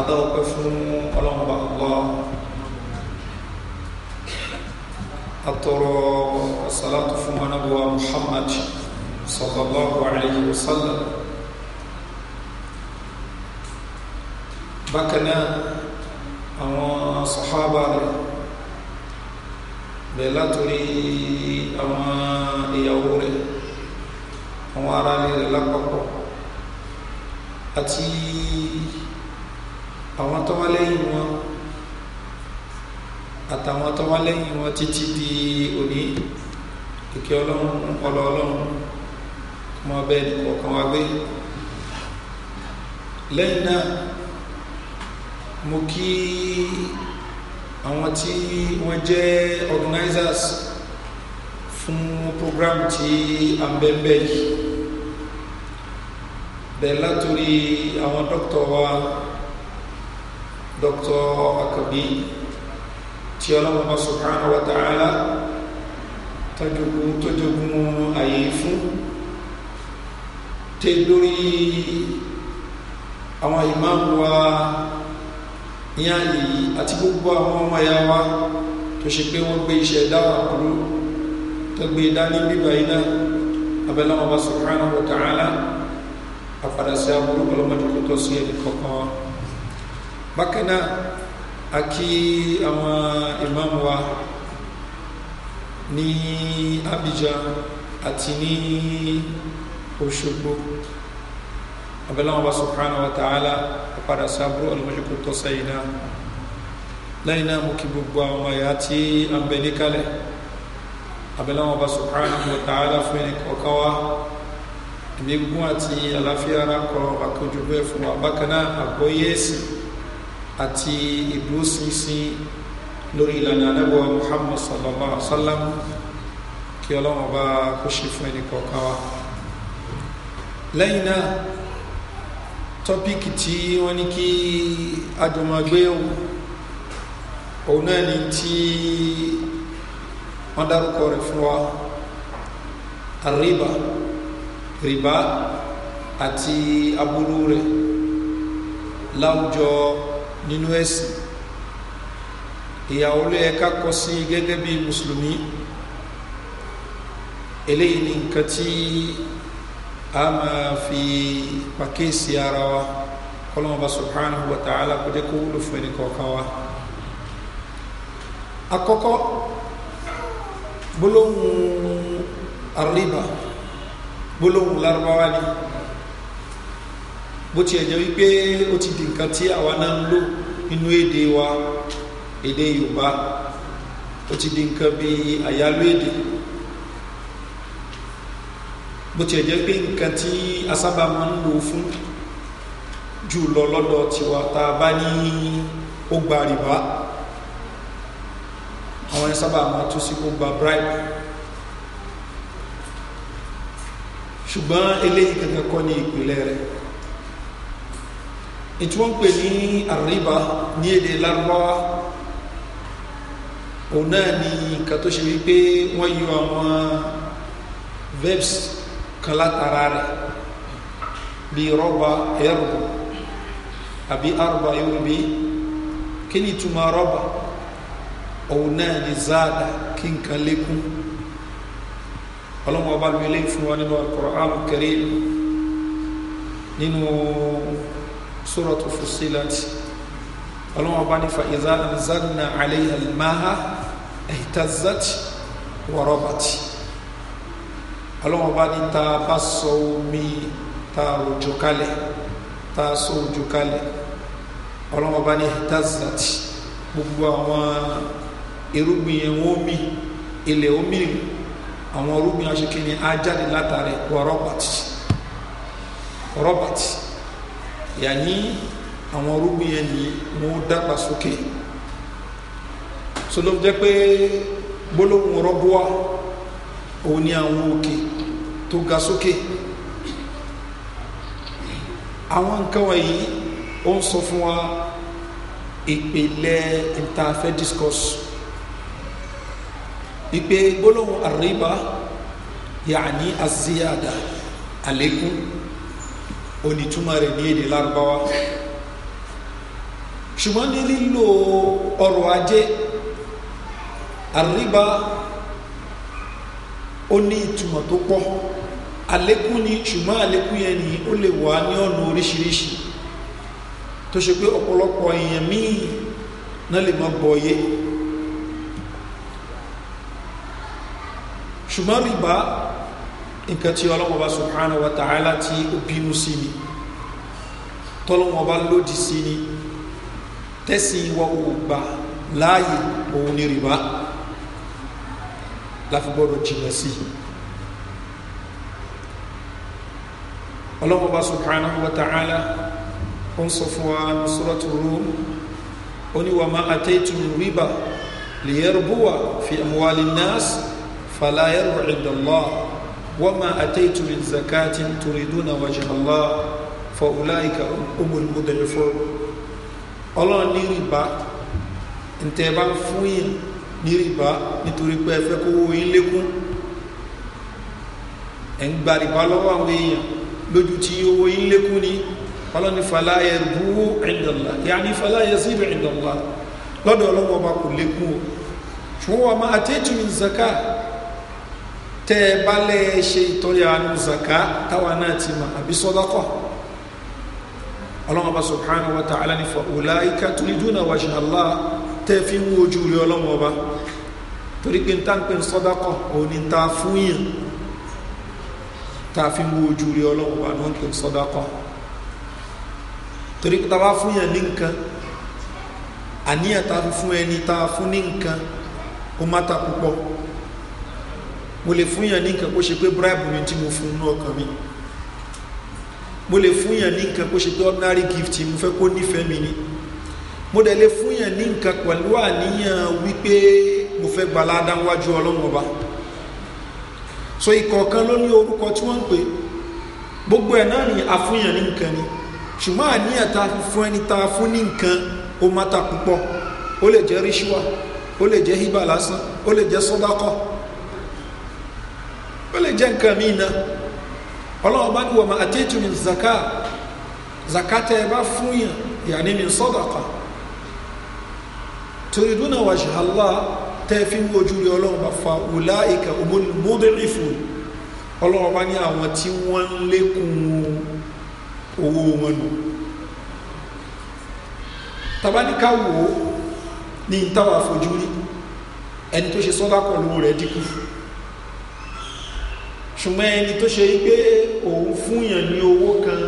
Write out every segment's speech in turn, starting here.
adáwọ̀pẹ́ fún ọlọ́mọba Allah atọrọ salatu fún anabuwa Muhammad sallallahu alayhi wa sallam bákan náà àwọn sàhábà rẹ̀ bẹ́ẹ̀ látòrí àwọn ìyàwó rẹ̀ àwọn aráàlú àwọn tó wá lẹ́yìn wọn àtàwọn tó wá lẹ́yìn wọn títí di òní ìkẹ́ ọlọ́run ọlọ ọlọ́run ọmọ ọbẹ̀ nìkọ̀ọ̀kan wá gbé lẹ́yìn náà mo kí àwọn tí wọ́n jẹ́ organizers fún program tí a ń bẹ́ẹ̀ yìí bẹ́ẹ̀ látòrí àwọn dókítà wa. Dr. Akabi tí ọlọ́run bá subhanahu wa ta'ala tọ́jọ́gun tọ́jọ́gun àyè fún tẹ lórí àwọn ìmáàmù wa ní àyè yìí àti gbogbo àwọn ọmọ ya wa tó ṣe pé wọ́n gbé iṣẹ́ dáwà kúrú tó e dání bíbá yìí náà bá subhanahu wa ta'ala àbúrò ọlọ́mọdé kò tọ́ sí ẹnì bákan náà a kí àwọn imam wa ní Abidjan àti ní Òṣogbo abẹ́láwọn bá subhanahu wa ta'ala padà sábúrò ọlọ́mọdékò tó sẹ́yìn náà lẹ́yìn náà mú kí gbogbo àwọn ẹ̀yà tí a ń bẹ níkàlẹ̀ abẹ́láwọn bá subhanahu wa fún ẹni kọ̀ọ̀kan wá ìgbégún àti àlàáfíà ara kọ̀ fún wa bákan náà àgbọ́yé ẹ̀sìn àti ìdúró ṣinṣin lórí ìlànà anábọ̀ muhammad sallallahu alaihi wa sallam kí ọlọ́run ọba kó ṣe fún ẹnì kọ̀ọ̀kan wa lẹ́yìn náà tọ́píkì tí wọ́n ní kí adùnmọ̀gbé òun náà ni tí wọ́n dárúkọ rẹ̀ fún wa àríbà rìbá àti aburú rẹ̀ láwùjọ nínú ẹ̀sìn ìyàwó ló yẹ ká kọ sí gẹ́gẹ́ bí mùsùlùmí eléyìí ni nǹkan tí a máa fi pàkíyèsí ara wa kọ́lọ́mọba subhanahu wa ta'ala kó jẹ́ kó wúlò fún ẹnì kọ̀ọ̀kan wa àkọ́kọ́ gbólóhùn arriba gbólóhùn lárúbáwá ni bó tiẹ̀ jẹ́ wípé ó ti di nǹkan tí àwa náà ń lò nínú èdè wa èdè yorùbá ó ti di nǹkan bí àyálò èdè bó tiẹ̀ jẹ́ pé nǹkan tí asábà máa ń lò fún jù lọ lọ́dọ̀ tiwa tá a bá ní ó gba rìbá àwọn ẹni sábà máa tún sí ó gba bribe ṣùgbọ́n eléyìí kankan kọ́ ní ìpìlẹ̀ rẹ̀ ìtí wọ́n ń pè ní àríbá ní èdè lárúbáwá òun náà ni nǹkan tó ṣe wípé wọ́n yọ àwọn verbs kan látara rẹ̀ bí rọ́bà ẹ̀rù àbí àrùbá yóò bí kí ni ìtumọ̀ rọ́bà òun náà ni záàdà kí nǹkan lékún ọlọ́mọba lóye lẹ́yìn fún wa nínú Al-Qur'an nínú suratu Fussilat ọlọ́wọ́n bá ní fa idha anzalna alayha al-ma'a ihtazzat wa rabat ọlọ́wọ́n bá ní ta bá sọ omi ta òjò kalẹ̀ ta sọ òjò kalẹ̀ ọlọ́wọ́n bá ní ihtazzat gbogbo àwọn irúgbìn yẹn wọ́n mi ilẹ̀ omi àwọn irúgbìn aṣèkínni á jáde látàrí wa rabat wa rabat yàní àwọn rúgbìn yẹn ni wọ́n dàgbà sókè so ló jẹ́ pé gbólóhùn rọ́bùwà òun ni àwọn òkè tó ga sókè àwọn nǹkan wọ̀nyí ó ń sọ fún wa ìpìlẹ̀ ìtafẹ́ discourse ìpè gbólóhùn àríbá yàní àzíyàdà àlékún onítúmọ̀ rẹ̀ ní èdè lárúbáwá ṣùgbọ́n ní lílo ọrọ̀ ajé àríbá ó ní ìtumọ̀ tó pọ̀ àlékún ni ṣùgbọ́n àlékún yẹn ni ó lè wà ní ọ̀nà oríṣiríṣi tó ṣe pé ọ̀pọ̀lọpọ̀ èèyàn míì náà lè má bọ̀ọ̀yé ṣùgbọ́n rìbá nǹkan tí ọlọ́wọ́n bá subhanahu wa ta'ala tí ó bínú sí ni tọ́lọ́wọ́n bá lòdì sí ni tẹ́sí wa ò gbà láàyè òun ni rìbá láfi gbọ́dọ̀ jìnà sí ọlọ́wọ́n bá subhanahu wa ta'ala ó ń sọ fún wa ní suratu rum ó ní wa ma ataytum riba liyarbuwa fi amwali nas fala yarbu inda Allah وما أتيت من زكاة تريدون وجه الله فأولئك هم المضعفون ọlọ́run ní rìbá ntẹ́ bá ń fún yín ní rìbá nítorí pé ẹ fẹ́ kó owó yín lékún ẹ̀ ń gba rìbá lọ́wọ́ àwọn èèyàn lójú tí owó yín lékún ni ọlọ́run ní fàlà ẹ̀ búwó ẹ̀dọ̀lá yàní fàlà ẹ̀ sí ẹ̀dọ̀lá lọ́dọ̀ ọlọ́wọ́ ọba kò lékún o ṣùgbọ́n wàá máa àtẹ́tù ní zakat tẹ́ ẹ bá lẹ́ ṣe ìtọ́rẹ àánú zaka táwa náà ti mọ̀ àbí sọ́dọ́kọ̀ ọlọ́mọba subhanahu wa ta'ala ni fa ulaika turiduna wajha Allah tẹ́ fi ń wojú rí ọlọ́mọba torí pé n ta ń pè ní sọ́dọ́kọ̀ òun ni ta fún yàn ta fi ń wojú rí ọlọ́mọba ni wọ́n pè ní sọ́dọ́kọ̀ torí pé ta bá fún yàn ní nǹkan àníyàn ta fún ẹni ta fún ní nǹkan ó má ta púpọ̀ mo lè fún yàn ní nǹkan kó ṣe pé bribe ni tí mo fún inú ọkàn mi mo lè fún yàn ní nǹkan kó ṣe pé ordinary gift mo fẹ́ kó nífẹ̀ẹ́ mi ni mo dẹ̀ lè fún yàn ní nǹkan pẹ̀lú àníyàn wípé mo fẹ́ gbalada wájú ọlọ́run ọba so ìkọ̀ọ̀kan ló ní orúkọ tí wọ́n ń pè gbogbo ẹ̀ náà ni àfúnyàn ní nǹkan ni ṣùgbọ́n àníyàn ta fún ẹni ta fún ní nǹkan ó má ta púpọ̀ ó lè jẹ́ ríṣíwá ó lè jẹ́ hibà lásán ó lè jẹ́ sọ́dákọ̀ ó lè jẹ́ nǹkan míì náà ọlọ́run bá ní wọ̀mọ̀ àtẹ́tù mi zaka zaka tẹ́ ẹ bá fún yàn yàní mi sọ́dọ̀kà torí dúnà wà ṣe àlá tẹ́ fi ń wojú rí ọlọ́run bá fa òlá ìkà òmùdírí fún bá ní àwọn tí wọ́n ń lékun owó wọn nù tabaníkà wò ó ní ìtawà fojú rí ẹni tó ṣe sọ́dọ̀kà lówó dínkù fún ṣùgbọ́n ẹni tó ṣe pé òun fúnyàn ní owó kan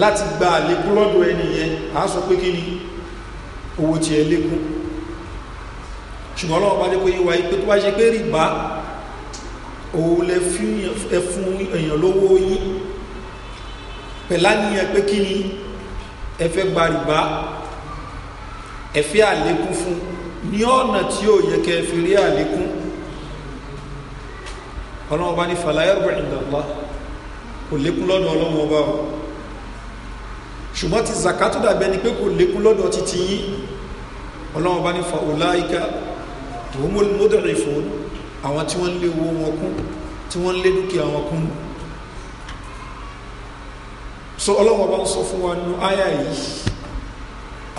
láti gba àlékún lọ́dọ̀ ẹni yẹn a sọ pé kí ni owó ti ẹ lékún ṣùgbọ́n ọlọ́wọ́ bá dé pé ìwà ipé tó bá ṣe pé rìbá òun lẹ fún èèyàn lówó yín pẹ̀lá níyàn pé kí ni ẹ fẹ́ gba rìbá ẹ fẹ́ àlékún fún ní ọ̀nà tí ó yẹ kẹ́ fi rí àlékún ọlọ́wọ́ bá ní falayẹ́rù ìdàlá kò lékún lọ́dọ̀ ọlọ́wọ́ bá o ṣùgbọ́n ti zakatu dàbẹ́ ni pé kò lékún lọ́dọ̀ títí yín ọlọ́wọ́ bá ní fa ọláìka tòmọ́lùmọ́dọ̀rẹ̀ fún àwọn tí wọ́n lé owó wọn kún tí wọ́n lé dúkìá wọn kún so ọlọ́wọ́ bá ń sọ fún wa nínú áyà yìí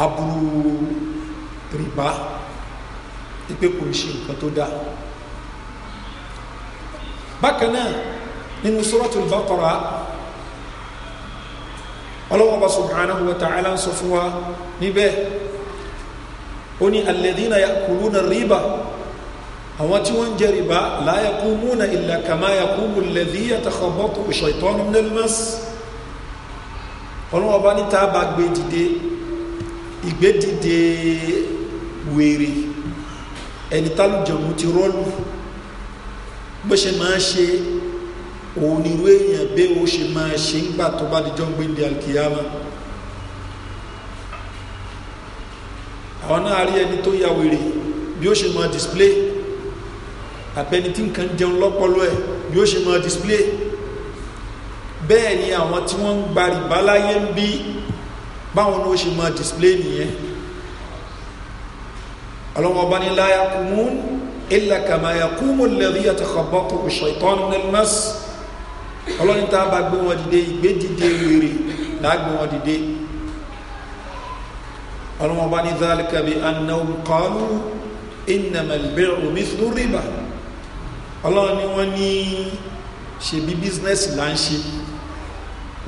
aburú rìbá ipe kò ń ṣe nǹkan tó dáa bákan náà nínú suratul Baqara ọlọ́wọ́ba subhanahu wa ta'ala sọ fún wa níbẹ̀ ó ní alladhina ya'kuluna riba àwọn tí wọ́n ń jẹ riba la yaqumuna illa kama yaqumu alladhi yatakhabbatu ash-shaytanu min bó ṣe máa ṣe òun ni irú èèyàn bí ó ṣe máa ṣe ń gbà tó bá dijọ́ ń ní alkiyama àwọn náà rí ẹni tó ya wèrè bí ó ṣe máa display àbẹni tí nǹkan jẹun lọ́pọ̀lọ́ ẹ̀ bí ó ṣe máa display bẹ́ẹ̀ ni àwọn tí wọ́n ń gba rìbá láyé ń bí báwọn ló ṣe máa display nìyẹn ọlọ́wọ́n ọba ní láyà kùmún illa kama yakumu alladhi yatakhabatu ash-shaytanu min al-mas ọlọ́ni tá a bá gbé wọn dìde ìgbé dìde wèrè náà gbé wọn dìde ọlọ́wọ́n bá ní dhalika bi annahum qalu innama al-bay'u mithlu riba ọlọ́run ni wọ́n ní ṣe bí bísínẹ́sì là ń ṣe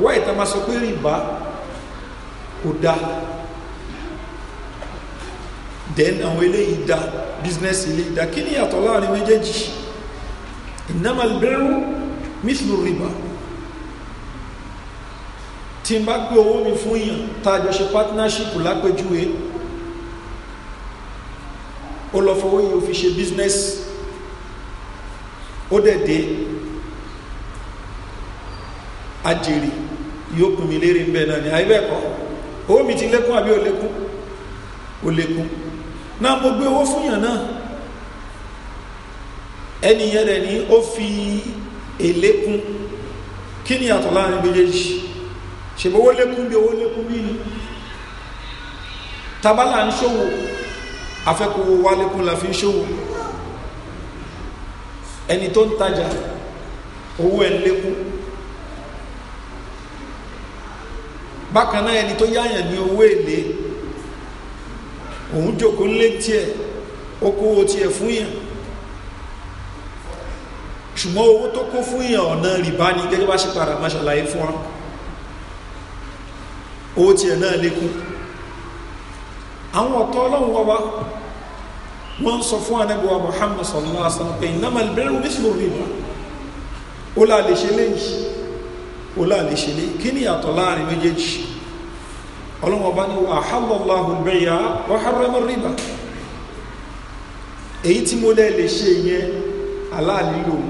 wọ́n ìtàn máa sọ pé rìbá kò dáa then àwọn eléyìí da business eléyìí da kí ni yàtọ̀ láàrin méjèèjì ìnáma bẹ́rù mithlu riba tí n bá gbé owó mi fún yàn tá a jọ ṣe partnership lápèjúwe ó lọ fọwọ́ yìí ó fi ṣe business ó dẹ̀ dé ajèrè yóò pin mi léèrè ń bẹ́ẹ̀ náà ni àyíbẹ̀ kọ́ owó mi ti lékún àbí ó lékún ó lékún náà mo gbé owó fún yàn náà ẹni yẹn ni ó fi èlé kún kí ni àtọ̀ láàrin méjèèjì ṣèbí owó lékún bí owó lékún bí ni tabala ń ṣòwò afẹ́kọ̀wò wa lékún la fi ń ṣòwò ẹni tó ń tajà owó ẹ̀ lékún bákan náà ẹni tó yáyàn ní owó èlé òun jókòó ń lé tiẹ̀ ó kówó tiẹ̀ fún yàn ṣùgbọ́n owó tó kó fún yàn ọ̀nà rìbá ni gẹ́gẹ́ bá ṣe padà máa ṣàlàyé fún wa owó tiẹ̀ náà lékún àwọn ọ̀tọ́ ọlọ́run wá wá wọ́n sọ fún anẹ́gbọ́wà muhammad sallallahu alaihi wasallam pé ìnáma ìbẹ̀rẹ̀ omi sílò rìbá ó láà lè ṣe léyìí ó láà lè ṣe léyìí kí ni ìyàtọ̀ láàrin méjèèjì ọlọ́wọ́n bá ní wà hálọ́láhùn bẹ́yà wà hárámọ́ rìbá èyí tí mo lẹ́ lè ṣe yẹn aláàlú lòun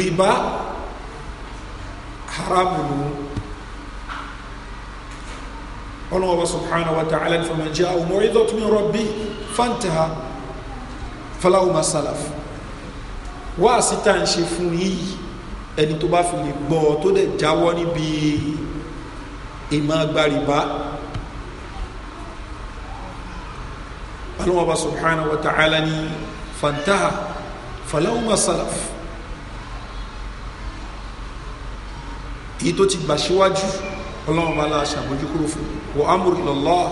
rìbá haramu lòun ọlọ́wọ́n bá sọ̀hánà wà tààlà fọmọ jẹ́ àwọn ọmọ ìdọ́ tó mi fanta fọláwọ́ masalaf wá síta ń ṣe fún yìí ẹni tó bá fi lè gbọ́ tó dẹ̀ jáwọ́ níbi ìmọ̀ agbáribá alọ́mọba subhanahu wa ta'ala ni fantaha falawuma salaf èyí tó ti gbà síwájú ọlọ́mọba la ṣàbójúkúrò fún wa amúrú lọ́lọ́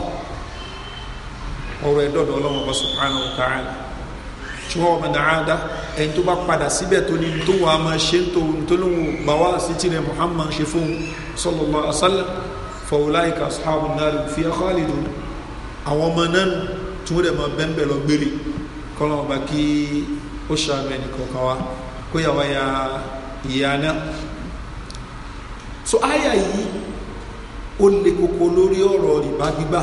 ọ̀rọ̀ ẹ̀dọ́dọ̀ ọlọ́mọba subhanahu wa ta'ala tí wọ́n ọmọ dáadáa ẹni tó bá padà síbẹ̀ tó ní tó wà máa ṣe ń tó tó lóun gbà wá sí tirẹ̀ muhammad ṣe fún sọlọ́lọ́ asálẹ̀ fọwọ́láìka ashabu náà fi ẹ̀ kọ́lìdùn àwọn ọmọ náà tí wọ́n dẹ̀ mọ bẹ́ńbẹ́ lọ gbére kọ́lọ́mọ bá kí ó ṣàánú ẹnì kọ̀ọ̀kan wa kó yà wá ya ìyá náà so àyà yìí ó le koko lórí ọ̀rọ̀ rìbá gbígbà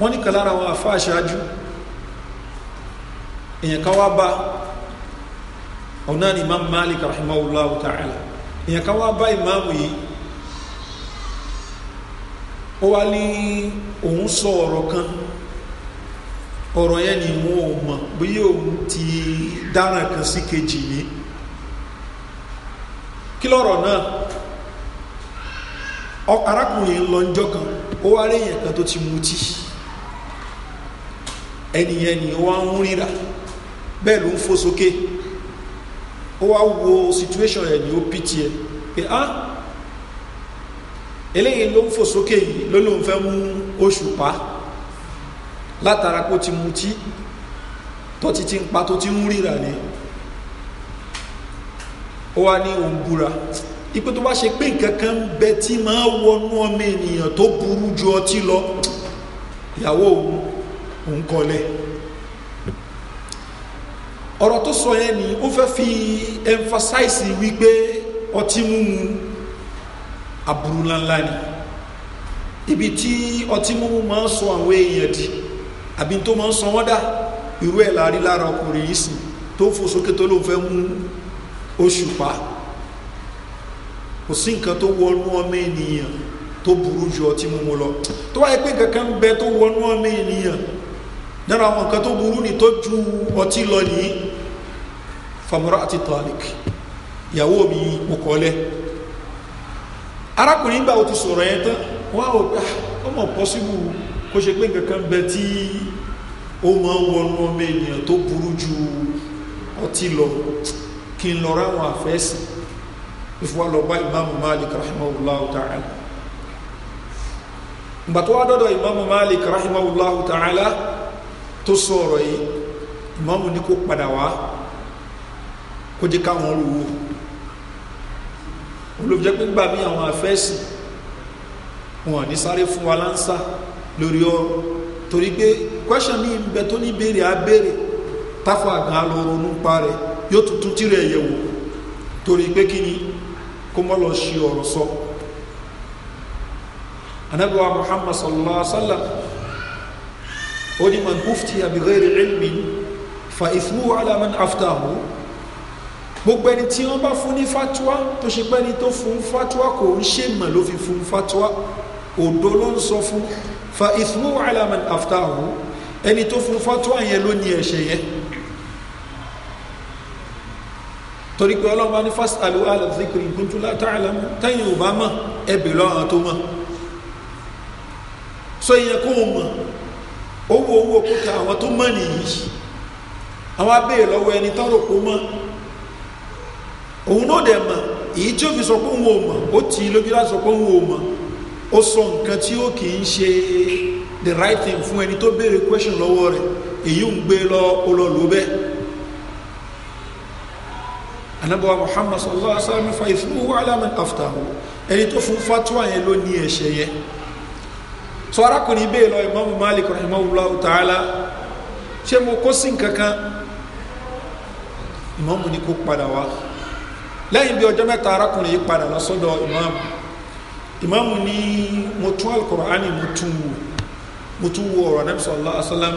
wọ́n ní kan lára àfa àṣáájú èèyàn kan wá bá ọ̀nà ni imam malik rahimahullah ta'ala èèyàn kan wá bá ìmáàmù yìí ó wá ní òun sọ ọ̀rọ̀ kan ọ̀rọ̀ yẹn ni wọn ò mọ̀ bí òun ti dáràn kan sí kejì kí lọ́rọ̀ náà arákùnrin lọ ń o wa ó wá rí èèyàn kan tó ti mutí ẹnìyẹn ni ó wá ń ríra bẹ́ẹ̀ ló ń fò sókè ó wá wo situation ó pìtì pé ah, eléyìí ló ń fò sókè yìí ló lóun fẹ́ mú oṣù pa látara kó ti mutí tó ti ti ń pa tó ti ń ríra ni ó wá ní òun búra ipe tó bá ṣe pé nǹkan kan ń bẹ tí máa wọnú ọmọ ènìyàn tó burú ju ọtí lọ ìyàwó òun òun kọlẹ̀ ọ̀rọ̀ tó sọ yẹn ni ó fẹ́ fi emphasize wípé ọtí múmu aburú ńláńlá ni ibi tí ọtí mímu máa ń sọ àwọn èèyàn di àbí tó máa ń sọ wọ́n dà irú ẹ̀ láàrí lára ọkùnrin yìí sìn tó fò sókè tó ló fẹ́ mú oṣù pa kò sí nǹkan tó wọnú ọmọ ènìyàn tó burú ju ọtí mímu lọ tó wáyé pé nǹkan ń bẹ tó wọnú ọmọ ènìyàn dára àwọn nǹkan tó burú ni tó ju ọtí lọ nìyí famora àti talik ìyàwó mi mo kọ́ lẹ́ arákùnrin gbà ó ti sọ̀rọ̀ yẹn tán wọ́n ò pé ọmọ ah, pọ́síbù kó ṣe pé nǹkan bẹ tí ó máa ń wọnú ọmọ ènìyàn tó burú ju ọtí lọ kí n lọ ráwọn àfẹ́sì ìfowópamọ́ ìmáàmù malik rahimahullah ta'ala ìgbà tó wá dọ́dọ̀ ìmáàmù malik rahimahullah ta'ala tó sọ̀rọ̀ yìí ìmáàmù ní kó padà wá kó jẹ́ káwọn olùwò olùjẹ́ pé gbà mí àwọn àfẹ́sì wọn ní sáré fún wa lánsá lórí ọrọ̀ torí pé kwẹ́sàn mi ń bẹ tó ní béèrè á béèrè táfà gan lọ ronú pa rẹ yóò tuntun tirẹ̀ yẹ̀wò torí pé kí ni kó mọ́ lọ ṣe ọ̀rọ̀ sọ anabiwa muhammad sallallahu alaihi wa sallam ó ní man mufti abigayri ilmi fa ismu ala man aftahu gbogbo ẹni tí wọ́n bá fún ní fatuwa tó ṣe pẹ́ni tó fún fatuwa kò ń ṣe mọ̀ ló fi fún fatuwa òdo ló ń sọ fún fa ìfúnwó alaman after ọ̀hún ẹni tó fún fatuwa yẹn ló ní ẹ̀ṣẹ̀ yẹn torí pé ọlọ́run bá ní fásitì alu alazikiri gbóntúlá tààlámù tẹ́yìn ò bá mọ̀ lọ́rùn tó mọ̀ sọ yẹn kó o mọ̀ owó owó kókè àwọn tó mọ̀ nìyí àwọn abẹ́yẹ lọ́wọ́ ẹni tọ́rọ̀ kó mọ̀ òun náà dẹ̀ mọ̀ èyí tí ó fi sọ pé òun ò mọ̀ ó tì lójú láti sọ pé òun ò mọ̀ ó sọ nǹkan tí ó kì í ṣe the right thing fún ẹni tó béèrè question lọ́wọ́ rẹ̀ èyí ń gbé lọ olọ́lù bẹ́ẹ̀ anabawa muhammad sallallahu alaihi wa sallam fa ìfúnmu wa alamin aftahu ẹni tó fún fatuwa yẹn ló ní ẹ̀ṣẹ̀ yẹn so arákùnrin bẹ́ẹ̀ lọ imam malik rahimahullah ta'ala ṣé mo kó sí nǹkan kan imam ni kò padà wá lẹ́yìn bí ọjọ́ mẹ́ta arákùnrin yìí padà lọ sọ́dọ̀ ìmáàmù ìmáàmù ní mo tún alukur'ani mo tún wò mo tún wò ọ̀rọ̀ anábì sọ̀lá asálám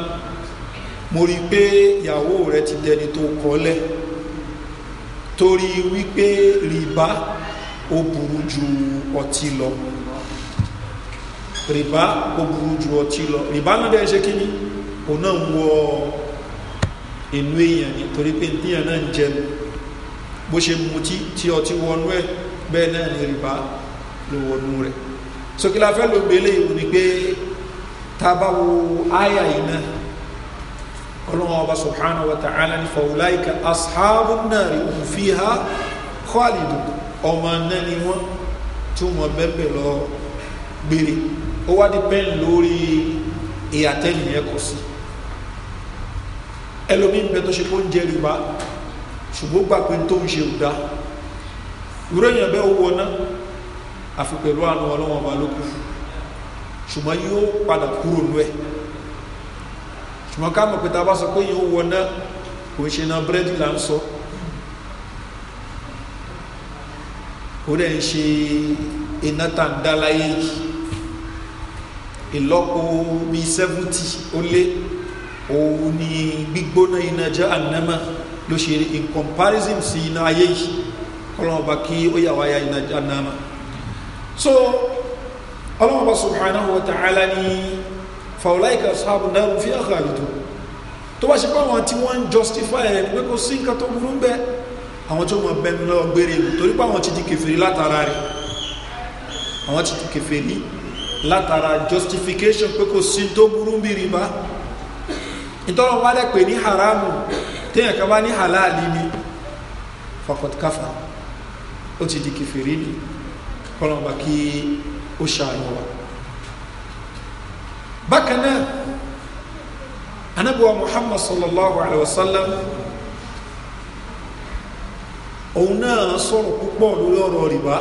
mo rí i pé ìyàwó rẹ ti dẹni tó kọ́lẹ̀ torí wípé rìbá ó burú ju ọtí lọ rìbá ó burú ju ọtí lọ rìbá náà dẹ́ ṣe kí ni òun náà ń wọ inú èèyàn nítorí pé ní èèyàn náà ń jẹun bó ṣe mutí tí ọtí wọnú ẹ̀ bẹ́ẹ̀ náà ní rìbá ló wọnú rẹ̀ sókè la fẹ́ ló gbélé ìwò ni pé tá a bá wo àyà yìí náà ọlọ́run ọba subhanahu wa ta'ala ní fawulaika ashabu nari òun fi ha khalidu ọmọ náà ni wọ́n tí wọ́n bẹ́ẹ̀ lọ gbére ó wá di pẹ́ẹ́n lórí ìyàtẹ́nìyẹn kọ sí ẹlòmíín bẹ tó ṣe kó ń jẹ rìbá ṣùgbọ́n gbà pé tó ń ṣe ò dá ìròyìn bẹ́ẹ̀ ó wọná àfi pẹ̀lú àánú ọlọ́wọ́n ọba ló kù ṣùgbọ́n yóò padà kúrò nú ẹ̀ ṣùgbọ́n ká mọ̀ pé bá sọ pé yóò wọná kò ṣe na búrẹ́dì là ń sọ ó dẹ̀ ń ṣe iná tá dá láyé yìí bíi sẹ́fúntì ó lé òun ni gbígbóná iná jẹ́ ànámà ló in comparison sí iná ayé yìí ọlọ́run ọba kí ó yà wáyà iná jahannama so ọlọ́run ọba subhanahu wa ta'ala ni fàwọláìka sáàbù náà fi hàn àlùtò tó bá ṣe pé àwọn tí wọ́n ń justify rẹ̀ pé kò sí nǹkan tó burú bẹ́ẹ̀ àwọn tó mọ̀ bẹ́ẹ̀ lọ gbére torí pé àwọn ti di kẹfìrí látara rẹ̀ àwọn ti di kẹfìrí látara justification pé kò sí tó burú bí rìbá ìtọ́lọ́wọ́ wálẹ̀ pè ní haramu téèyàn kan bá ní halali ni fakọt káfà ó ti di kẹfìrí ni kọlọmọba kí ó ṣàánú wa bákan náà anabiwa muhammad sallallahu alaihi wa sallam òun náà sọ̀rọ̀ púpọ̀ lórí ọ̀rọ̀ rìbá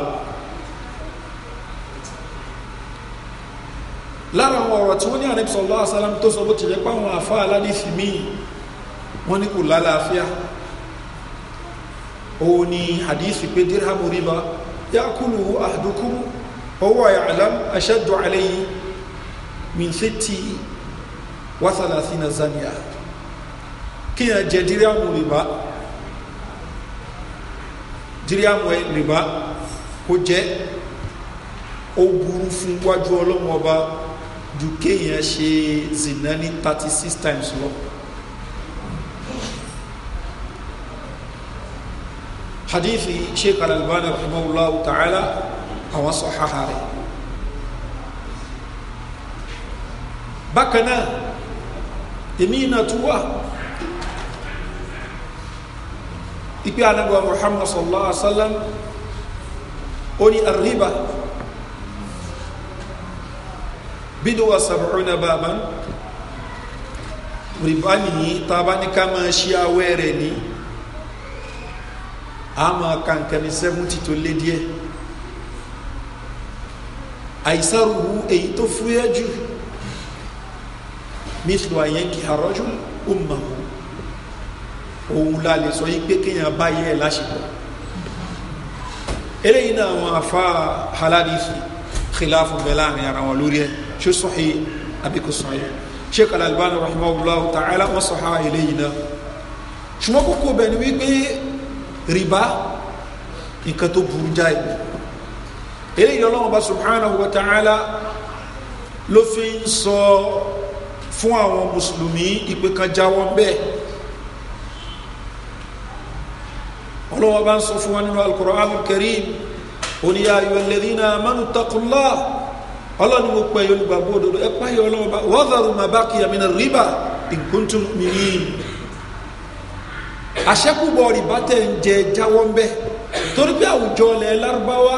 lára àwọn ọ̀rọ̀ tí wọ́n ní àníbísọ̀lọ́ àsálàm tó sọ bó ti jẹ́ pàwọn àfáà aládìsí míì wọ́n ní kò lálàáfíà òun ni hadith pé dirhamu riba yakulu ahdukum owó àyàlám ashaddu alayhi min sitti wa thalathina zaniya kí ni jẹ dirhamu riba dirhamu riba kó jẹ́ ó burú fún wájú ọlọ́mọba ju kéèyàn ṣe zina ní thirty six times lọ. hadithi sheikh al-albani rahimahullah ta'ala àwọn sọ̀háhà rẹ̀ bákan náà èmi náà tún wà ipe anagba muhammad sallallahu alaihi wasallam ó ní arriba bidowa sab'una baban riba ni ta bá ní ni ama kankani seventy tó lé díẹ̀ àìsàrùhù èyí tó fúyẹ́ jù mithlu àyẹ̀kì àrọ́jù ummahu òun la lè sọ yí pé kéèyàn bá yẹ ẹ láṣepọ̀ eléyìí náà àwọn afa haladithi khilafu bẹ láàrin ara wọn lórí ẹ ṣó sọhí àbíkú sọhí sheikh alalbani rahimahullah ta'ala wọn sọhá eléyìí náà ṣùgbọ́n kókó bẹ̀ ni wípé riba nǹkan tó burú jáì eléyìí ọlọ́run bá subhanahu wa ta'ala ló fi ń sọ fún àwọn mùsùlùmí ìpè kan jáwọ́ bẹ́ẹ̀ ọlọ́wọ́ bá ń sọ fún wa nínú al-Qur'an al-Karim oníyà ayyuhalladhina amanu taqullah ọlọ́ni mo pẹ̀yẹ olùgbàgbọ́ òdodo ẹ páyẹ ọlọ́wọ́ riba in kuntum àṣẹ́kùbọ̀ rìbá tẹ̀ ń jẹ jáwọ́ ń bẹ́ torí pé àwùjọ ilẹ̀ lárúbáwá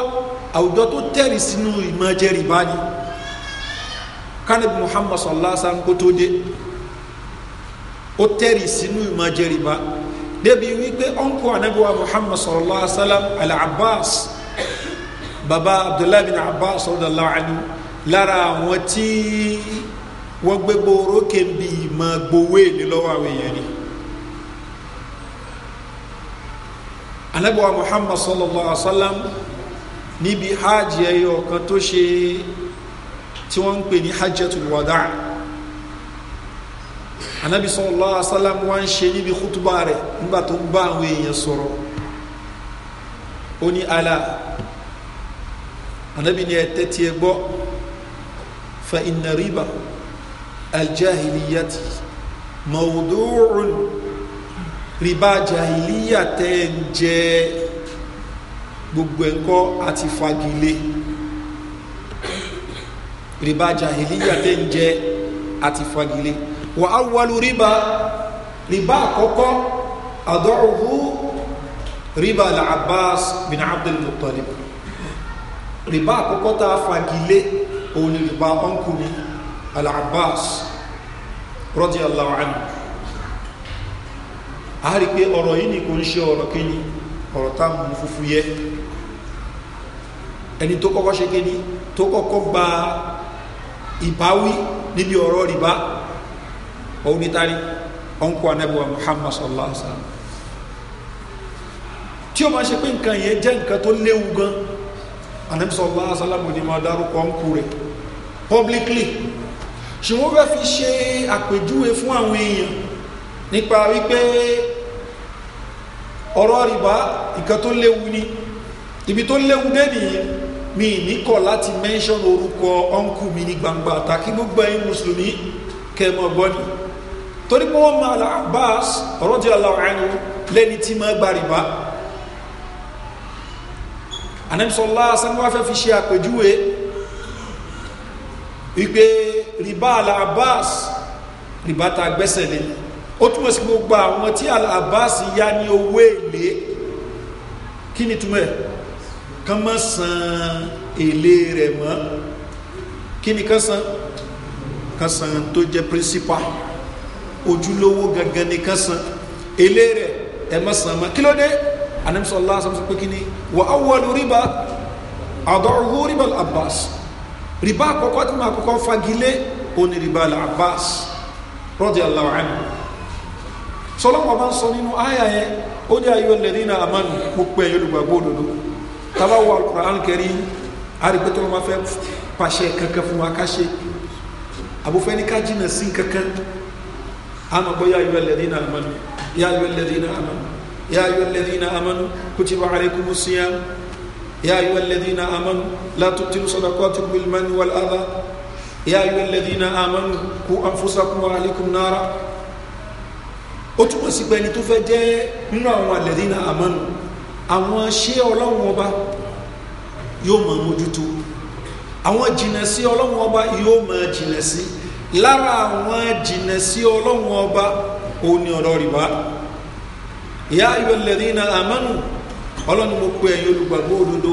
àwùjọ tó tẹ̀rì sínú ìmọ̀ rìbá ni kánìbù muhammad sallallahu alaihi wa sallam kó tó dé ó tẹ̀rì sínú ìmọ̀ rìbá débi wípé ọ̀nkọ́ anábíwá muhammad sallallahu alaihi wa sallam al-abbas baba abdullahi bin abbas sallallahu alaihi wa sallam lára àwọn tí wọ́n gbégbó orókè ń bi ìmọ̀ gbowó èlé lọ́wọ́ àwọn èèyàn ni. anabiwa muhammad sallallahu alaihi wa sallam níbi hajj ẹyọ kan tó ṣe tí wọ́n ń pè ní hajjatul wada anabi sallallahu alaihi wa sallam wá ń ṣe níbi kútubá rẹ̀ nígbà tó ń bá àwọn èèyàn sọ̀rọ̀ ó ní ala anabi ni ẹ tẹ́tí ẹ gbọ́ fa inna riba aljahiliyati mawdu'un rìbá jàìlíyà tẹ́ ń jẹ gbogbo ẹ̀ńkọ́ àti fagilé rìbá jàìlíyà tẹ́ ń jẹ àti fagilé wà á wọlú rìbá rìbá àkọ́kọ́ àdọ́rùhù rìbá al-abbas bin abdul muttalib rìbá àkọ́kọ́ tá a fagilé òun ni rìbá ọ̀nkùnrin al-abbas radiyallahu anhu a rí pé ọ̀rọ̀ yìí ni kò ń ṣe ọ̀rọ̀ kíni ọ̀rọ̀ táwọn mú fúfú yẹ ẹni tó kọ́kọ́ ṣe kíni tó kọ́kọ́ gba ìbáwí níbi ọ̀rọ̀ rìbá òun ni tari ọ̀nkọ́ anábíwá muhammad sallallahu alaihi wa sallam tí o máa ṣe pé nǹkan yẹn jẹ́ nǹkan tó léwu gan anábí sallallahu alaihi wa sallam ni máa dárúkọ ọ̀nkú rẹ̀ publicly ṣùgbọ́n fẹ́ fi ṣe àpèjúwe fún àwọn èèyàn nípa wípé ọ̀rọ̀ rìbá ìkan tó léwu ni ibi tó léwu dé nìyẹn mi ní kọ̀ láti mention orúkọ ọ̀nkù mi ní gbangba tàkí gbogbo ẹ̀yin mùsùlùmí kẹmọ gbọ́dì torí pé wọ́n máa Abbas rọ́jì aláwọ̀ lẹ́ni tí máa gba rìbá anẹ́sọ̀lá sanwó afẹ́ fi ṣe àpèjúwe wípé rìbá aláàbáàs rìbá ta gbẹ́sẹ̀ lẹ́yìn ó túmọ̀ sí gbogbo àwọn tí Al-Abbas yá ní owó èlé kí ni túmọ̀ ẹ̀ kán mọ́ san èlé rẹ̀ mọ́ kí ni kán san kán san tó jẹ́ principal ojúlówó gangan ni kán san èlé rẹ̀ ẹ̀ mọ́ san mọ́ kí ló dé anamisọ́lá sọ pé kí ni wa awwalu riba adọ́rùhù riba Al-Abbas riba àkọ́kọ́ tí mo àkọ́kọ́ fagilé ó ní riba Al-Abbas radiyallahu anhu sọlọ́wọ́ bá ń sọ nínú àyà yẹn ó ní ayé alladhina amanu púpẹ́ olùgbàgbọ́ òdodo tábà wà Al-Qur'an Karim àrígbẹ́tọ́ wọn máa fẹ́ pàṣẹ kankan fún wa ká ṣe àbúfẹ́ ní ká jìnà sí kankan àmọ́ bọ́ yá ayé alladhina amanu yá ayé alladhina amanu yá ayé alladhina amanu kutiba alaykumus siyam يا أيها الذين آمنوا لا تبطلوا صدقاتكم بالمن والأذى يا أيها الذين آمنوا قوا أنفسكم وأهلكم ó túmọ̀ sí pé ẹni tó fẹ́ jẹ́ nínú àwọn alladhina amanu àwọn ṣé ọlọ́run ọba yóò máa mójútó àwọn jìnà sí ọlọ́run ọba yóò máa jìnà sí lára àwọn jìnà sí ọlọ́run ọba òun ni ọ̀rọ̀ rìbá ya ayyuha alladhina amanu ọlọ́run mo pe ẹ̀yin olùgbàgbọ́ òdodo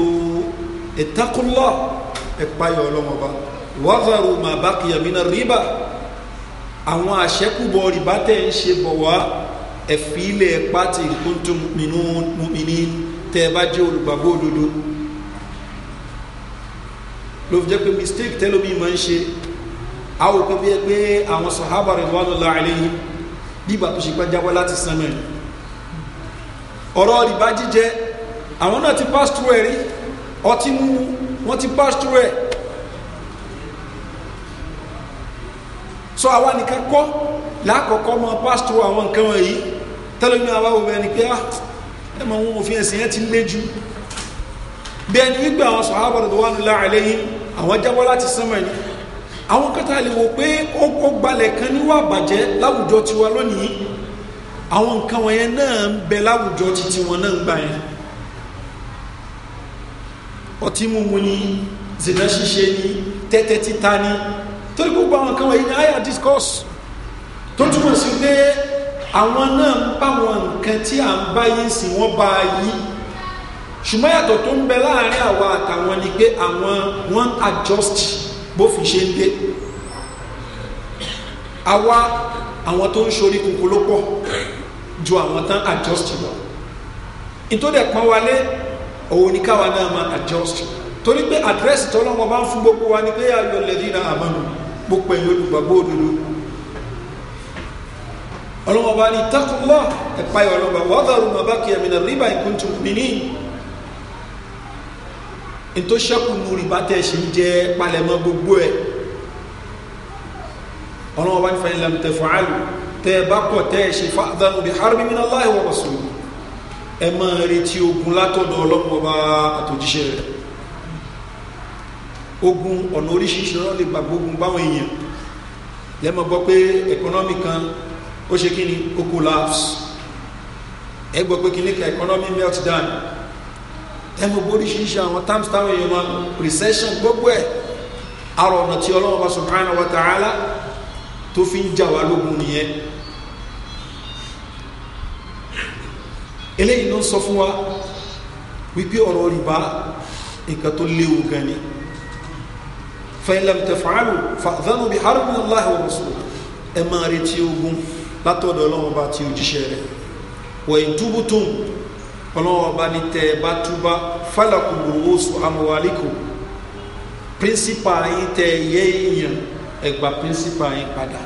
ittaqullah ẹ̀páyọ̀ ọlọ́run ọba wadharu ma baqiya mina riba àwọn àṣẹ́kùbọ̀ rìbá tẹ̀ ń ṣe bọ̀ wá ẹ̀fí ilẹ̀ pátì kúntùm mímí tẹ́ ẹ bá jẹ́ olùgbàgbọ́ òdodo ló fi jẹ́ pé mistake tẹ́lómi máa ń ṣe àwọn òpin bíi pé àwọn sọ̀hábà rẹ̀ wà lọ́la àlẹ́yìn bíbà tó ṣe gbájáwá láti sanmọ́ ẹ̀ ọ̀rọ̀ rìbá jíjẹ àwọn náà ti pass through ẹ̀ rí ọtí mú wọn ti pass through ẹ̀ sọ àwa nìkan kọ́ lákọ̀ọ́kọ́ mọ pásítọ̀ àwọn nǹkan wọ̀nyí tẹ́lẹ̀mí àwa wò bẹ́ẹ̀ ni pé ah, ẹ mọ ohun òfin ẹ̀sìn yẹn ti lé jù bẹ́ẹ̀ ni wípé àwọn sọ̀hábà tó wà nílá àlẹ́yìn àwọn jábọ́ láti sánmọ̀ ẹni àwọn kẹta lè wò pé ó gbalẹ̀ kan níwọ̀ àbàjẹ́ láwùjọ tiwa lónìí àwọn nǹkan wọ̀nyẹn náà ń bẹ láwùjọ títí wọn náà ń gbà yẹn ọtí mímu ni zina ṣíṣe ni tẹ́tẹ́ títa ni torí gbogbo àwọn kan wọ̀nyí ni àyà discourse tó túmọ̀ sí pé àwọn náà ń bá wọn nǹkan tí à ń bá yín sí wọ́n bá yí ṣùgbọ́n yàtọ̀ tó ń bẹ láàrin àwa àtàwọn ni pé àwọn wọ́n adjust bófin ṣe ń dé àwa àwọn tó ń ṣorí kòkó ló pọ̀ ju àwọn tán adjust lọ ìtòdẹ̀pọ̀n wálé òun ni káwa náà máa adjust torí pé àdírẹ́sì tọ́lọ́wọ́ bá ń fún gbogbo wa ní pé ayọ̀ lẹ́dínà àmọ́nù gbogbo ẹ̀yìn olùgbàgbọ́ òdodo ọlọ́wọ́ bá ní takùnlọ́ ẹ̀pá ìwọlọ́gbà wọ́n dàrú màbá kí ẹ̀mí náà rìbá ìkún tó mi ní ní tó ṣẹ́kù nù rìbá tẹ̀ ṣe ń jẹ palẹ̀mọ́ gbogbo ẹ̀ ọlọ́wọ́ bá ní fẹ́ lẹ́m tẹ̀ fọ́álù tẹ́ ẹ bá kọ̀ tẹ́ ẹ ṣe fàdánù bí harbi mi náà láì wọ́n wọ̀ sùn ẹ máa retí ogun látọ̀dọ̀ ọlọ́wọ́ bá ogun ọ̀nà oríṣiríṣi lọ́rọ́ lè gbà gbógun báwọn èèyàn lẹ́mọ̀ gbọ́ pé ẹ̀kọ́nọ́mì kan ó ṣe kí ni ó collapse ẹ gbọ́ pé kìíní kan ẹ̀kọ́nọ́mì melt down ẹ̀mọ̀ gbọ́ oríṣiríṣi àwọn times táwọn èèyàn máa recession gbogbo ẹ̀ àrò ọ̀nà tí ọlọ́wọ́ bá subhanahu wa ta'ala tó fi ń jà wá lógun nìyẹn eléyìí ló ń sọ fún wa wípé ọ̀rọ̀ rìbá nǹkan tó léwu gan ni fẹ́ẹ́ lẹ́mu tẹ fàálù fàdánù bí harbi allah wa rasulillah ẹ máa retí ogun látọ̀dọ̀ ọlọ́wọ́n bá ti òjíṣẹ́ rẹ̀ wẹ̀yìn túbútùn ọlọ́wọ́n bá ní tẹ bá túbá fàlàkùnrin oṣù amọ̀wálíkù píríncípà yín tẹ yẹ èèyàn ẹgbà píríncípà yín padà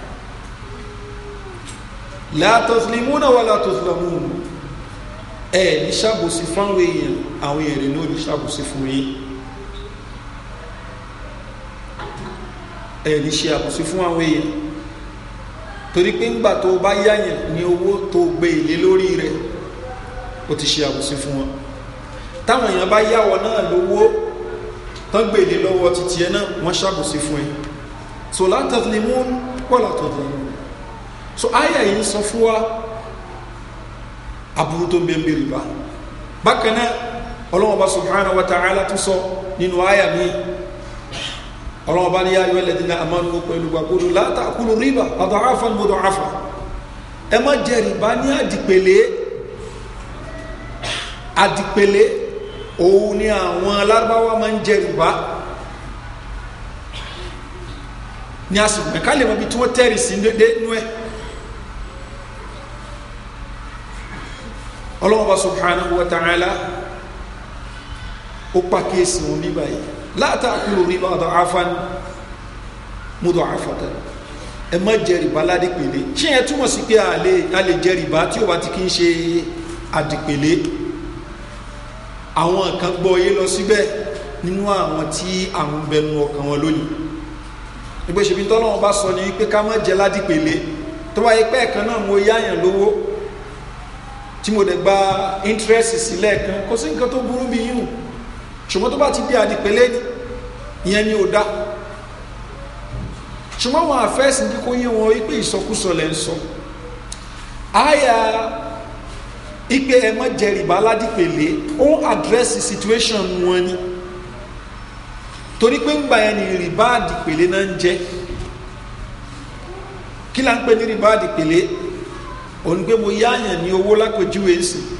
látọ̀sílẹ̀múnà wà látọ̀sílẹ̀múnà ẹ̀ ní sàbòsí fáwọn èèyàn àwọn èrè náà ní sàbòsí ẹ̀ẹ́dì ṣe àbùsí fún àwọn èèyàn torí pé ńgbà tó bá yáyàn ní owó tó gbé ilé lórí rẹ̀ ó ti ṣe àbùsí fún wọn táwọn èèyàn bá yáwọ náà lówó tán gbé ilé lọ́wọ́ títí ẹ náà wọ́n ṣàbùsí fún ẹ so látàlí mú pọ̀lá tọ̀tọ̀ nù so àyà yìí sọ fún wa aburú tó ń bẹ ń bákan náà ọlọ́wọ́n bá subhanahu wa ta'ala tún sọ nínú àyà mi ọlọ́wọ́ bá ní yá yọ ẹlẹ́dínà àmọ́nù pẹ̀lú gbàgbọ́dọ̀ látàkùlù rìbá àdọ̀ráfà ń gbọdọ̀ àfà ẹ má jẹ rìbá ní àdìpèlé àdìpèlé òun ni àwọn alárúbáwá máa ń jẹ rìbá ní àsìkò mẹ́ká lè mọ ibi tí wọ́n tẹ́rì sí dédé nú ẹ̀ ọlọ́wọ́ bá subhanahu wa ta'ala ó pàkíyèsí wọn bí báyìí látàkùrò riba ọ̀dọ̀ afán múdò àfàtà ẹ má jẹ rìbá ládìpele tí ẹ túmọ̀ sí pé a lè jẹ rìbá tí ó bá ti kí ń ṣe àdìpele àwọn kan gbọ́ yé lọ síbẹ̀ nínú àwọn tí àwọn bẹnu ọkàn wọn lónìí ìgbésẹ̀ ṣèbí tọ́lọ́wọ́n bá sọ ni wípé ká má jẹ ládìpele tó bá yẹ pé ẹ̀kan náà mo yáyàn lówó tí mo dẹ̀ gba interest sílẹ̀ kan kò sí nǹkan tó burú bí yíyùn ṣùgbọ́n tó bá ti dé àdìpẹ́lẹ́ ìyẹn ni ò dá ṣùgbọ́n àwọn àfẹ́sìn kí kó yé wọn wípé ìsọkúsọ lẹ́ ń sọ àyà ipe ẹ mọ jẹrìbá ó ń àdírẹ́sì situation wọn ni torí pé ńgbà yẹn ni rìbá àdìpẹ̀lẹ́ náà ń jẹ́ kí là ń pè ní rìbá àdìpẹ̀lẹ́ òun pé mo yáàyàn ní owó lápèjúwe sí i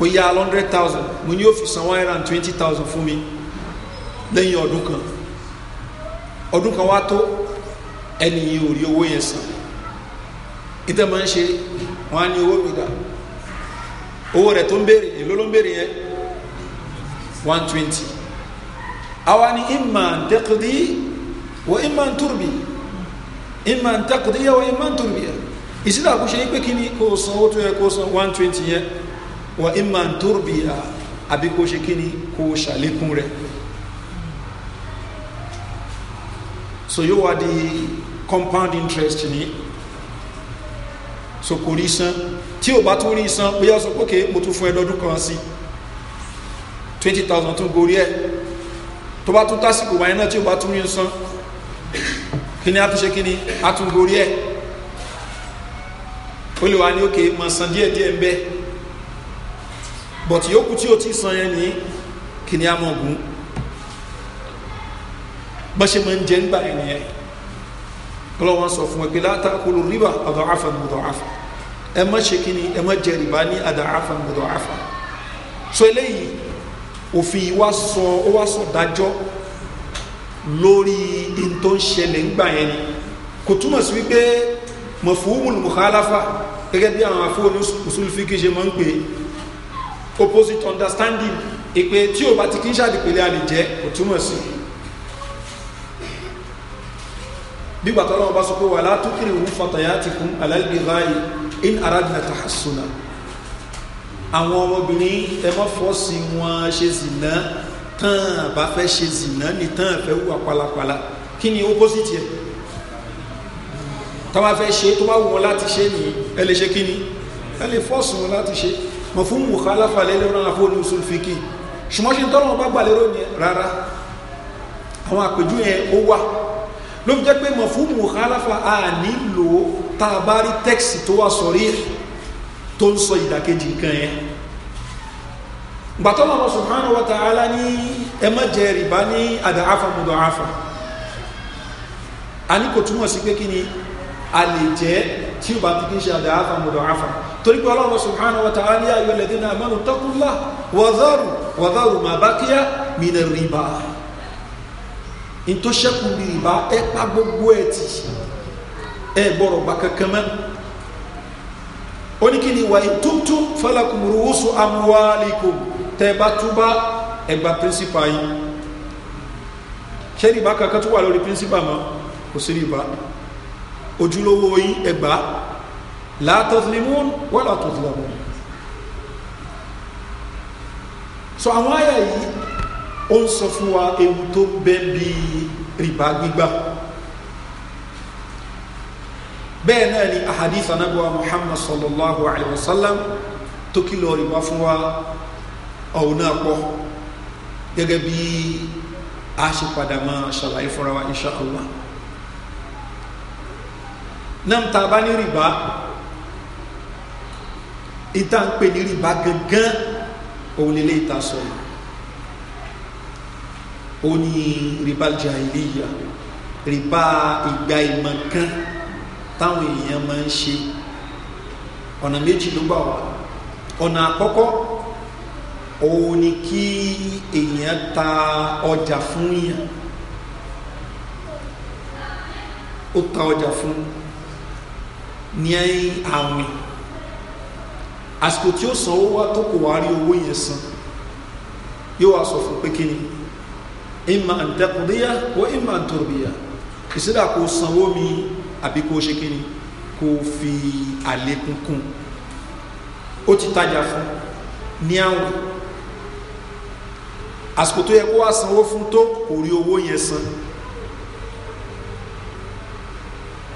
mo ya hundred thousand mo ní yóò san one hundred and twenty thousand fún mi lẹ́yìn ọdún kan ọdún kan wá tó ẹni yìí ò rí owó yẹn san ìtẹ́ máa ń ṣe wọ́n á ní owó mi dà owó rẹ̀ tó ń béèrè èló ló ń béèrè yẹn one twenty àwa ni imma ntẹ́kùdí wọ imma ntúrùbí imma ntẹ́kùdí yẹ wọ imma ntúrùbí yẹ ìsìlẹ̀ àkúṣe yìí pé kí ni kò san owó tó yẹ kó san one twenty yẹn wa imma turbiya àbí kó ṣe kí ni kó ṣàlékún so yóò wá di compound interest ní so kò rí san tí o bá tún rí san bóyá sọ pé okay mo tún fún ẹ lọ́dún kan sí twenty thousand tún gorí ẹ tó bá tún tásìkò wáyé náà tí o bá tún rí san kí ni a tún ṣe kí ni a tún gorí ẹ o lè wá ní okay mọ̀ san díẹ̀ ń bẹ́ẹ̀ but yòókù tí o ti san yẹn ní kìnìún amọ̀gùn bá ṣe máa ń jẹ nígbà yẹn nìyẹn ọlọ́wọ́n sọ fún ẹ pé látàkùlù rìbá ọ̀dọ̀ àfà mọ̀dọ̀ àfà ẹ má ṣe kí ni ẹ má jẹ rìbá ní àdà àfà mọ̀dọ̀ àfà so eléyìí òfin yìí wá sọ ó wá sọ dájọ́ lórí in ṣẹlẹ̀ ńgbà yẹn ni kò túmọ̀ sí wípé mọ̀fúnmùlùmùkálàfà gẹ́gẹ́ bí àwọn afọ́ oníṣùkùsùlùfíkì ṣe máa ń pè é opposite understanding ìpè tí o bá ti kí n ṣàdìpele àlìjẹ kò túmọ̀ sí bígbà tó lọ́wọ́ bá sọ pé wà látúkìrì òun fàtàyà ti kún aláìgbèráyè in arábìnrin tàhásùnà àwọn ọmọbìnrin ẹ má fọ́ọ̀sì wọn ṣe zìnà tán àbá fẹ́ ṣe zìnà ní tán fẹ́ wà pálapàla kí ni opposite yẹ táwọn afẹ́ ṣe tó bá wù wọn láti ṣe nìyí ẹ lè ṣe kí ni ẹ lè fọ́ọ̀sì wọn láti ṣe mọ̀ fún mùkálàfà lẹ́lẹ́ rárá fún oníṣòl fíkì ṣùgbọ́n ṣe tọ́lọ́ bá gbà lérò yẹn rárá àwọn àpèjú yẹn ó wà ló fi jẹ́ pé mọ̀ fún mùkálàfà a nílò tá a bá rí tẹ́ksì tó wà sọ̀rí tó ń sọ ìdàkejì nǹkan yẹn gbàtọ́lọ́ lọ subhanahu wa ta'ala ní ẹ má jẹ rìbá ní àdàáfà mùdọ̀ àfà a ní kò túmọ̀ sí pé kí ni a lè jẹ́ tí o bá ti kí n ṣe àdáhàfà mọ̀dọ̀ àfà torí pé ọlọ́run subhanahu wa ta'ala ayọ̀ lẹ́dínà àmọ́nù tọ́kùnlá wàzọ́rù wàzọ́rù mà bá kíyà mìíràn rìbá n tó ṣẹ́kù rìbá ẹ pa gbogbo ẹ tì ẹ gbọ́rọ̀ gbà kankan mọ́ oníkìní wà ìtúntú fọlákùn rúwúsù amúhálìkùn tẹ bá túbá ẹgbà píríncípà yìí ṣé rìbá kankan tó wà lórí píríncípà mọ́ kò sí rìbá ojúlówó yín ẹgbàá látọ̀tìlímún wọ́n látọ̀tìlímún so àwọn àyà yìí ó ń sọ fún wa ewu tó bẹ́ bí rìbá gbígbà bẹ́ẹ̀ náà ni ahadith anabuwa muhammad sallallahu alaihi wasallam tó kí lọ rìbá fún wa ọ̀hún náà pọ̀ gẹ́gẹ́ bí a ṣe padà máa ṣàlàyé fúnra wa insha náà tá a bá ní rìbá ìta ń pè ní rìbá gangan òun lè lé ìta sọ̀rọ̀ ó ní rìbá jàìlíyà rìbá ìgbà ìmọ̀ kan táwọn èèyàn máa ń ṣe ọ̀nà méjì ló gbà wá ọ̀nà àkọ́kọ́ òun ni kí èèyàn ta ọjà fún yàn ó ta ọjà fún yàn ní àwìn àsìkò tí ó sanwó wá tó kò wá rí owó yẹn san yóò wá sọ fún pé kí ni ìmọ̀ àǹtẹ̀kùnléyà ó ìmọ̀ àǹtọ̀rọ̀bìyà ìsídà kò sanwó mi àbí kò ṣe kí ni kò fi àlékún kún ó ti tajà fún ní àwìn àsìkò tó yẹ kó wá sanwó fún tó kò rí owó yẹn san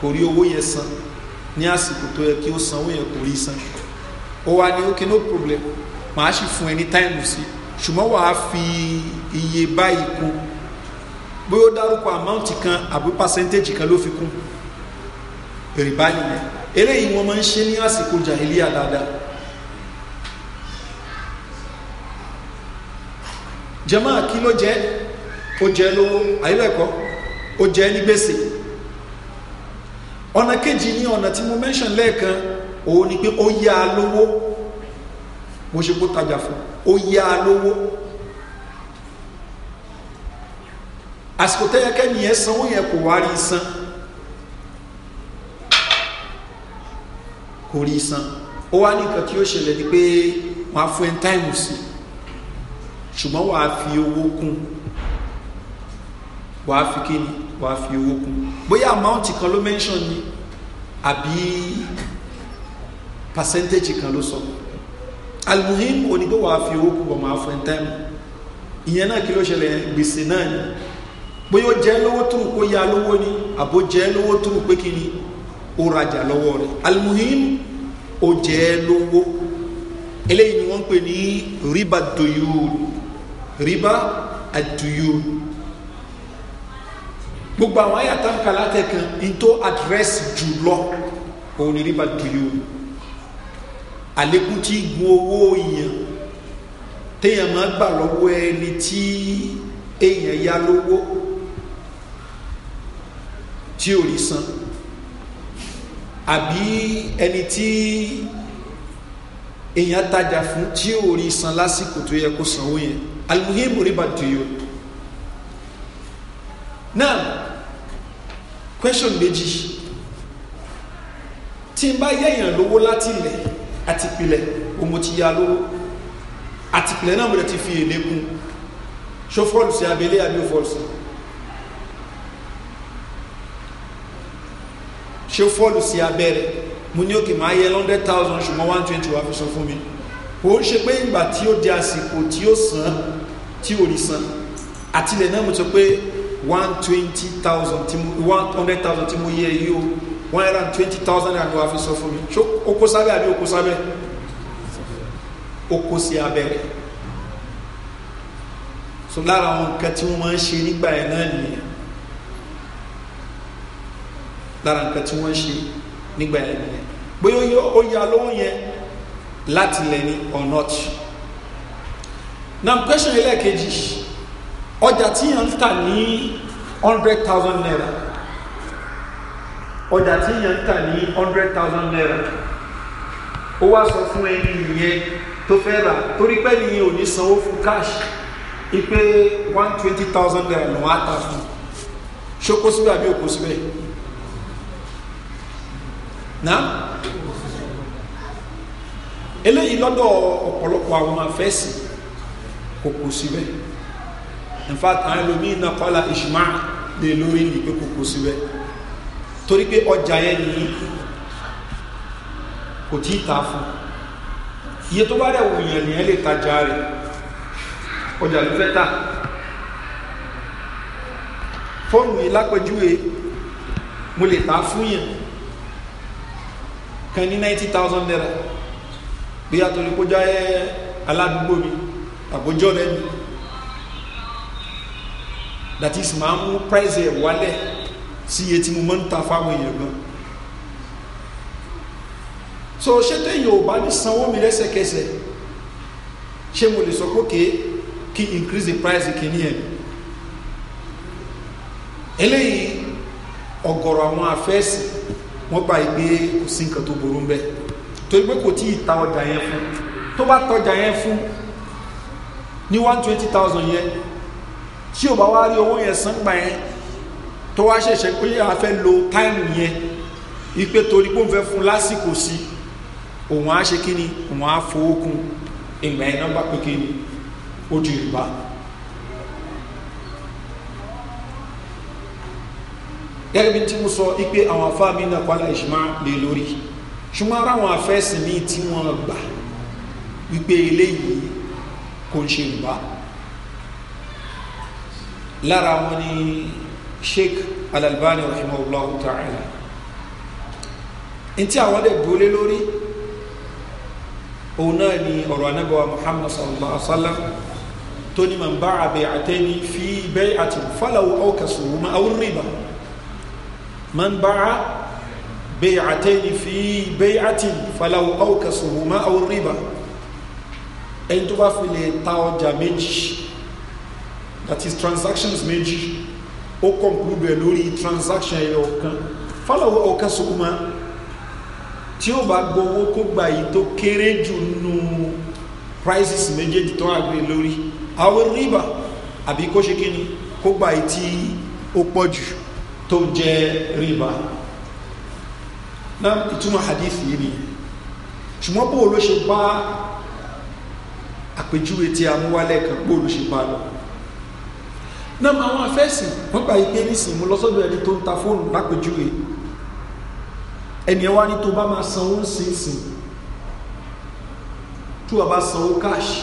kò rí owó yẹn san ní àsìkò tó yẹ kí ó sanwó yẹn kò rí san ó wá ní ok no problem màá sì fún ẹ ní táìmù sí ṣùgbọ́n wàá fi iye báyìí kún bóyá ó dárúkọ amount kan àbí percentage kan ló fi kún rìbá nìyẹn eléyìí wọn máa ń ṣe ní àsìkò jàhìlíà dáadáa jẹ́mọ́ kí ló jẹ́ ó jẹ́ lówó àyílẹ̀kọ́ ó jẹ́ ní gbèsè ọ̀nà kejì ní ọ̀nà tí mo mention lẹ́ẹ̀kan òun ni pé ó yá a lówó mo ṣe kó tajà fún ó yá a lówó àsìkò tẹ́yẹkẹ́ nìyẹn sanwó yẹn kò wá rí san kò rí san ó wá ní nǹkan tí ó ṣẹlẹ̀ ni pé wọ́n fún ẹ táìmù sí ṣùgbọ́n wàá fi owó kún wàá fi kí ni wàá fi owó kún bóyá amount kan ló mention ni àbí percentage kan ló sọ almuhim onígbò wàá fi owó kún bọ̀ máa fún time ìyẹn náà kí ló ṣẹlẹ̀ gbèsè náà ni bóyá ó jẹ́ lówó túrù kó ya lówó ni àbó jẹ́ lówó túrù pé kí ni ó rajà lọ́wọ́ rẹ̀ almuhim ó jẹ́ lówó eléyìí ni wọ́n ń pè ní riba doyul riba aduyul gbogbo àwọn àyàtà ń kalá tẹ̀kan ìtò àdírẹ́sì jù lọ òun ni ríbà tìlú àlékún tí gun owó èèyàn téèyàn máa gbà lọ́wọ́ ẹni tí èèyàn yá lówó tí ò rí san àbí ẹni tí èèyàn tajà fún tí ò rí san lásìkò tó yẹ kó sanwó yẹn alimuhimu ríbà tìlú now question méjì tí n bá yẹ̀yàn lówó láti ilẹ̀ àti ìpìlẹ̀ o mo ti ya lówó àti ìpìlẹ̀ náà mo lè ti fi èlé kún ṣó fọ́ọ̀lù sí abẹ́lé àbí ó fọ́ọ̀lù sí ṣé fọ́ọ̀lù sí abẹ́rẹ́ mo ní òkè máa yẹ hundred thousand ṣùgbọ́n one twenty wà fi san fún mi kò ń ṣe pé ìgbà tí ó di àsìkò tí ó san tí ò rí san àtìlẹ̀ náà mo sọ pé one twenty thousand tí mo one hundred thousand tí mo yẹ yìí o one hundred twenty thousand naira ni wàá fi sọ fún mi ṣó o kó sábẹ́ àbí o kó sábẹ́ o kó sí abẹ́rẹ́ so lára àwọn nǹkan tí wọ́n máa ń ṣe nígbà yẹn náà nìyẹn lára nǹkan tí wọ́n ń ṣe nígbà yẹn nìyẹn bóyá ó yá lóhùn yẹn láti lẹ̀ or not now question ẹlẹ́ẹ̀kejì ọjà tí yàn ń tà ní hundred thousand naira ọjà tí yàn ń tà ní hundred thousand naira ó wá sọ fún ẹni yẹn tó fẹ́ rà torí pé ni ò ní sanwó fún cash ipe one twenty thousand naira ló wá ta fún ṣó kó síbẹ̀ àbí òkú síbẹ̀ náà eléyìí lọ́dọ̀ ọ̀pọ̀lọpọ̀ àwọn afẹ́sì kò kó síbẹ̀ in fact àwọn ẹlòmíín náà kọ́lá ìṣùmá lè lórí ìpè kókó síbẹ̀ torí pé ọjà yẹn ni kò tí ì ta fún iye tó bá dẹ̀ wò yàn nìyẹn lè tajà rẹ̀ ọjà ló fẹ́ tà fóònù yìí lápẹjúwe mo lè ta fún yàn kan ní ninety thousand naira bí a torí kó já aládùúgbò mi àbójọ́ rẹ̀ mi that is máa mú price ẹ̀ wálẹ̀ sí iye tí mo máa ń ta fáwọn èèyàn gan so ṣé téèyàn ò bá ní sanwó mi lẹ́sẹ̀kẹsẹ̀ ṣé mo le sọ pé kéé kí increase the price kìíní ẹ̀ eléyìí ọ̀gọ̀rọ̀ àwọn afẹ́sì wọ́n gba ìgbé kò sí nǹkan tó burú ń bẹ́ torí pé kò tí ì ta ọjà yẹn fún tó bá tọjà yẹn fún ní one twenty thousand yẹn tí ò bá wá rí owó yẹn sán gbà yẹn tó wá ṣẹ̀ṣẹ̀ pé a fẹ́ lo táìmù yẹn ipe torí pé òun fẹ́ fún lásìkò sí òun á ṣe kíni òun á fowó kun ìgbà yẹn nọ́mbà pé kíni ó ju ìgbà. gẹ́gẹ́ bí tí mo sọ ipe àwọn afá mi náà kwara ìṣúná lè lórí ṣùgbọ́n ara àwọn afẹ́sìn mi tí wọ́n gbà wípé eléyìí kò ń ṣe ìgbà lára wọn ni sheikh alalbani rahimahullah ta'ala ntí àwọn lè dúró lórí òun náà ni ọ̀rọ̀ anábọ̀wá muhammad sallallahu alaihi wa sallam tó ní màá bá àbẹ̀ àtẹ́ni fi bẹ́ẹ̀ àti fọláwù ọ̀kàṣù wọn àwọn rìbá màá bá bẹ́ẹ̀ àtẹ́ni fi bẹ́ẹ̀ àti fọláwù ọ̀kàṣù wọn àwọn rìbá ẹni tó bá fi lè ta ọjà méjì that is transactions méjì ó conclude ẹ̀ lórí transaction ẹ̀yọ kan fọlọ́wọ́ ọ̀kan sọ́kùnmọ́ tí ó bá gbowó kó gba èyí tó kéré jù nù prices méjèèjì tó àgbè lórí àwọn rìbá àbí kó ṣe kíni kó gba èyí tí ó pọ̀ jù tó jẹ́ rìbá náà ìtumọ̀ hadith yìí nìyẹn ṣùgbọ́n bó ló ṣe bá àpèjúwe tí a mú wálẹ̀ kan bó ló ṣe bá lọ náà àwọn afẹ́sìn wọ́n gbà yí pé nísìnyí mo lọ́sọ́dọ̀ ẹni tó ń ta fóònù lápèjúwe ẹni ẹ wá ní tó bá máa sanwó sínsìn tó o bá sanwó káàṣì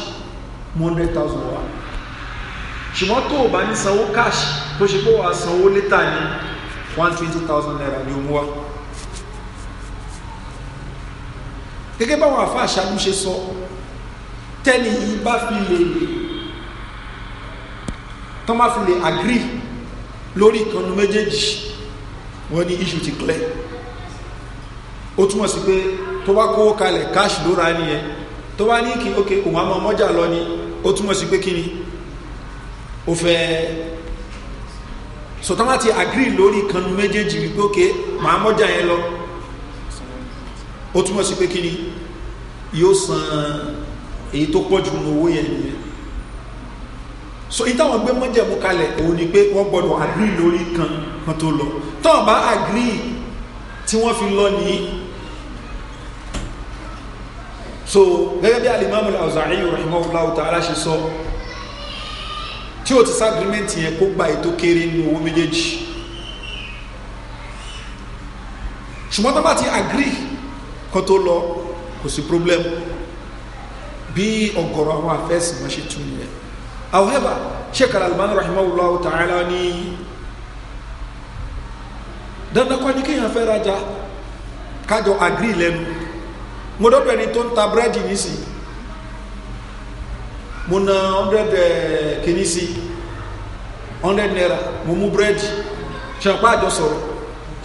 one hundred thousand wa ṣùgbọ́n tó o bá ní sanwó káàṣì tó ṣe pé wàá sanwó létà ní one twenty thousand naira ni o mú wa. gẹ́gẹ́ báwọn àfa àṣàlù ṣe sọ tẹ́ni yìí bá fi lè lè tó má fi lè agree lórí ìkànnì méjèèjì wọ́n ní issue ti clear ó túmọ̀ sí pé tó bá kówó kalẹ̀ cash ló ra nìyẹn tó bá ní kí ok òun àmọ́ mọ́jà lọ ni ó túmọ̀ sí pé kí ni ó fẹ́ so tó má ti agree lórí ìkànnì méjèèjì wípé ok màá mọ́jà yẹn lọ ó túmọ̀ sí pé kí ni yóò san èyí tó pọ̀ jù nínú owó yẹn nìyẹn so ìtàwọn gbé mọ́jẹ̀mú kalẹ̀ òun ni pé wọ́n gbọ́dọ̀ àgírí lórí kan kan tó lọ tọ́ọ̀ bá àgírí tí wọ́n fi lọ nìyí so gẹ́gẹ́ bí alimami al-awza'i rahimahullah ta'ala ṣe sọ tí o ti sá agirimenti yẹn kó gba ètò kéré nínú owó méjèèjì ṣùgbọ́n tó bá ti agree kan tó lọ kò sí problem bí ọ̀gọ̀rọ̀ àwọn àfẹ́sì wọn ṣe tún yẹn however sheikh alalbani rahimahullah ta'ala ni dandan kọ́ ni kéèyàn fẹ́ rajà kájọ agree lẹ́nu mo dọ́dọ̀ ẹni tó ń ta búrẹ́dì nísìnyí mo na hundred eh, kìíní sí hundred naira mo mú búrẹ́dì ṣàpá àjọ sọ̀rọ̀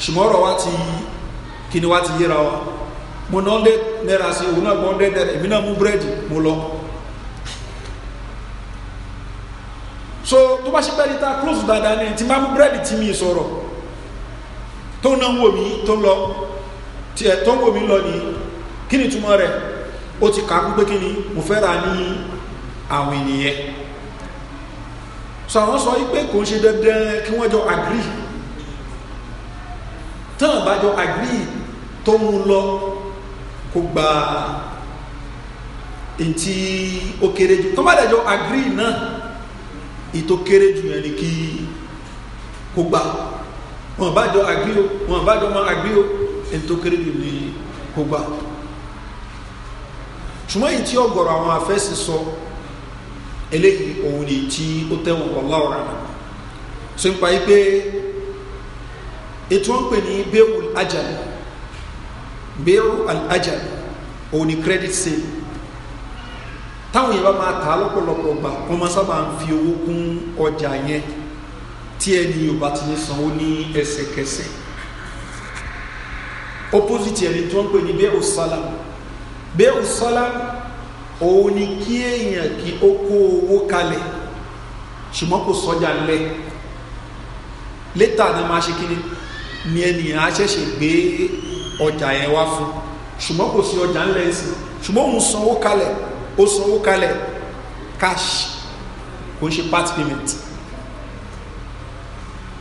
ṣùgbọ́n wa ti kìíní wa ti wa mo na hundred naira sí òun náà gbọ́ hundred naira mo lọ. so tó bá ṣe pẹ́ ní ta close dáadáa ní ti máa mú búrẹ́dì tí mi sọ̀rọ̀ tó náà ń wò mí tó ń lọ tiẹ̀ tó ń wò mí lọ nìyí kí ni túmọ̀ rẹ̀ ó ti kà á pé kí ni mo fẹ́ ra ní àwọn ènìyàn so àwọn sọ wípé kò ń ṣe dandan kí wọ́n jọ agree tán àbájọ agree tó mú lọ kó gba ntí ó kéré jù tó bá dẹ̀ jọ agree náà ìtò kéré jù yẹn ni kí kó gbà wọn bá jọ àgbí o wọn bá jọ mọ àgbí o ìtò kéré jù ni kó gbà ṣùgbọ́n èyí tí ọgọ̀rọ̀ àwọn afẹ́sì sọ eléyìí òun ni tí ó tẹ̀wọ̀n ọláwọ̀ rà náà ṣe ń pa yí pé ètò wọn pè ní bẹ́ẹ̀wù ajáde bẹ́ẹ̀wù ajáde òun ni credit sale táwọn yẹn bá máa ta lọ́pọ̀lọpọ̀ gbà wọ́n máa sábà ń fi owó kún ọjà yẹn tí ẹni ò bá ti ní sanwó ní ẹsẹ̀kẹsẹ̀ opposite ẹni tó ń pè ní bẹ́ẹ̀ òsálà bẹ́ẹ̀ òsálà òun ni kí èèyàn kí ó kó owó kalẹ̀ ṣùgbọ́n kò sọ́jà lẹ̀ létà ni máa ṣe kí ni ni ènìyàn á ṣẹ̀ṣẹ̀ gbé ọjà yẹn wá fún ṣùgbọ́n kò sí ọjà ńlẹ̀ ẹ̀sìn ṣùgbọ́n òun sanwó kalẹ̀ ó sanwó kalẹ̀ cash kò ń ṣe part payment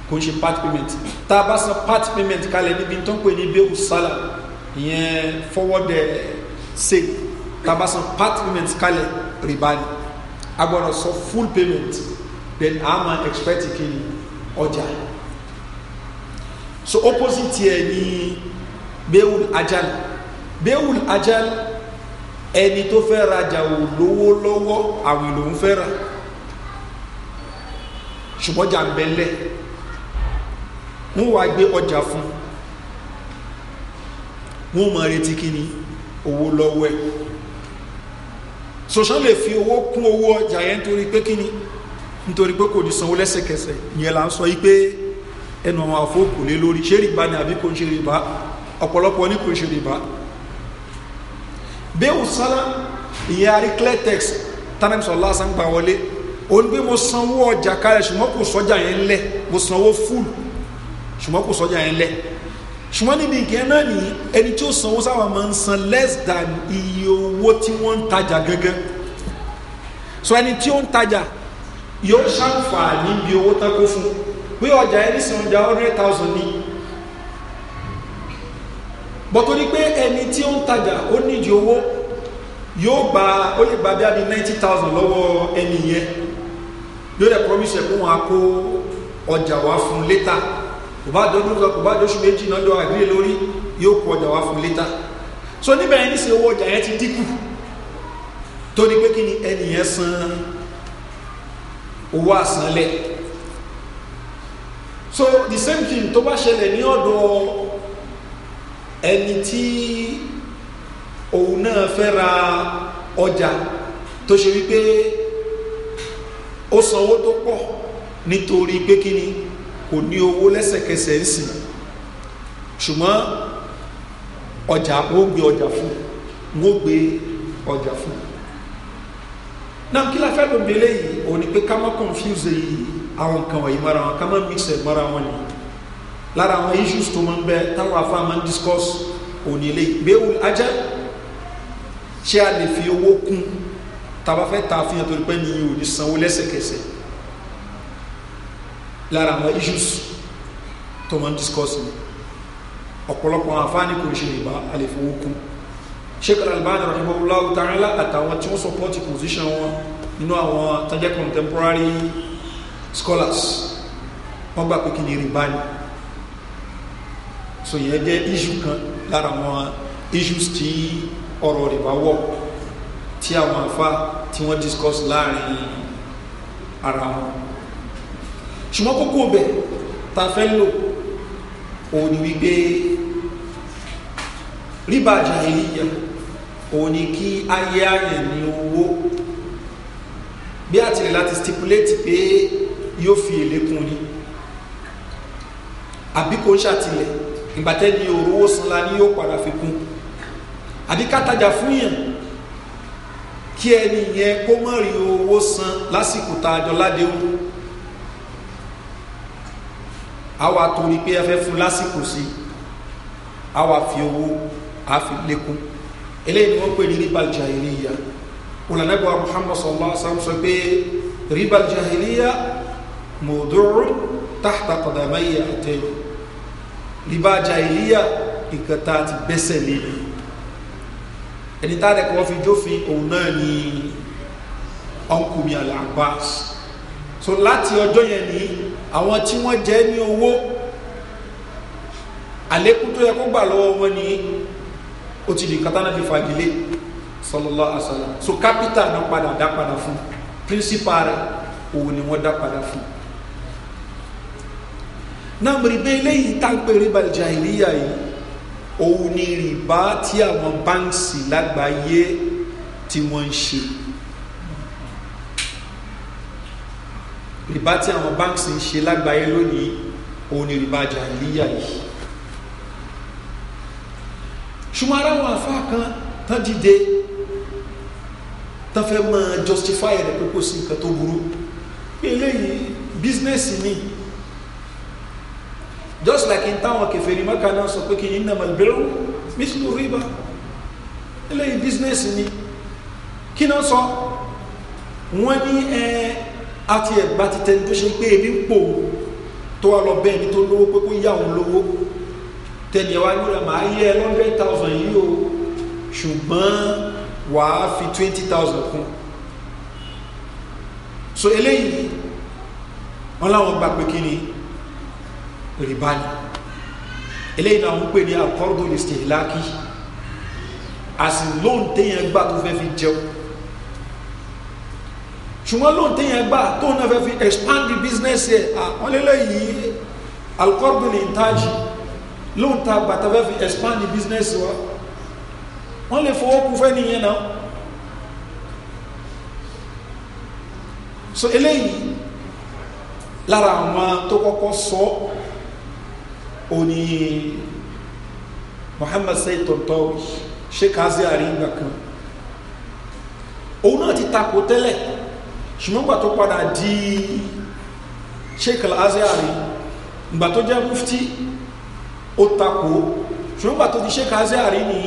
kò ń ṣe part payment tá a bá san part payment kalẹ̀ níbi tó ń pè ní bẹ́ẹ̀ usala ìyẹn forward eh, sale tá a bá san part payment kalẹ̀ rìbá ni a gbọ́dọ̀ sọ full payment then a máa expect kiri ọjà so opposite yẹ ni bẹ́ẹ̀ ajal bẹ́ẹ̀ ajal ẹni tó fẹ́ rajà ò lówó lọ́wọ́ àwìn lòún fẹ́ rà ṣùgbọ́n jà ń bẹ́lẹ̀ wọ́n wá gbé ọjà fún wọ́n mọ̀ retí kí ni owó lọ́wọ́ ẹ̀ sọ̀sán lè fi owó kún owó ọjà yẹn nítorí pé kí ni nítorí pé kò ní sanwó lẹ́sẹ̀kẹsẹ̀ ìyẹn là ń sọ yí pé ẹnu àwọn àfọwọ́kù lé lórí ṣé rìbá ni àbí kò ń ṣe rìbá ọ̀pọ̀lọpọ̀ ní kò ń ṣe rìbá bẹ́ẹ̀ sálá ìyẹn àrí clear text tánàbí sọ̀lá sàn gbà wọlé ó ní pé mo sanwó ọjà kalẹ̀ ṣùgbọ́n kò sọ́jà yẹn lẹ̀ mo sanwó full ṣùgbọ́n kò sọ́jà yẹn lẹ̀ ṣùgbọ́n níbi ìkẹ́ náà ní ẹni tí ó sanwó sábà máa ń san less than iye owó tí wọ́n ń tajà gángan so ẹni tí ó ń tajà yóò ṣàǹfààní bí owó tán kó fún pé ọjà ẹni sàn ọjà hundred thousand ní bọ́tọ́rí pé ẹni tí ó ń tajà ó nídìí owó yóò gba ó lè gba bí i ninety thousand lọ́wọ́ ẹni yẹn yóò dẹ̀ promise ẹ̀ pé wọ́n á kó ọjà wá fún létà kò bá dọ́dún kan kò bá dọ́sù méjì náà jọ àgbélé lórí yóò kó ọjà wá fún létà so níbẹ̀ yẹn níṣẹ́ owó ọjà yẹn ti dínkù tó ní pé kí ni ẹni yẹn san owó àsanlẹ̀ so the same thing tó bá ṣẹlẹ̀ ní ọ̀dọ̀ ẹni tí òun náà fẹ́ ra ọjà tó ṣe wípé ó sanwó tó pọ̀ nítorí pé kí ni kò ní owó lẹ́sẹ̀kẹsẹ̀ ń sìn ṣùgbọ́n ọjà wọ́n gbé ọjà fún wọ́n gbé ọjà fún náà kí la fẹ́ lòmìnira yìí òun ni pé ká má confuse àwọn nǹkan wọ̀nyí mara wọn ká má mix ẹ̀ mara wọn nìyí lára àwọn issues tó máa ń bẹ táwọn afá máa ń discuss òní ilé ìgbéwò ajá ṣé a lè fi owó kún tàbá fẹ́ ta àfihàn torí pé nìyí ò ní sanwó lẹ́sẹ̀kẹsẹ̀ lára àwọn issues tó máa ń discuss ni ọ̀pọ̀lọpọ̀ afá ní kò ṣe ìbá a lè fi owó kún sheikh albani rahimahullahu ta'ala àtàwọn tí wọ́n support position wọn nínú àwọn tajẹ́ contemporary scholars wọ́n gbà pé kí ni rìbá ni so yẹn jẹ́ iṣu kan lára àwọn issues tí ọ̀rọ̀ rìbá wọ̀ tí àwọn afa tí wọ́n discuss láàrin ara wọn ṣùgbọ́n kókó bẹ̀ ta fẹ́ lò òun ni wípé rìbá jàhílíyà òun ni kí ayé àyàn ní owó bí àtìlẹ́ láti stipulate pé yóò fi èlé kún ni àbí kò ń ṣàtìlẹ́ ìgbàtẹ́ ni òróró sanla ni yóò padà fi kún àbí kátajà fún yàn kí ẹni yẹn kó mọ̀ rí owó san lásìkò tá a jọ ládéhùn àwa torí pé ẹ fẹ́ fún lásìkò sí àwa fi owó àfi lékún eléyìí ni wọ́n pè ní ribal jahiliya olùdàgbà muhammad sallallahu alaihi wa sallam sọ pé ribal jahiliya mọ̀ọ́dúnrún táhtà kọ̀dàmáyé àtẹ̀yìn rìbá jàìlíyà nǹkan tá a ti gbẹ́sẹ̀ lé ni ẹni tá a dẹ̀kọ́ fi jófin òun náà ni ọkùnmi al so láti ọjọ́ yẹn ni àwọn tí wọ́n jẹ ní owó àlékún tó yẹ kó gbà lọ́wọ́ wọn ni ó ti di katana fi fagilé sallallahu alaihi wasallam so capital náà padà dá padà fún principal rẹ̀ òun ni wọ́n dá padà fún náà mo rí pé eléyìí tá ń pè yìí òun ni rìbá tí àwọn báńkì lágbàáyé tí wọ́n ń ṣe rìbá tí àwọn báńkì ń ṣe lágbàáyé lónìí òun ni rìbá jàìlíyà yìí ṣùgbọ́n ara wọn àfa kan tán dìde tán fẹ́ máa justify rẹ̀ pé kò sí nǹkan tó burú eléyìí bísínẹ́sì ni just like in town, táwọn kẹfẹ́rì mọ́kà náà sọ pé kí ní nàmà ìbẹ̀rù mísìlú rìbá eléyìí bísínẹ́sì ni kí náà sọ wọ́n ní ẹ àti ẹ̀gbá ti tẹni tó ṣe pé ebi ń pò tó wà lọ bẹ́ẹ̀ ni tó lówó pé kó yá òun lówó tẹni ẹ̀ wá nílẹ̀ máa yẹ ẹ lọ́ndẹ̀ tàùsàn yìí o ṣùgbọ́n wàá fi twenty thousand kún so eléyìí wọn láwọn gbà pé kí ni rìbá ni eléyìí náà ń pè ní àkọ́rọ́dù ìsìláàkì àsì lóun téèyàn gbà tó fẹ́ fi jẹun ṣùgbọ́n lóun téèyàn gbà tó náà fẹ́ fi expand the business ẹ̀ àwọn eléyìí àkọ́rọ́dù lè ń tájì lóun ta gbàtà fẹ́ fi expand the business wa wọ́n lè fowó kú fẹ́ nìyẹn náà so eléyìí lára àwọn tó kọ́kọ́ sọ ọ́ oni muhammad sayyid tontawi sheikh azi aringa kan òun náà ti takò tẹ́lẹ̀ ṣùgbọ́n gbà tó padà di sheikh azi arin gbà tó jẹ́ mufti ó takò ṣùgbọ́n gbà tó di sheikh azi arin ni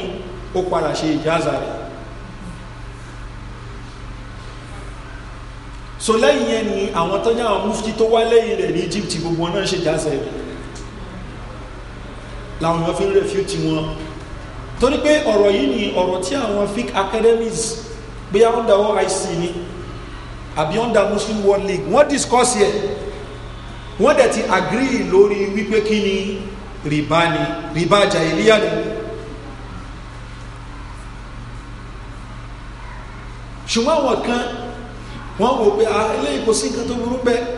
ó padà ṣe ìjáza rẹ̀ so lẹ́yìn yẹn ni àwọn tó àwọn mufti tó wá lẹ́yìn rẹ̀ ní egypt gbogbo náà ṣe ìjáza rẹ̀ làwọn èèyàn fi ń refute wọn torí pé ọ̀rọ̀ yìí ni ọ̀rọ̀ tí àwọn fic academies bóyá under oic ni àbí under muslim world league wọ́n discuss yẹ wọ́n dẹ̀ ti agree lórí wípé kí ni rìbá ni rìbá jàìlíyà ni ṣùgbọ́n àwọn kan wọ́n wò pé ah, eléyìí kò sí nǹkan tó burú bẹ́ẹ̀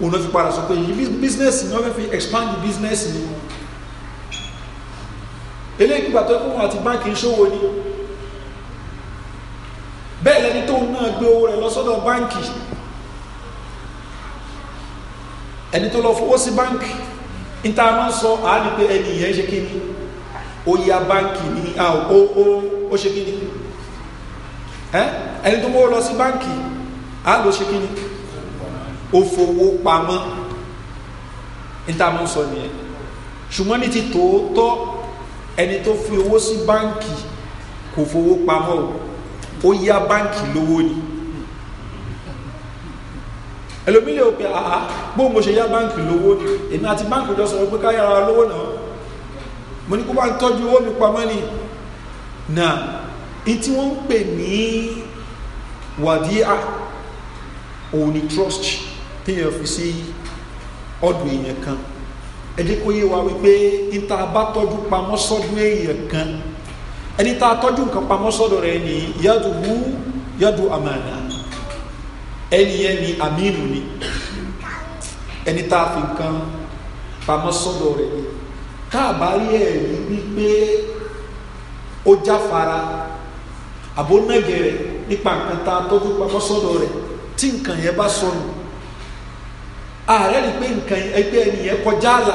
òun ló fi padà sọ pé yìí business ni wọ́n fẹ́ fi expand the business ni wọn eléyìí gbà tó kó wọn àti báńkì ìṣòwò ni bẹ́ẹ̀ lẹni tóun náà gbé owó rẹ̀ lọ sọ́dọ̀ báńkì ẹni tó lọ fowó sí báńkì níta máa ń sọ àánú pé ẹni yẹn ṣe kí ni ó ya báńkì ní ó ṣe kí ni ẹni tó mọ́ lọ sí báńkì àá lọ ṣe kí ni ó fowó pamọ́ níta-mọ́ sọ nìyẹn ṣùgbọ́n ní ti tòótọ́ ẹni tó fi owó sí báǹkì kò fowó pamọ́ ó yá báǹkì lówó ni ẹlòmílẹ̀ ò pé àá bóun mo ṣe yá báǹkì lówó ni èmi àti báǹkì jọ sọ̀rọ̀ pé ká yára lówó náà mo ní kó bá ń tọ́jú owó mi pamọ́ ni na tí wọ́n ń pè ní wàdíà òun ni trust téèyàn fi sí ọdún èèyàn kan ẹ jẹ́ kó yé wa wípé níta bá tọ́jú pamọ́ sọ́dún èèyàn kan ẹni tá a tọ́jú nǹkan pamọ́ sọ́dọ̀ rẹ̀ ni yadu hu yadu amana ẹni yẹn ni aminu ni ẹni tá a fi nǹkan pamọ́ sọ́dọ̀ rẹ̀ ni káàbárí ẹ̀ rí wípé ó jáfara àbónàgẹ̀rẹ̀ nípa nǹkan tá a tọ́jú pamọ́ sọ́dọ̀ rẹ̀ tí nǹkan yẹn bá sọnù ààrẹ rí pé nǹkan ẹgbẹ́ ẹnìyẹn kọjá àlà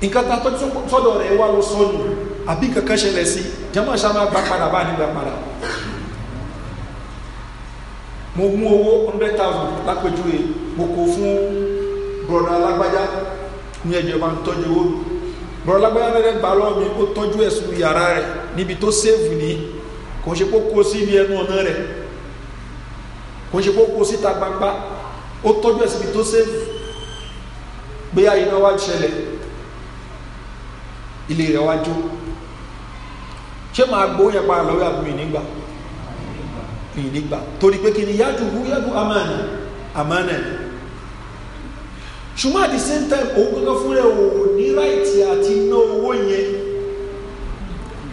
nǹkan ta tó sọ́dọ̀ rẹ̀ wá lọ sọ́nù àbí kankan ṣẹlẹ̀ sí jẹ́mọ̀ ṣá máa gbà padà bá nígbà padà mo mú owó hundred thousand lápẹjúwe mo kó fún bọ̀dọ̀ alágbájá ní ẹ̀jẹ̀ bá ń tọ́jú owó bọ̀dọ̀ alágbájá rẹ̀ gbà lọ́wọ́ mi ó tọ́jú ẹ̀sùn yàrá rẹ̀ níbi tó sèèfù ní kò ṣe kó kó sí ibi ẹnu ọ̀nà rẹ̀ kò ṣe kó kó síta gbangba ó tọ́jú ẹ̀ síbi tó sèfù bóyá iná wá ṣẹlẹ̀ ilé rẹ̀ wá jó ṣé máa gbó yẹn pa lọ́wọ́ àbúrò ìnígbà ìnígbà torí pé kí ni yájú wú yájú amáàni amáàni ṣùgbọ́n at the same time òun kankan fún rẹ̀ ò ní ráìtì àti iná owó yẹn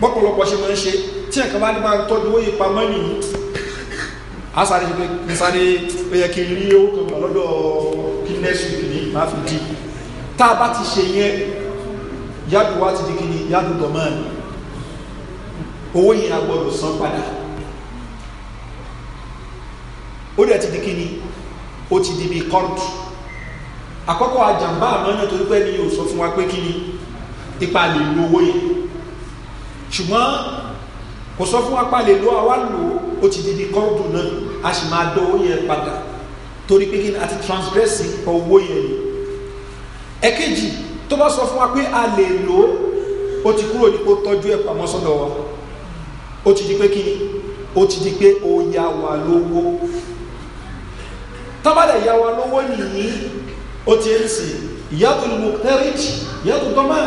pọ́pọ̀lọpọ̀ ṣe máa ń ṣe tí ẹ̀kan bá ní máa tọ́jú owó yìí pamọ́ nìyí a sáré ṣe pé n sáré ó yẹ kí n rí owó kan lọ́dọ̀ kí nẹ́ẹ̀sì kìíní máa fi di tá a bá ti ṣe yẹn yádùn wá ti di kìíní yádùn dọ̀mọ́ọ̀nì owó yẹn a gbọ́dọ̀ san padà ó dẹ̀ ti di kìíní ó ti di bí kọ́ńtù àkọ́kọ́ àjàmbá àmọ́nà tó pẹ́ ní yóò sọ fún wa pé kí ni ipa lè lo owó yẹn ṣùgbọ́n kò sọ fún wa pa lè lo àwa lò ó ó ti di di kọ́ọ̀dù náà a sì máa dán owó yẹn padà torí pé kí ni àti transgressing owó yẹn ni ẹ̀kejì tó bá sọ fún wa pé a lè lò ó ó ti kúrò ní kó tọ́jú ẹ̀ pamọ́ sọ́dọ̀ wa ó ti di pé kí ni ó ti di pé ó yá wa lówó tọ́bàdẹ̀ yá wa lówó nìyí ó ti ń sìn ìyàtò lùmọ̀ tẹ́rìtì ìyàtò tọ́mọ̀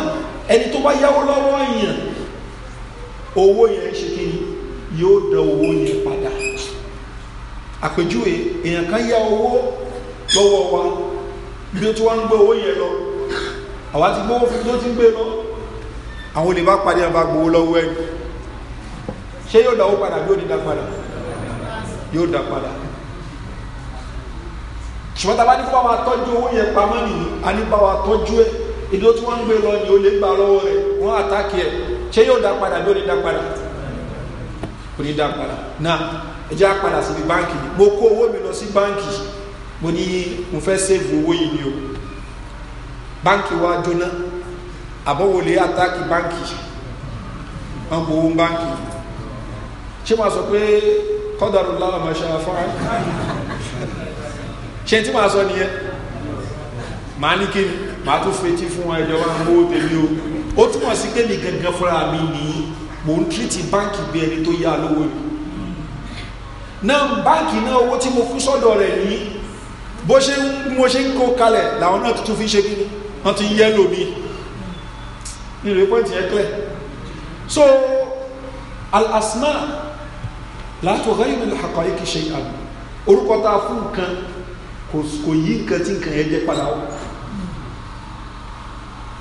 ẹni tó bá yáwó lọ́wọ́ yẹn owó yẹn ṣe kí ni yóò dán owó yẹn padà àpèjúwe èèyàn kan yá owó lọ́wọ́ wa bí ó tí wọ́n ń gbé owó yẹn lọ àwa ti gbówó fún tó ti ń gbé lọ àwọn olè bá parí àbá gbowó lọ́wọ́ ẹ̀ ṣé yóò dáwó padà bí ó ní dá padà yóò dá padà ṣùgbọ́n tá a bá ní kó wa tọ́jú owó yẹn pamọ́ nìyí a ní bá wa tọ́jú ẹ̀ ìdó tí wọ́n ń gbé lọ ni ó lè gbà lọ́wọ́ rẹ̀ wọ́n àtàkì ẹ̀ ṣé yóò dá padà bí ó ní dá padà kò ní dá padà náà ẹ jẹ́ àpadà síbi báǹkì ni mo kó owó mi lọ sí báǹkì mo ní mo fẹ́ sèvù owó yìí ni o báǹkì wa jóná àbọ̀wọlé àtàkì báǹkì wọn kò owó báǹkì ṣé wàá sọ pé kọ́dàrú lálọ́ máa ṣe àfọ́n ṣé tí màá sọ nìyẹn màá ní kí ni màá tún fetí fún ẹjọ́ wa ń gbówó tèmi o ó túmọ̀ sí pé mi gangan fúnra mi nìyí mò ń tírìtì báǹkì bí ẹni tó yá lówó ni náà báǹkì náà owó tí mo fún sọ́dọ̀ rẹ̀ ní bó ṣe ń mo ṣe ń kó kalẹ̀ làwọn náà tuntun fi ṣe kí ni wọ́n ti yẹ́ lómi ní rẹ́pọ̀tì yẹn clear so al-asma láti ọ̀gá ìlú àkọ́ yìí kì í ṣe àmì orúkọ tá a fún nǹkan kò yí nǹkan tí nǹkan yẹn jẹ́ padà wọ́n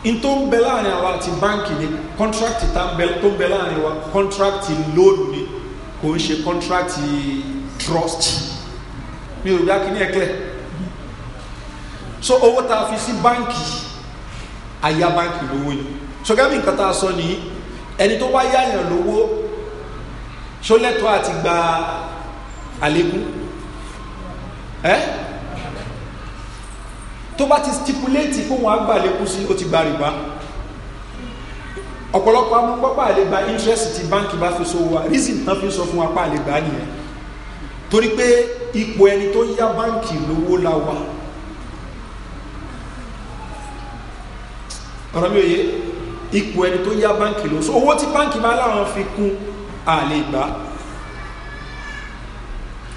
n tó ń a láàrin àwa àti báńkì ni kọ́ńtrákìtì tó ń bẹ láàrin wa kọ́ńtrákìtì lóòlù ni kò ń ṣe kọ́ńtrákìtì trust mi ò bí akíní ẹ̀kẹ́ so owó ta a fi sí báńkì àyà báńkì lówó yìí so gẹ́gẹ́ nǹkan tá a sọ nìyí ẹni tó bá yáyàn lówó ṣó lẹ́tọ̀ọ́ àti gba àlékún ẹ́. Eh? tó bá ti stipulate kó wọn á gbà lékún sí ó ti gba rìbá ọ̀pọ̀lọpọ̀ amúpápá àlegbà interest ti báńkì bá fi so wa reason tán fi sọ fún apá àlegbà nìyẹn torí pé ipò ẹni tó yá báńkì lówó la wà ọ̀rọ̀ mi ò yé ipò ẹni tó yá báńkì lówó so owó tí báńkì bá láwọn fi kún àlegbà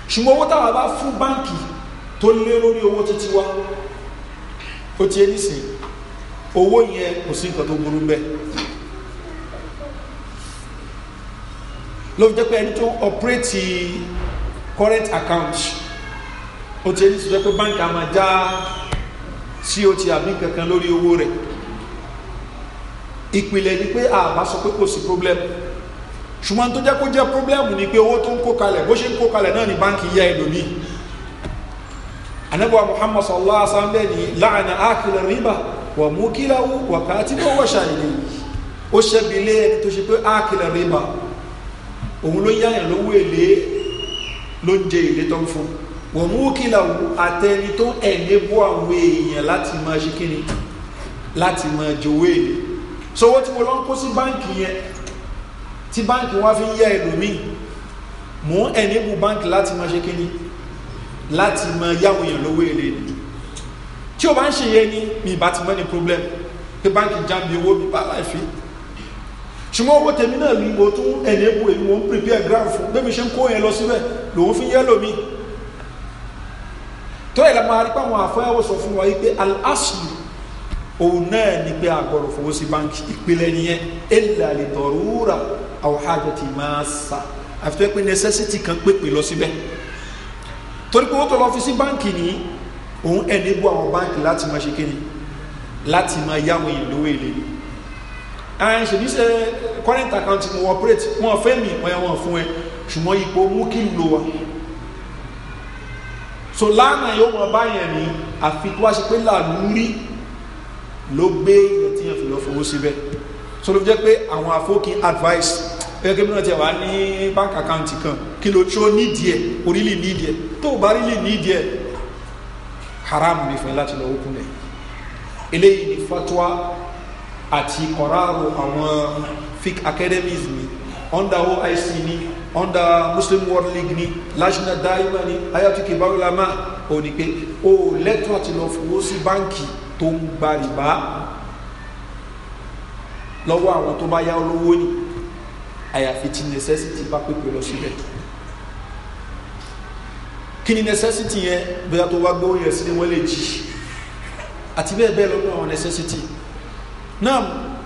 ṣùgbọ́n owó táwa bá fún báńkì tó lé lórí owó títí wa ó ti ẹni sìn owó yẹn kò sí nǹkan tó burú bẹ́ẹ̀ ló fi jẹ́ pé ẹni tó ń current account ó ti ẹni sìn jẹ́ pé báńkì àmà já sí o ti àbí kankan lórí owó rẹ̀ ìpìlẹ̀ ni pé àbá sọ pé kò sí problem ṣùgbọ́n tó jẹ́ kó jẹ́ problem ni pé owó tó ń kó kalẹ̀ bó ṣe ń kó kalẹ̀ náà ni báńkì yá ẹlòmíì anabuwa muhammad sallallahu alaihi wasallam bẹ́ẹ̀ ni láàánà ákìlẹ̀ rìbá wà mú kíláwó wà káàtì náà wà ṣàyẹ̀lẹ̀ ó ṣẹ́bi ilé ẹni tó ṣe pé ákìlẹ̀ rìbá òun ló yáyàn lówó èlé ló ń jẹ èlé tó ń fún wà mú kíláwó àtẹni tó ẹ̀ẹ́nẹ́bù àwọn èèyàn láti máa ṣe kíni láti máa jowó èlé sọwọ́ tí mo lọ ń kó sí báǹkì yẹn tí báǹkì wá fi ń yá ẹlòmíì mò ń ẹ̀ẹ́nẹ́bù báǹkì láti máa ṣe kíni láti mọ yáwọn èèyàn lówó èlé ni tí o bá ń ṣe yẹn ni mi ìbá ti mọ́ ni problem pé báńkì já mi owó mi bá láìfi ṣùgbọ́n owó tèmi náà rí mo tún ẹ̀nẹ́bù èyí mo ń prepare ground fún bẹ́ẹ̀ mi ṣe ń kó yẹn lọ síbẹ̀ lòun fi yẹ́ lómi tó yẹ lọ́mọ arípa àwọn àfọyàwó sọ fún wa yìí pé al-aslu òun náà ni pé àgọ́rọ̀ fowó sí báńkì ìpìlẹ̀ nìyẹn illa li darura aw hajati massa àfitọ́ pé necessity kan pèpè lọ síbẹ̀. Si torí pé wọ́n tó lọ fi sí báǹkì ní òun ẹni bú àwọn báǹkì láti máa ṣe kéde láti máa yáwọn èèyàn lówó èlé ni àwọn ṣèbí ṣe current account mo operate wọn fẹ́ mi wọ́n yẹn wọ́n fún ẹ ṣùgbọ́n ipò mú kí n lo wa so lánàá yóò wọn bá yẹn ní àfi tó wá ṣe pé làlúrí ló gbé èèyàn tí yẹn fi lọ fowó síbẹ̀ so ló fi jẹ́ pé àwọn àfókín advice ẹgbẹ́ mi náà ti wà ní bank account kan kí ló tó nídìí ẹ̀ orílẹ̀ nídìí ẹ̀ tó o bá rílẹ̀ nídìí ẹ̀ haram ní fún ẹ láti lọ okun ẹ̀ eléyìí ni fatwa àti kọ̀ráàrò àwọn fic academies ni under oic ni under muslim world league ni lajna daima ni ayatollah ibarulama ò ní pé o lẹ́tọ̀ àti lọ fowó sí báǹkì tó ń gba rìbá lọ́wọ́ àwọn tó bá yá olówó ni àyàfi tí necessity bá pépè lọ síbẹ̀ kí ni necessity yẹn bóyá tó wá gbóhùn yẹn sí ni wọ́n lè jì àti bẹ́ẹ̀ bẹ́ẹ̀ lọ́nà àwọn necessity náà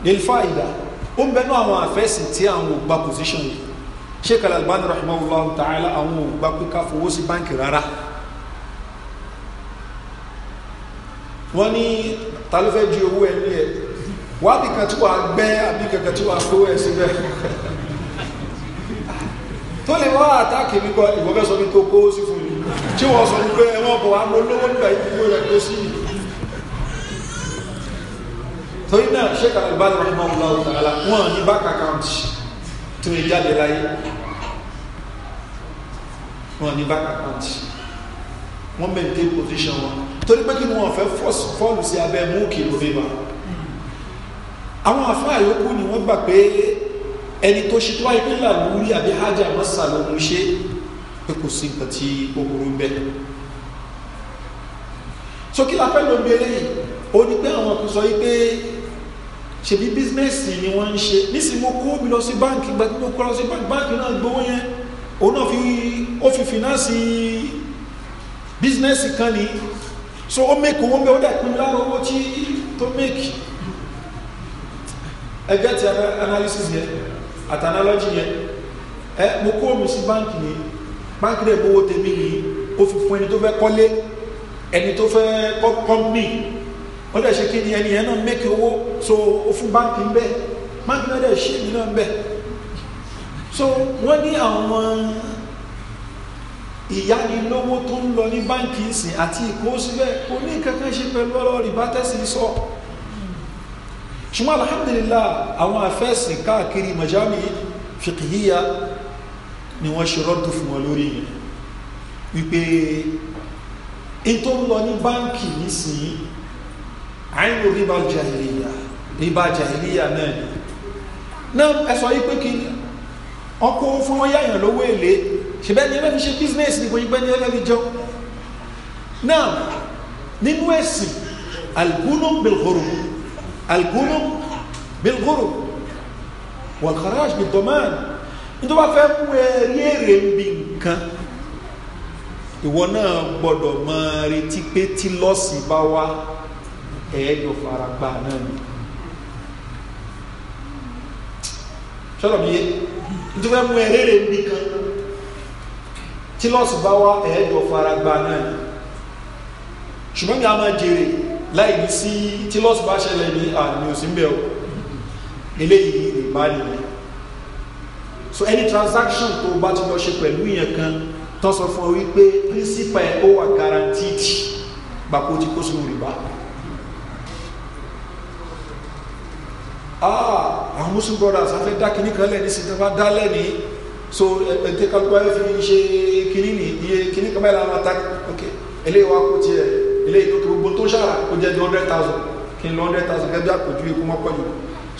nílfà ìdá ó ń bẹnu àwọn àfẹ́sìn tí àwọn ò gba position yìí sheikh al-albani rahimahullah ta'ala àwọn ò gba pé ká fowó sí báńkì rárá wọ́n ní ta ló fẹ́ ju owó ẹni ẹ̀ wádìí kan tí wàá gbẹ́ àbí kankan tí wàá fowó ẹ̀ síbẹ̀ tó lè wọ́n àtàkì mi kọ ìwọ fẹ́ sọ mi tó kó sí fún mi tí wọ́n sọ wípé ẹwọ́n bọ̀ wá mọ́ lówó nígbà ìdúró rẹ̀ tó sí torí náà sheik alibali rahman allah ta'ala wọn ní bank account tó lè jáde láyé wọn ní bank account wọn maintain position wọn torí pé kí ni wọn fẹ́ fọ́ọ̀lù sí abẹ́ mú kìlómítà àwọn àfáà yòókù ni wọ́n gbà pé ẹni tó ṣe tó wáyé pé làlúrí àbí hajj amasa ló ń ṣe pé kò sí nǹkan tí ó burú bẹ́ẹ̀ so kí la fẹ́ ló ń bẹ̀rẹ̀ yìí ó ní pé àwọn kan sọ yìí pé ṣèbí bísínẹ́sì ni wọ́n ń ṣe nísìnyí mo kó mi lọ sí báǹkì gba tí mo kó lọ sí báǹkì báǹkì náà gbowó yẹn òun náà fi ó fi fìnánsì bísínẹ́sì kan ní so ó mẹ́kì owó ń bẹ ó dẹ̀ pín mi lára owó tí tó mẹ́kì ẹgbẹ́ ti analysis yẹn àtànálọ́jì yẹn ẹ mo kó omi sí báǹkì ni báǹkì rẹ̀ gbowó tèmi ni ó fi fún ẹni tó fẹ́ kọ́lé ẹni tó fẹ́ kọ́mí wọ́n dẹ̀ ṣe kí ẹni yẹn náà mẹ́kì owó so ó fún báǹkì ń bẹ́ẹ̀ báǹkì náà dẹ̀ ṣé mi náà ń bẹ́ẹ̀ so wọ́n ní àwọn ìyánilówó tó ń lọ ní báǹkì ìsìn àti ìkó síbẹ̀ kò ní ṣe pẹ̀lú ọ̀rọ̀ rìbátẹ́sì sọ. So, ṣùgbọ́n alhamdulillah àwọn afẹ́sìn káàkiri majami fiqhiyya ni wọ́n ṣe rọ́dù fún wọn lórí yìí wípé in tó ń lọ ní báńkì nísìnyí àìlò ríbà jahiliya ríbà jahiliya náà ni náà ẹ̀sọ́ yìí pé kí ọkọ̀ fún wọn yáyàn lówó èlé ṣùgbọ́n ẹni ẹlẹ́fi ṣe business ni kò ẹni ẹlẹ́fi jẹun náà nínú ẹ̀sìn al-ghulum bil algúnum bilgúrù wàlkàràj بالضمان. nítorí wọ́n fẹ́ mú ẹrí èrè ń bi nǹkan ìwọ náà gbọ́dọ̀ máa retí pé tí lọ́ọ̀sì bá wá ẹ̀ẹ́dọ̀ fara gbà náà ni sọlọ mi yé nítorí mú ẹrí ń bi kan tí lọ́ọ̀sì bá wá ẹ̀ẹ́dọ̀ fara gbà náà ni ṣùgbọ́n mi a máa jèrè láì ní sí tí lọ́sì bá ṣẹlẹ̀ ní àmì òsínbẹ̀ o eléyìí rìbá nìyẹn so any transaction tó bá ti lọ ṣe pẹ̀lú ìyẹn kan tó sọ fún ọ wípé principal ẹ̀ ó wà guaranteed gbàpò tí kó sínú rìbá. ah àwọn muslim brothers afẹ́ dá kínní kan lẹ́ni sí tó bá dá lẹ́ni so ẹ̀ẹ́dẹ́gbẹ́ kálukú ayé fi ṣe kínní ní iye kínní kan báyìí làwọn attack ok eléyìí wá kó tiẹ̀ eléyìí lókè gbogbo tó ń ṣàrà kó jẹ́ bí hundred thousand kí n lọ hundred thousand gẹ́gẹ́ bí àpèjú ikú mọ́ pọ̀jù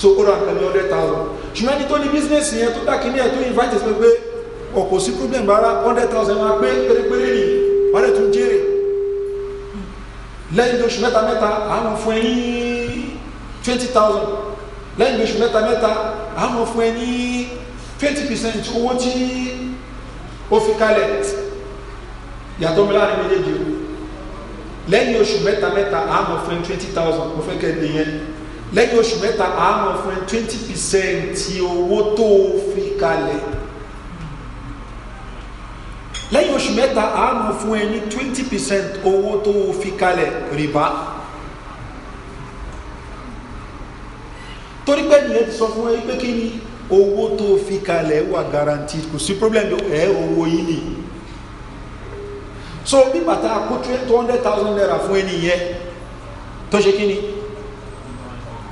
so ó ra nǹkan bí hundred thousand ṣùgbọ́n ẹni tó ní business yẹn tó dá kínní ẹ̀ tó invite sí pé ọkọ̀ sí problem rárá hundred thousand máa pé pérépéré nì wọ́n lè tún jèrè lẹ́yìn oṣù mẹ́ta mẹ́ta àwọn fún ẹ ní twenty thousand lẹ́yìn oṣù mẹ́ta mẹ́ta àwọn fún ẹ ní twenty percent owó tí ó fi kalẹ̀ yàtọ̀ mi láàrin méjèèjì o lẹ́yìn oṣù mẹ́ta mẹ́ta àmọ̀ fún twenty thousand mo fẹ́ kẹ́ ẹ nìyẹn lẹ́yìn oṣù mẹ́ta àmọ̀ fún twenty percent owó tó fi kalẹ̀ lẹ́yìn oṣù mẹ́ta àmọ̀ fún ẹni twenty percent owó tó fi kalẹ̀ rìbá torí pé nìyẹn ti sọ fún ẹ pé kí ni owó tó fi kalẹ̀ wà guarantee kò sí problem ẹ owó yìí nìyí so bí bàtà kó two hundred thousand naira fún ẹni yẹn tó ṣe kí ni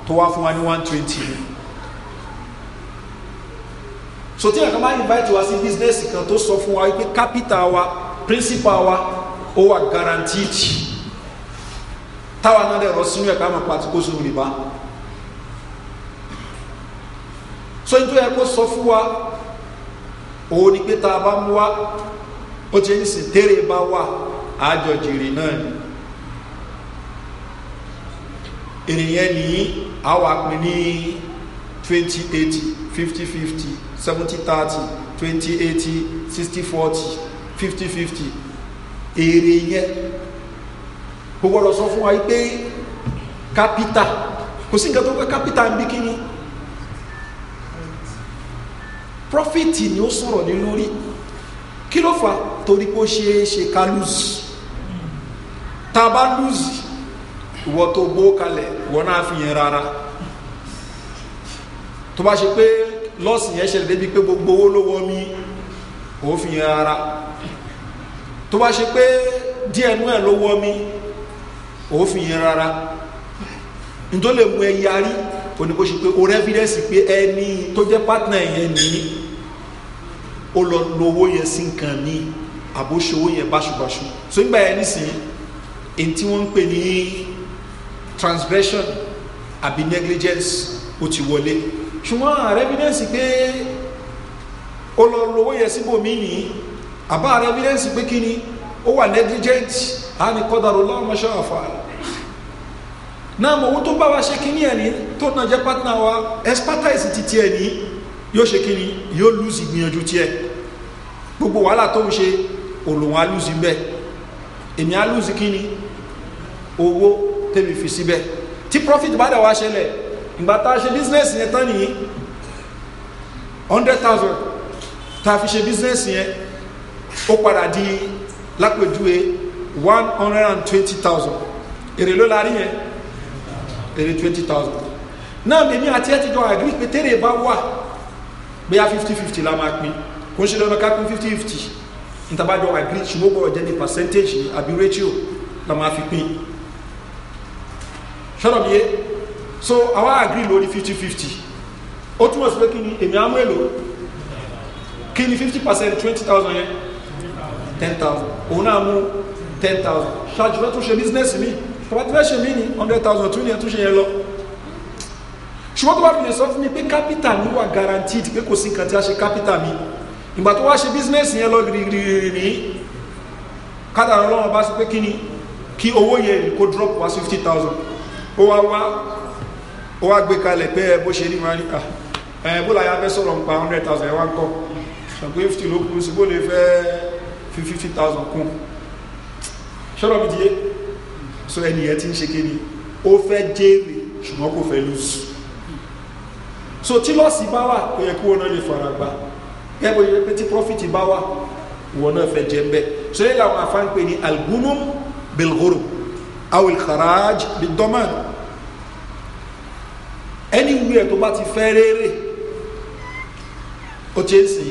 tó wá fún wa ní one twenty so tí ẹ̀ka máa invite wa sí bísínẹ́sì kan tó sọ fún wa wípé capital wa principal wa ó wà guaranteed táwa náà dẹ̀ rọ sínú ẹ̀ka máa pàtó kó sínú rìbá so nítorí ẹ̀ kó sọ fún wa òun ni pé tá a bá mú wa ó ti ń sìn tẹ́rẹ̀ bá wà àjọ jèrè náà ni èrè ní àwọn àpè ní twenty eighty fifty fifty seventy thirty twenty eighty sixty forty fifty fifty èrè yẹn gbogbo ọ̀rọ̀ sọ fún wa pé kápítà kò sí nǹkan tó pé kápítà ń bí kíni prọfìtì ni ó sọ̀rọ̀ ní lórí kí ló fà á torí pé ó ṣeé ṣe ká lùzì tá a bá lùzì ìwọ tó gbó kalẹ̀ ìwọ náà fi yẹn rárá tó bá ṣe pé lọ́ọ̀sì yẹn ṣẹlẹ̀ débi pé gbogbo owó ló wọ́ mi òun fi yẹn rárá tó bá ṣe pé díẹ̀ nú ẹ̀ ló wọ́ mi òun fi yẹn rárá nítorí lè mú ẹ yarí oníkó ṣe pé o rẹ́fídẹ́sì pé ẹni tó jẹ́ pátánà yẹn nìyí ó lọ lo owó yẹn sí nǹkan míì àbóṣowó yẹn báṣubàṣu so nígbà yẹn nísìnyí èyí tí wọ́n ń pè ní transgression àbí negligence ó ti wọlé ṣùgbọ́n ààrẹ evidence pé ó lọ lówó yẹn síbòmí nìyí àbá ààrẹ evidence pé kí ni ó wà negligent á ní kọ́dàrú lọ́mọṣẹ́ àfààní náà mọ̀ owó tó bá wa ṣe kíní ẹ̀ ní tó náà jẹ́ partner wa expertise ti tiẹ̀ ní yóò ṣe kíní yóò lose ìgbìyànjú tiẹ̀ gbogbo wàhálà tó ń ṣe olùwọ̀n alúzi bẹ́ẹ̀ èmi alúzi kí ni owó tèmi fi síbẹ̀ tí profit bá dà wá ṣẹlẹ̀ ìgbà tá a ṣe business yẹn tán nìyí hundred thousand tá a fi ṣe business yẹn ó padà di lápèjúwe one hundred and twenty thousand èrè ló la rí yẹn èrè twenty thousand náà lèmi àti ẹ ti jọ àgbí pé tèrè bá wà bóyá fifty fifty la máa pin kò ń ṣe lọ́nà ká pin fifty fifty ntabajọ agree ṣùgbọ́n gbọ́dọ̀ jẹ́ percentage ní àbí ratio la máa fi pín ṣọ́nà mi yé so àwa agree lórí fifty fifty ó túmọ̀ sí pé kí ni èmi àmú èlò kí ni fifty percent twenty thousand yẹn ten thousand òun náà mú ten thousand ṣáàjú fẹ́ tún ṣe business mi tọ́ba tí fẹ́ ṣe mí ni hundred thousand tún ni ẹ̀ e tún ṣe yẹn lọ ṣùgbọ́n tó bá fi lè sọ fún mi pé capital mi wà guaranteed pé kò sí nǹkan tí a ṣe capital mi ìgbà tó wá ṣe bísínẹ́sì yẹn lọ rìrìrìrì kádàrà ọlọ́wọ́ bá sí pé kí ni kí owó yẹn kó drop wá fifty thousand ó wá wá ó wá gbé kalẹ̀ pé ẹ bó ṣe rí wọn ah, ẹ bó la yà fẹ́ sọ̀rọ̀ nípa hundred thousand ẹ wá ń kọ́ ṣàpé fifty ló kú sí bó lè fẹ́ fi fifty thousand kún ṣọ́rọ̀ mi dìé so ẹni yẹn ti ń ṣe kéde ó fẹ́ jèrè ṣùgbọ́n kò fẹ́ lose so tí lọ́ọ̀sì bá wà ó yẹ kí wọn náà lè fara gbà gẹ́gbẹ́ yẹ pé tí profit bá wà wọn náà fẹ́ jẹ́ ń bẹ́ so yẹ làwọn afá ń pè ní algunum bilgoro awil kharaj bidoman ẹni wí ẹ̀ tó bá ti fẹ́ rere ó ti sì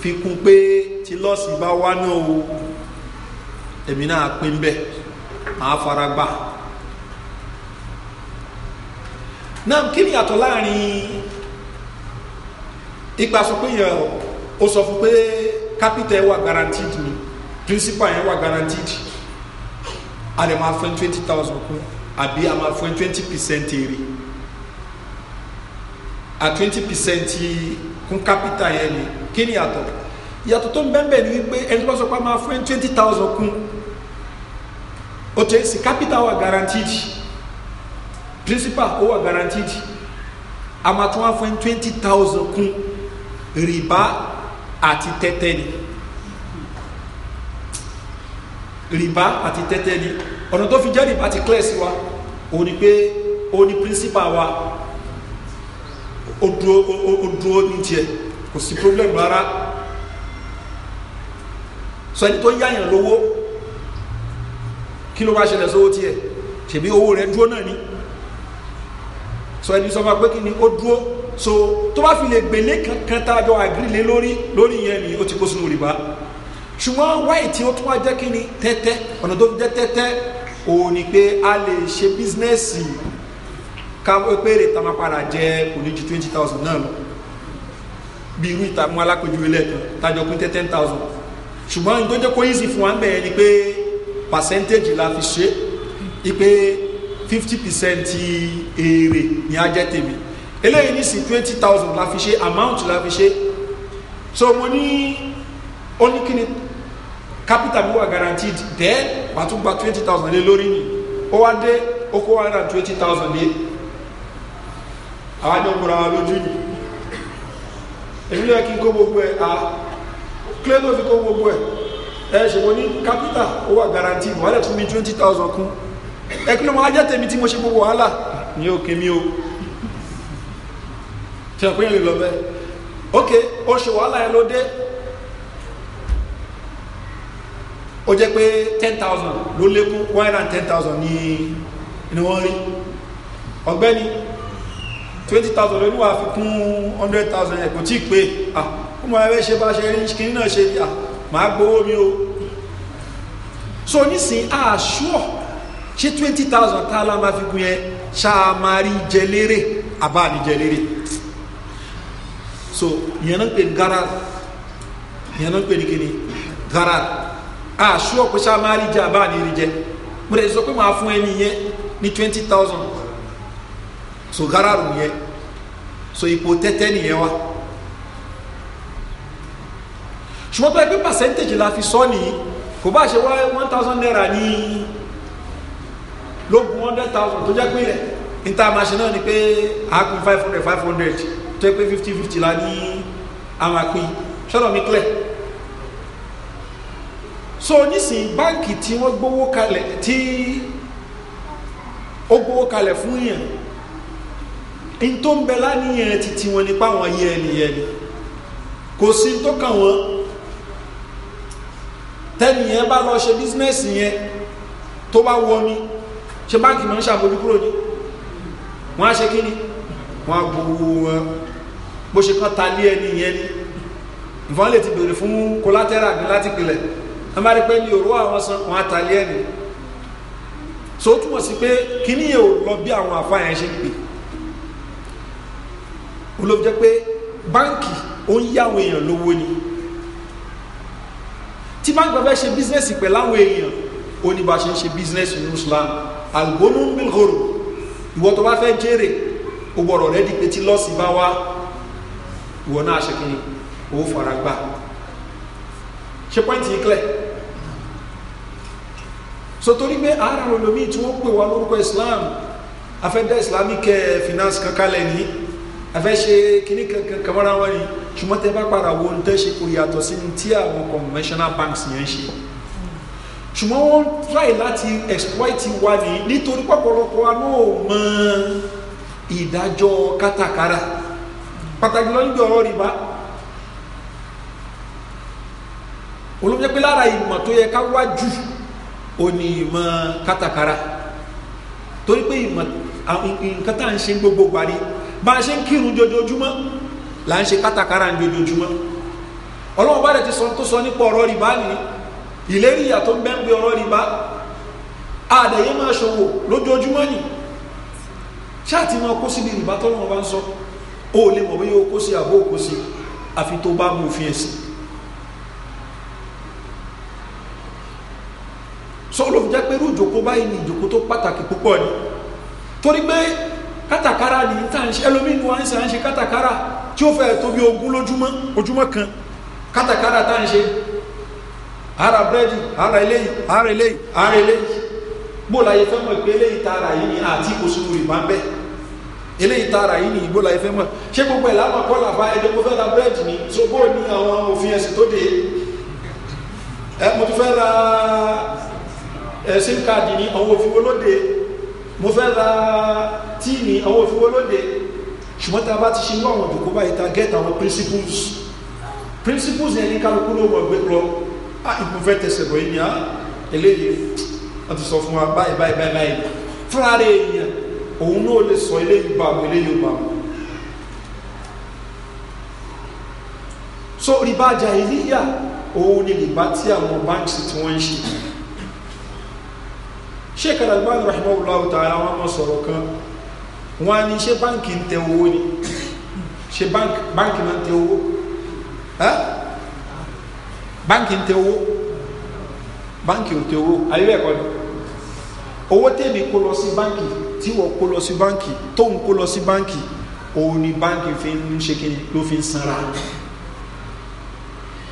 fi kún pé tí lọ́ọ̀sì bá wá náà o èmi náà pín bẹ́ẹ̀ màá fara gbà náà kí ni àtọ̀ láàrin ipa sọ pé yẹn o ó sọ fún pé capital wà guaranteed mi principal yẹn wa guaranteed a lè máa fún twenty thousand kún àbí a máa fún twenty percent èrè a twenty percent kún capital yẹn ni kí ni yàtọ̀ yàtọ̀ tó ń bẹ́ẹ̀ ni wípé ẹni tó bá sọ pé a máa fún twenty thousand kún ó tẹ̀ sí capital wa guaranteed principal ó wa guaranteed a máa tún wá fún twenty thousand kún rìbá àti tẹ́tẹ́ ni rìbá àti tẹ́tẹ́ ni ọ̀nà tó fi jẹ́ rìbá ti clear sí wa òun ni pé òun ni principal wa o dúró ní tiẹ̀ kò sí problem rárá sọ ẹni tó yáyàn lówó kí ló bá ṣẹlẹ̀ sówó tiẹ̀ ṣèbí owó rẹ̀ dúró náà ni sọ ẹni sọ ma pé kí ni ó dúró so tó bá fi lè gbèlé kankan tá a jọ àgírílé lórí lórí yẹn ni ó ti kó sínú rìbá ṣùgbọ́n wáyé tí ó tún wá jẹ́ kí ni tẹ́tẹ́ ọ̀nà tó fi jẹ́ tẹ́tẹ́ òun ni pé a lè ṣe bísínẹ́sì ká pé èrè tá a máa padà jẹ kò ní ju twenty thousand náà lọ bí irú ìtàkùn alákòjúwe lẹ́ẹ̀kan tájọ kún tẹ́ ten thousand ṣùgbọ́n tó jẹ́ kó easy fún wa ń bẹ̀rẹ̀ ni pé percentage la fi ṣe é pé fifty percent èrè ni a jẹ́ tèmi eléyìí ní sí twenty thousand la fi ṣe amount la fi ṣe so mo ní ó capital mi wà guaranteed then wà tún gba twenty thousand lé lórí ni ó wá dé ó one hundred and twenty thousand lé àwọn àjọ múra wa lójú ni èmi náà kí n kó gbogbo ẹ̀ à clear ló fi kó gbogbo ẹ̀ ẹ ṣe mo ní capital ó wà guaranteed wàhálà tún mi twenty thousand kún ẹ kí ló máa jẹ́ tèmi tí mo ṣe gbogbo wàhálà ní òkè mi o. Okay, tí wọn pín lè lọ bẹ ok ó ṣe wàhálà ẹ ló dé ó jẹ pé ten thousand ló lékún one hundred and ten thousand ní ni wọn rí ọgbẹni twenty thousand ló ní fi kún hundred thousand yẹn kò tí pé ah ó mọ ẹgbẹ́ ṣe bá ṣe rí kí náà ṣe ah màá gbowó mi o so nísìnyí àṣùọ̀ ṣé twenty thousand tá a lá máa fi kún yẹn ṣáà máa rí jẹ lérè àbá àníjẹ lérè so ìyẹn náà ń pè ní garar ìyẹn náà ń pè ní kíni garar àṣù ọ̀pẹ́sà máa rí jẹ àbá ní rí jẹ mo lè sọ pé màá fún ẹni yẹn ní twenty thousand so garar nìyẹn so ipò tẹ́tẹ́ nìyẹn wa ṣùgbọ́n tó ẹgbẹ́ percentage la fi sọ nìyí kò bá ṣe one thousand naira ní lógún one hundred thousand tó jẹ́ pé níta máa ṣe náà ni pé five hundred five hundred tó pé fifty fifty la ní àwọn àpín ṣọ́nà mi clear so nísìnyí báǹkì tí wọ́n gbowó kalẹ̀ tí ó gbowó kalẹ̀ fún yàn n tó ń bẹ láníyàn títí wọn nípa àwọn yẹ ẹnìyẹn ni kò sí tó kàn wọ́n tẹ́nìyẹn bá lọ ṣe bísínẹ́sì yẹn tó bá wọ mi ṣe báǹkì máa ń ṣàbójú kúrò ní wọ́n á ṣe kí ni wọ́n á gbowó wọn bó ṣe kán ta ẹni yẹn ni ìfọ́n lè ti bèrè fún kólátẹ́rà mi láti pilẹ̀ ẹ má rí pé ní òru àwọn san wọ́n á ta lé ẹni so ó túmọ̀ sí pé kíní yẹn ò lọ bí àwọn àfa yẹn ṣe ń pè olóbi jẹ́ pé báńkì ó ń yáwó èèyàn lówó ni tí báńkì bá fẹ́ ṣe bísínẹ́sì pẹ̀lú àwọn èèyàn ó ní bá ṣe ń ṣe bísínẹ́sì ní Islam algonun bilhoro ìwọ tó bá fẹ́ jèrè o gbọ́dọ̀ rẹ́ di pé tí lọ́ọ̀sì bá wá ìwọ náà ṣe kí ni o fara gbà ṣe pọ́ǹtì yìí so torí pé àárọ̀ olómi tí wọ́n pè wá lórúkọ islam afẹ́dá islamic eh, finance kankanlẹ̀ ní afẹ́ ṣe kíní kankan kamara wọn ni ṣùgbọ́n tẹ́ bá padà wo ń tẹ́ kò yàtọ̀ sí ní tí àwọn conventional banks yẹn ń ṣe ṣùgbọ́n wọ́n try láti exploit wa ní nítorí pọ̀pọ̀lọpọ̀ wa náà mọ̀ ọ́n ìdájọ́ kátàkárà pàtàkì lọ níbi ọ̀rọ̀ rìbá olóńjẹ́ pé lára ìmọ̀ tó yẹ ká wá jù ó ní ìmọ̀ kátàkárà torí pé ìmọ̀ nǹkan tá à ń ṣe gbogbo parí bá a ṣe ń kírun jojoojúmọ́ là ń ṣe kátàkárà jojoojúmọ́ ọlọ́run bá rẹ̀ ti sọ tó sọ nípa ọ̀rọ̀ rìbá nìyí ìlérí ìyà tó ń bẹ́ ń gbé ọ̀rọ̀ rìbá àdàyé máa ṣòwò lójoojúmọ́ nìyí ṣáàtì máa kó síbi ìbá tọ́lọ́ wọn bá ń sọ ó lè mọ̀ bóyá ó kó sí àbó kó sí àfi tó bá mú òfin ẹ̀sìn sọ́ọ́lù jẹ́ pé irú ìjòkó báyìí ni ìjòkó tó pàtàkì púpọ̀ ni torí pé kátàkárà ni tá à ń ṣe ẹlòmínú wa ń ṣe à ń ṣe kátàkárà tí ó fẹ́ tó bí ogún lójúmọ́ ojúmọ́ kan kátàkárà tá ń ṣe ara búrẹ́dì ara eléyìí ara eléyìí ara eléyìí gbóòlà yẹ fẹ́ mọ̀ pé eléyìí tààrà yìí ni àti oṣù rìbá ń bẹ́ eléyìí tààrà yìí ni ìgbóòlà fẹ́ mọ̀ ṣé gbogbo ẹ̀ láwọn kọ́là bá ẹjọ́ kó fẹ́ ra búrẹ́dì ni so bó ní àwọn òfin ẹ̀sìn tó dé ẹ mo fẹ́ ra sim card ni àwọn òfin wo ló dé mo fẹ́ ra tíì ni àwọn òfin wo ló dé ṣùgbọ́n tá a bá ti ṣe inú àwọn òdòkó báyìí ta get àwọn principles principles yẹn ní kálukú ló mọ̀ gbé lọ ah ìmúfẹ́ tẹ̀sẹ̀ bọ̀ yìí ni ah eléyìí wọ́n ti sọ fún wa báyìí báyìí báyìí báyìí fúnra rẹ̀ èèyàn òun náà lè sọ eléyìí bá àwọn eléyìí bá àwọn. so rìbá jàhílíyà òun ni rìbá tí àwọn báńkì tí wọ́n ń ṣe sheikh al-Albani rahimahullah ta'ala wọn mọ sọ̀rọ̀ kan wọn ní ṣé báńkì ń tẹ owó ni ṣé báńkì máa ń tẹ owó báńkì ń tẹ owó báńkì ò tẹ owó ayé ẹ̀kọ́ ni owó tèmi kó lọ sí báǹkì tí wọ́n kó lọ sí báǹkì tóun kó lọ sí báǹkì òun ni báǹkì fi ń ṣe kí ló fi ń sanra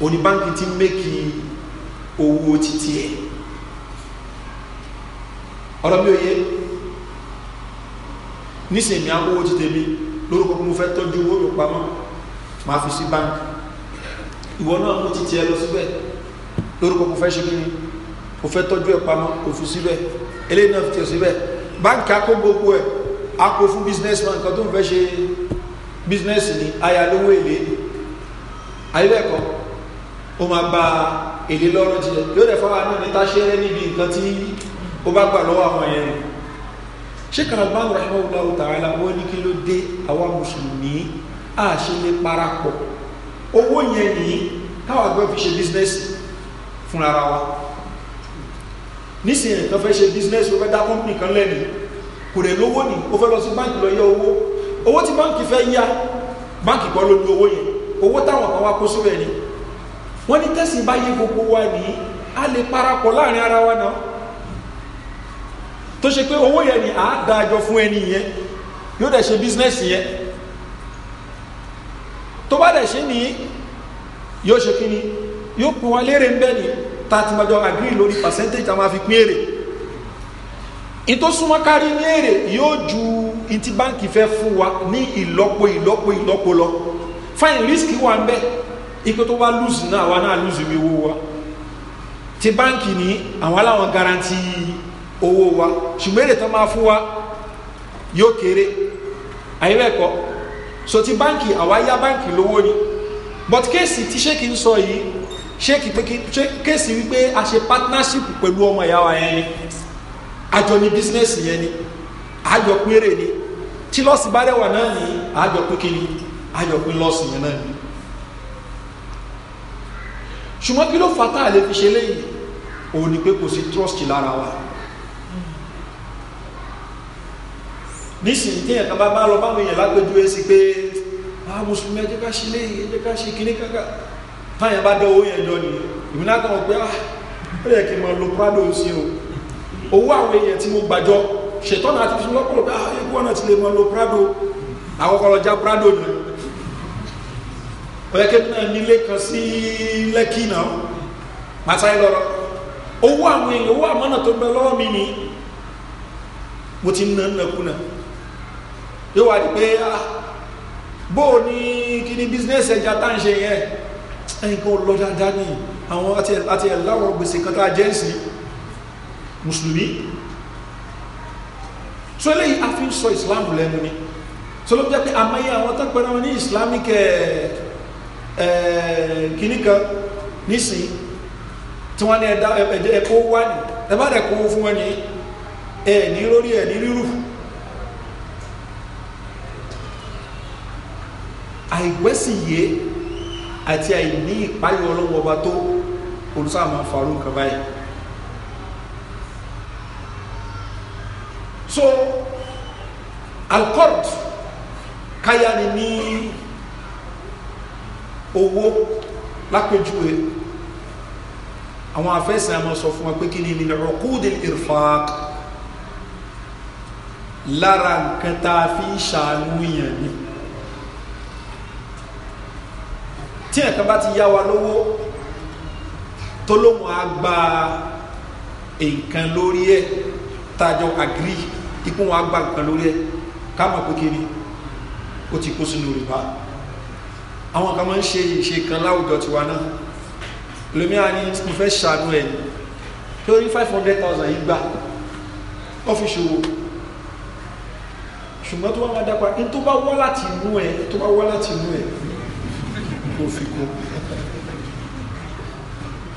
òun ni báǹkì ti ń mékì owó títí ẹ̀ ọ̀rọ̀ mi ò yẹ nísìnyí àwọn owó ti tèmi lórúkọ mo fẹ́ tọ́jú owó mi pamọ́ máa fi sí báǹkì ìwọ náà mo ti tiẹ̀ lọ síbẹ̀ lórúkọ mo fẹ́ ṣe kí mo fẹ́ tọ́jú ẹ̀ pamọ́ kò fi síbẹ̀ eléyìí náà fi tẹ̀ síbẹ̀ báńkì akó gbogbo ẹ̀ akó fún businessman kan tó ń fẹ́ ṣe business ni ayálówó èlé ayélujẹ́kọ̀ọ́ o máa gba èlé lọ́rùn tiẹ̀ yóò dẹ̀ fáwọn náà níta ṣe é níbi nǹkan tí o bá gbà lọ́wọ́ àwọn yẹn rẹ̀ sheikh alban rahimahullah ta'ala wọ́n ní kí ló dé àwa mùsùlùmí a ṣe lè parapọ̀ owó yẹn nìyí káwọn àgbẹ̀ fi ṣe business fúnra wa nísìnyí nǹkan fẹ́ ṣe business ó fẹ́ dá company kan lẹ́nu kò rẹ̀ lówó ni ó fẹ́ lọ sí báńkì lọ yá owó owó tí báńkì fẹ́ yá báńkì kan ló ní owó yẹn owó táwọn kan wá kó síbẹ̀ ni wọ́n ní tẹ̀sí bá yé gbogbo wa nìyí a lè parapọ̀ láàrin ara wa náà tó ṣe pé owó yẹn ni à á da àjọ fún ẹni yẹn yóò dẹ̀ ṣe business yẹn tó bá dẹ̀ ṣe nìyí yóò ṣe kí ni yóò pọ̀ wá lérè ń bẹ́ẹ̀ nìyí tá a ti máa jọ agree lórí percentage tá a máa fi pín èrè ìtò súnmọ́ kárí ní èrè yóò ju ìtì báǹkì fẹ́ fún wa ní ìlọ́po ìlọ́po ìlọ́po lọ fine risk wà ń bẹ́ ipò tó bá lose náà wa náà lose ìwé owó wa ti báǹkì ní àwọn aláwọn garanti owó wa ṣùgbọ́n èrè tó máa fún wa yóò kéré àyẹ̀wẹ̀kọ́ so ti báǹkì àwa yá báǹkì lówó ni but kéèsì tí ṣé kì í sọ yìí ṣéèkì pé kéèsì wípé a ṣe partnership pẹ̀lú ọmọ ìyá wa yẹn ni àjọ ní bísínẹ́sì yẹn ni àjọ péré ni tí lọ́ọ̀sì bá rẹwà náà ni àjọ pé kí ni àjọ pé lọ́ọ̀sì yẹn náà ni ṣùgbọ́n kí ló fà tá a lè fi ṣe léyìí òun ni pé kò sí trust lára wa nísìnyí téèyàn kan bá bá lọ báwọn èèyàn lágbèjú ẹ sí pé ah mùsùlùmí ẹ jẹ́ ká ṣe léyìí ẹ jẹ́ ká ṣe kíní kankan táyà bá dán owó yẹn jọ ni èmi náà kàn pé ah, ó yẹ kí n máa lo prado sí o owó àwọn èèyàn tí mo gbàjọ ṣètọ́nà àti fi lọ́pọ̀ pé ah, ó yẹ na ti lè máa lo prado lọ já prado ni ó yẹ kí n náà kan sí lẹ́kì náà màtáyé lọ́rọ́ owó àwọn èèyàn owó àmọ́nà tó ń ni mo ti na nnakuna yóò wá di pé ah, bóò kí ni ẹja tá à ń ṣe yẹn. nǹkan ò lọ dáadáa ní àwọn àti ẹ̀láwọ̀ gbèsè kan tá a jẹ́ sí mùsùlùmí so a fi ń sọ islam lẹ́nu ni so ló jẹ́ pé àmọ́yé àwọn tó pẹ́ra wọn ní islamic kìíní kan nísìnyí tí wọ́n ní ẹ̀dá ẹ̀kọ́ wá ní ẹ má dẹ̀kọ́ fún wọn ní ẹ̀ ní lórí ẹ̀ ní rírù àìgbẹ́sìn yìí àti àìní ìpáyọ̀ ọlọ́wọ́ ọba tó olùsáàmà faru nǹkan báyìí so alcord káyà ni ní owó lápẹjúwe àwọn afẹ́sẹ̀ àmọ́ sọ fún wa pé kí ni ìlànà rọ̀kúdì irfaq lára nǹkan tá a fi ń ṣàánú yẹn ni. tí ẹ̀kan bá ti yá wa lówó tó lóun á gba nǹkan lórí ẹ̀ tájọ agiri ipò wọn á gba nǹkan lórí ẹ̀ ká mọ̀ pé kiri ó ti kó sínú rìbá àwọn kan máa ń ṣe ìṣe kan láwùjọ tiwa náà lèmi àní mo fẹ́ ṣàánú ẹ̀ tó five hundred thousand yìí gbà wọ́n fi ṣòwò ṣùgbọ́n tó bá wá dápa ní tó bá wá láti inú ẹ̀ tó bá wá láti inú ẹ̀ kó fi kó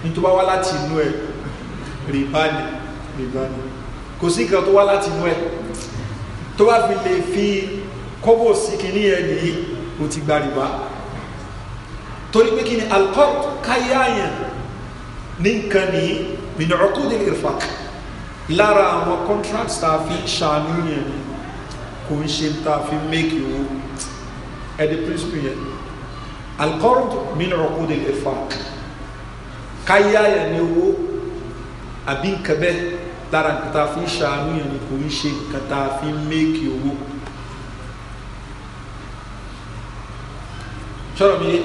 ní tó bá wá láti inú ẹ̀ rìbá ni rìbá ni kò sí nǹkan tó wá láti inú ẹ̀ tó bá fi lè fi kọ́bọ̀ sí kìíní ẹ̀ nìyí ó ti gba rìbá torí pé kí ni alcohol káyáyàn ní nǹkan nìyí min uqud al-irfaq lára àwọn contracts tá a fi ń ṣàánú yẹn kò ń ṣe tá a fi ń make owó ẹ̀dí principle yẹn alqard min uqud al-irfaq káyà yẹn ni owó àbí nǹkan bẹ́ẹ̀ lára nǹkan tá a fi ń ṣàánú yẹn ni kò ń ṣe nǹkan tá a fi ń méèkì owó. sọ̀rọ̀ mi yé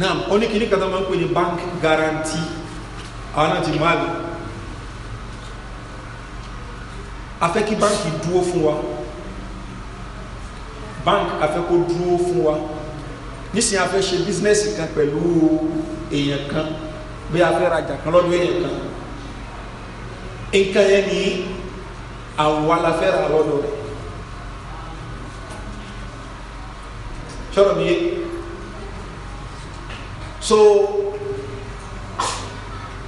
náà ó ní kíní kan tó máa ń pè ní bank guarantee àwọn náà ti mú àbí afẹ́ kí báńkì dúró fún wa bank afẹ́ kó dúró fún wa. Bank, nísìnyí a fẹ́ ṣe bísínẹ́sì kan pẹ̀lú èèyàn kan bí a fẹ́ rajà kan lọ́dún èèyàn kan nǹkan yẹn ni àwa la fẹ́ ra lọ́dọ̀ rẹ̀ sọ̀rọ̀ mi yé so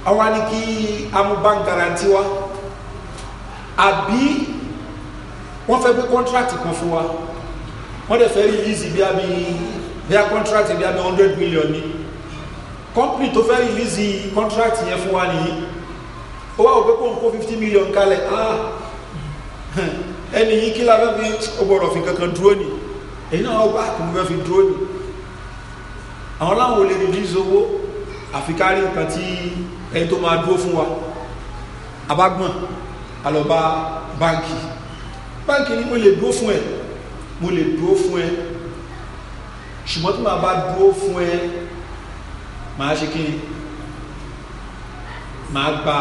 àwa ni kí amúbán garanti wa àbí wọ́n fẹ́ gbé kọ́ńtrátì kan fún wa wọ́n dẹ̀ fẹ́ rí yìí sí bí a bí their contract bí abẹ́ hundred million ni company tó fẹ́ release contract yẹn fún wa nìyí ó wá wò kó n kó fifty million kalẹ̀ ah ẹni yìí kí la fẹ́ fi ó gbọ́dọ̀ fi kankan dúró ni èyí náà wọ́n bá kò fẹ́ fi dúró ni àwọn láwọn ò lè release owó àfi kárí nǹkan tí ẹni tó máa dúró fún wa abágbọ̀n alọ́ba báńkì báńkì ni mo lè dúró fún ẹ mo lè dúró fún ẹ ṣùgbọ́n tí màá bá dúró fún ẹ màá ṣe kí ni màá gba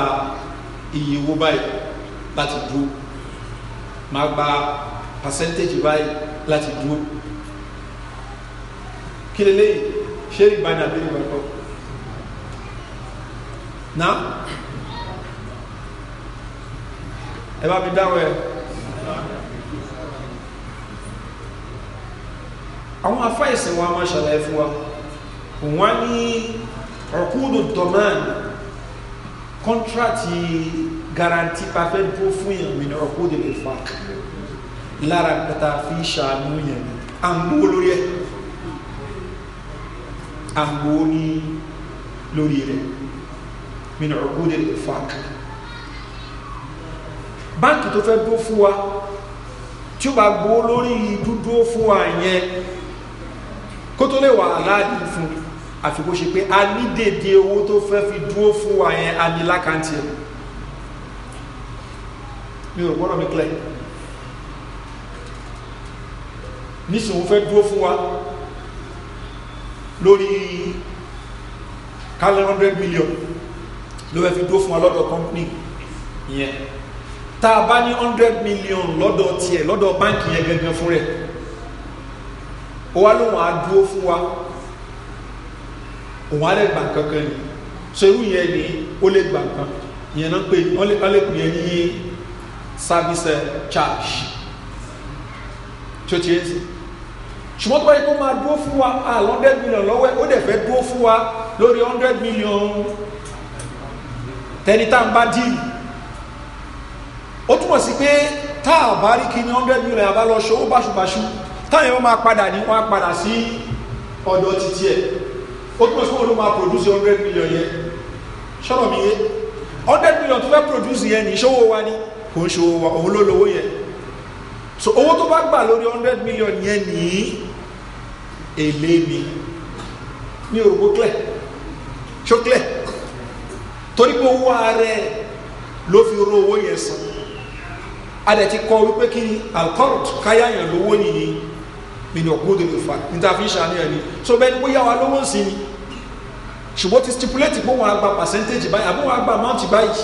iye owó báyìí láti dúró màá gba percentage báyìí láti dúró kí lélẹ́yìn ṣé ìbáni àbí ìbáni kọ́ na ẹ bá mi dáwọ ẹ àwọn afáìsìn wọn a máa ṣàlàyé fún wa wọn ní ọ̀kúndù dọ̀mán kọ́ńtrátì garanti pàfẹ́ dúró fún yàn mí ní ọ̀kúndù lè fa lára kata fi ṣàánú yàn mí à ń gbowó lórí ẹ̀ à ní lórí rẹ̀ mí ní ọ̀kúndù lè fa báńkì tó fẹ́ dúró fún wa tí ó bá gbowó lórí dúdú fún wa yẹn kó tó lè wà aláàdì fún àfi kó ṣe pé a ní dèdè owó tó fẹ́ fi dúró fún wa yẹn a ní lákàntì ẹ̀ mi ò gbọ́dọ̀ mi clear nísìnyí wọ́n fẹ́ dúró fún wa lórí kálẹ̀ hundred million ló fẹ́ fi dúró fún wa lọ́dọ̀ company yẹn tá a bá ní hundred million lọ́dọ̀ tiẹ̀ lọ́dọ̀ báńkì yẹn gangan fún rẹ̀ ó wá lóun á dúró fún wa òun á lè gbà kankan ni so irú yẹn ni ó lè gbà kan ìyẹn náà pé wọ́n lè pè é ní service eh, charge tí ó ti yé sí ṣùgbọ́n tó bá yẹ kó máa dúró fún wa à hundred million lọ́wọ́ ó dẹ̀ fẹ́ dúró fún wa lórí hundred million tẹni tá n bá díìlì ó túmọ̀ sí pé tá a bá rí kí ni hundred million àbá lọ ṣòwò báṣubàṣu táyẹ̀ wọn máa padà ní wọn á padà sí ọ̀dọ̀ títí ẹ̀ ó túnbọ̀ sí wọn ló máa produce hundred million yẹn ṣọ́nà mi yé hundred million tó fẹ́ produce yẹn ní ìṣòwò wa ni kò ń ṣòwò wa òun ló lówó yẹn so owó tó bá gbà lórí hundred million yẹn ní èlé mi ní òrùkó clear ṣó torí pé owó ààrẹ ló fi ro owó yẹn san a dẹ̀ ti kọ wípé kí ni alcohol káyà yẹn lówó nìyí mini ọ̀gbọ́dọ̀ lè fa níta fi ń ṣàníyàn so bẹ́ẹ̀ ni bóyá wa lówó ń sin ṣùgbọ́n ti stipulate pé wọ́n á gba percentage báyìí àbí wọ́n á gba amount báyìí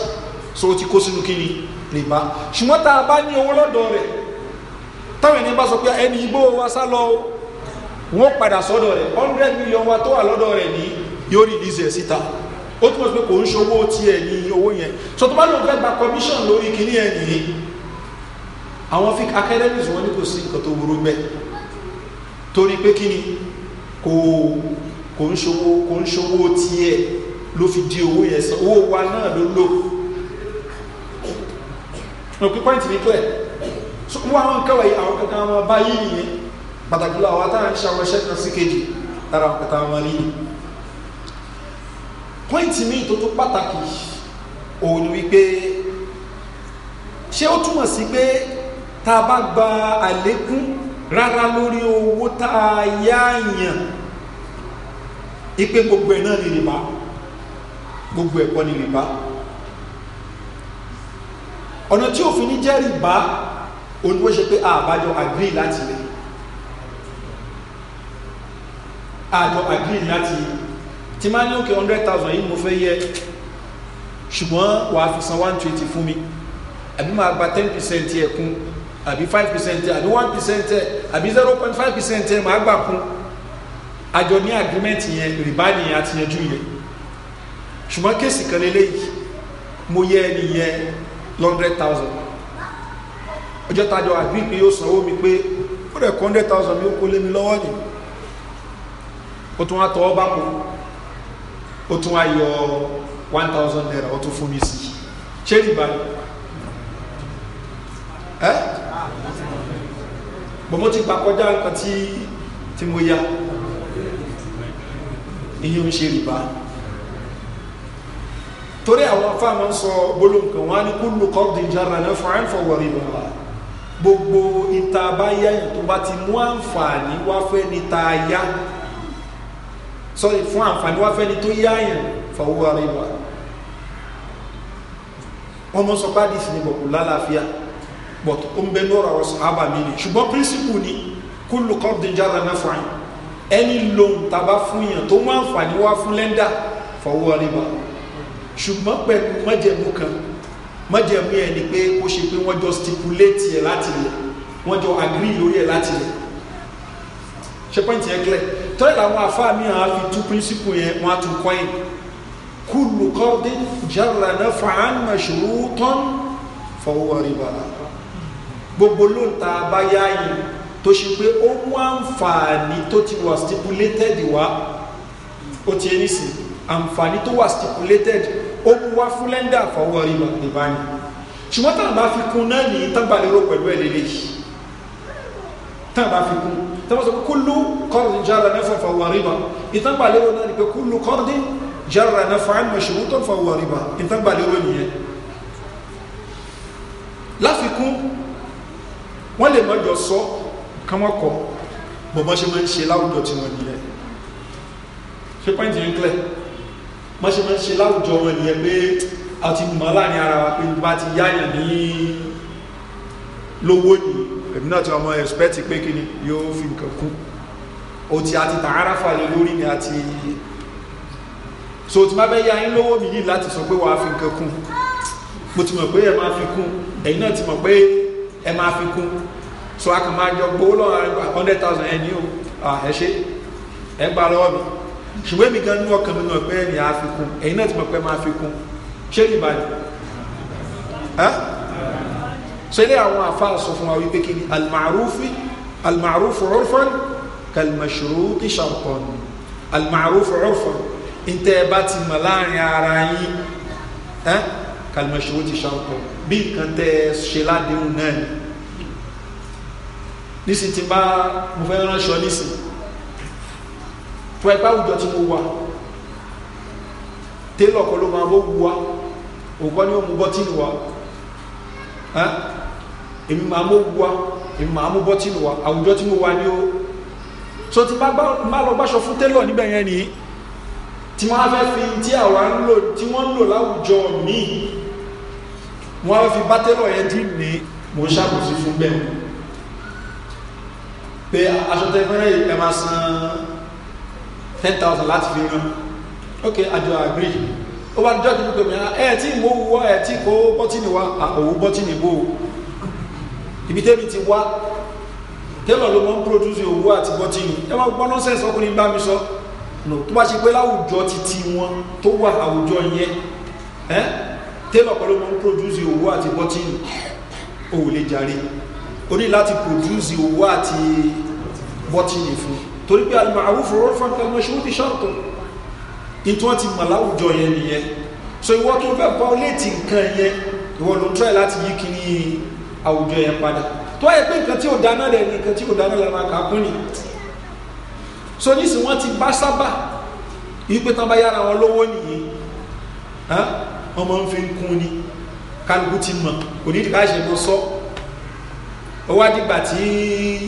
so o ti kó sínú kí ni rìbá ṣùgbọ́n tá a bá ní owó lọ́dọ̀ rẹ̀ táwọn ènìyàn bá sọ pé ẹni igbó wa sá lọ o wọ́n padà sọ́dọ̀ rẹ̀ hundred million wa tó wà lọ́dọ̀ rẹ̀ ní yóò release ẹ̀ síta ó túmọ̀ sí pé kò ń ṣe tiẹ̀ ní owó yẹn so tó bá lóun fẹ́ gba commission lórí kíní ẹ̀ nìyí àwọn fic academies wọn ní kò sí nǹkan tó burú bẹ́ẹ̀ torí pé kí ni kò kò ń ṣòwò kò ń ṣòwò tiẹ̀ ló fi di owó yẹn san owó wa náà ló lò mo pe point mi clear so wọ́n àwọn nǹkan wọ̀nyí àwọn kankan máa bá yí nìyẹn pàtàkì lọ àwọn àtàwọn ṣàwọn ẹṣẹ kan sí kejì lára àwọn kankan máa rí ni point mi tó tó pàtàkì òun ni wípé ṣé ó túmọ̀ sí pé tá a bá gba àlékún rárá lórí owó tá a yáàyàn ipe gbogbo ẹ̀ náà ni rìbá gbogbo ẹ̀ kọ́ ni rìbá ọ̀nà tí òfin ní jẹ́ rìbá òní ṣe pé àbájọ agree láti rẹ̀ àjọ agree láti tí máa ní òkè hundred thousand yìí mo fẹ́ yẹ ṣùgbọ́n wàá fi san one twenty fún mi àbí máa gba ten percent ẹ̀kún àbí five percent ẹ àbí one percent ẹ àbí zero point five percent ẹ màá gbà kún àjọ ní agreement yẹn rìbá nìyẹn àti yanjú yẹn ṣùgbọ́n kéèsì kan lélẹ́yìí mo yẹ ẹni yẹn hundred thousand ọjọ́ tajọ àgbí pé yóò sanwó mi pé ó rẹ̀ kọ́ hundred thousand mi ó kó lé mi lọ́wọ́ ni ó tún wá tọwọ́ bá kó ó tún wá yọ one thousand naira ó tún fún mi sí ṣé rìbá ni. bọ̀mọ́ ti gbà kọjá nǹkan tí tí mo ya ìyẹn ń ṣe rìbá torí àwọn afáàmà ń sọ gbólóǹkan wọn á ní kúlù kọ́ọ̀dì ìjára náà fàáń fọwọ́rì bàbá gbogbo ìta bá yá yìí tó bá ti mú àǹfààní wá fẹ́ ni tá a yá sọ́ọ̀rì fún àǹfààní wá fẹ́ ni tó yá yẹn fọwọ́rì bàbá ọmọ sọpá dìsí ni bọ̀kù lálàáfíà but ó ń bẹ lọ́rọ̀ àwọn sàábà mi ni ṣùgbọ́n principle ni kúlù kọ́ọ̀dì jáde náà fún yín ẹni lòun taba fún yàn tó mú àǹfààní wá fún lẹ́ndà fọwọ́ rìbá ṣùgbọ́n pẹ̀lú mọ́jẹ̀mú kan mọ́jẹ̀mú ẹ̀ ni pé ó ṣe pé wọ́n jọ stipulate ẹ̀ láti lẹ̀ wọ́n jọ agree lórí ẹ̀ láti lẹ̀ ṣe pẹ́ǹtì yẹn clear tọ́lẹ̀ làwọn afáà mi hàn fi tú principle yẹn wọ́n á tún coin kúlù kọ́ọ̀dì jáde náà fún àánú mẹ́ṣòro tán fọwọ́ rìbá gbogbo lóńtà abáyáyìn tó ṣe pé ó mú àǹfààní tó ti wà stipulated wá ó ti ẹni sí àǹfààní tó wà stipulated ó mú wá fún lẹ́ndà fọwọ́ rí ìbáni ṣùgbọ́n táwọn bá fi kún náà ní tábàlérò pẹ̀lú ẹ̀ lélẹ́yìí táwọn bá fi kún táwọn sọ pé kúlú kọ́rin jára náà fọwọ́ rí bá ìtàgbàlérò náà ni pé kúlú kọ́rin jára náà fọwọ́ rí bá ìtàgbàlérò nìyẹn láfikún wọ́n lè mọ́jọ sọ kánwọ́ kọ bọ̀bọ́n ṣe máa ń ṣe láwùjọ tí wọ́n nìyẹn ṣe pẹ́ǹtì ń kílẹ̀ wọ́n ṣe máa ń ṣe láwùjọ wọn nìyẹn pé a ti mọ̀ láàrin ara wa pé bá ti yáyàn ní lówó ni èmi náà ti ọmọ ẹ̀sùpẹ́tì pé kí ni yóò fi nǹkan kú o ti àti tààrà falẹ̀ lórí ni àti so tí ma bẹ́ yá yín lówó mi yìí láti sọ pé wàá fi nǹkan kún mo ti mọ̀ pé ẹ máa fi kún ẹ̀yin náà ti mọ̀ pé ẹ máa fi kún so a kàn máa jọ gbowó lọ́wọ́ rẹ gba hundred thousand uh, ẹ ní o ẹ ṣe ẹ gbà lọ́wọ́ mi ṣùgbọ́n èmi gan ní ọkàn mi náà pé ẹni àá fi kún ẹ̀yin náà ti mọ̀ pé máa fi kún ṣé ìbá ni so ilé àwọn àfáà sọ fún wa ni almarufi almarufu urfan kalmashuruti shartan almarufu urfan ntẹ ẹ ti mọ̀ láàrin ara yín kalmashuruti shartan bí nǹkan tẹ ẹ ṣe ládéhùn náà nísìnyí ti bá mo fẹ́ ránṣọ nísìnyí fún ẹgbẹ́ àwùjọ tí mo wà télọ̀ kọ́ ló máa bó wu wa òkọ́ ni ó mú bọ́tìnì wa èmi máa mú wu wa èmi máa mú bọ́tìnì wa àwùjọ tí mo wà ni ó so ti bá lọ gbàṣọ fún télọ̀ níbẹ̀ yẹn nìyí tí wọ́n fẹ́ fi tí àwa ń lò tí wọ́n ń lò láwùjọ míì wọ́n fẹ́ fi bá télọ̀ yẹn dín ní mo ṣàkóso fún bẹ́ẹ̀ pé aṣọ tẹ fẹ́rẹ́ yìí ẹ máa san ten thousand láti fi rán ok àjọ àgbèrè ó bá dọ́jú pé mi ah, ẹ tí mo wọ ẹ tí kò bọ́tìnì wa ah, òwú bọ́tìnì bò ó ibi tẹ́mi ti wá tẹ́lọ̀ ló mọ́ ń pòdúsì òwú àti bọ́tìnì ẹ máa gbọ́ nọ́sẹ̀sì ọkùnrin bá mi sọ tó bá ṣe pé láwùjọ titi wọn tó wà àwùjọ yẹn tẹ́lọ̀ pẹ̀lú mọ́ ń pòdúsì òwú àti bọ́tìnì òwú lè jàre ó ní láti produce owó àti bọ́tìnì fún torí pé alìmọ̀ àwùfò rọ́fàn kẹmọ́ ṣe ó ti ṣọ́ọ̀tọ̀ ìtú wọn ti mọ̀ láwùjọ yẹn nìyẹn so ìwọ tó fẹ́ violate nǹkan yẹn ìwọ ló ń try láti yí kíní àwùjọ yẹn padà tó yẹ pé nǹkan tí ò dáná rẹ nǹkan tí ò dáná rẹ máa kà á kún ni so nísìnyí wọn ti bá sábà ìpè tán bá yára wọn lówó nìyí wọn máa ń fi kún ni kálukú ti mọ̀ kò ní ìdíkà ó wá dìgbà tí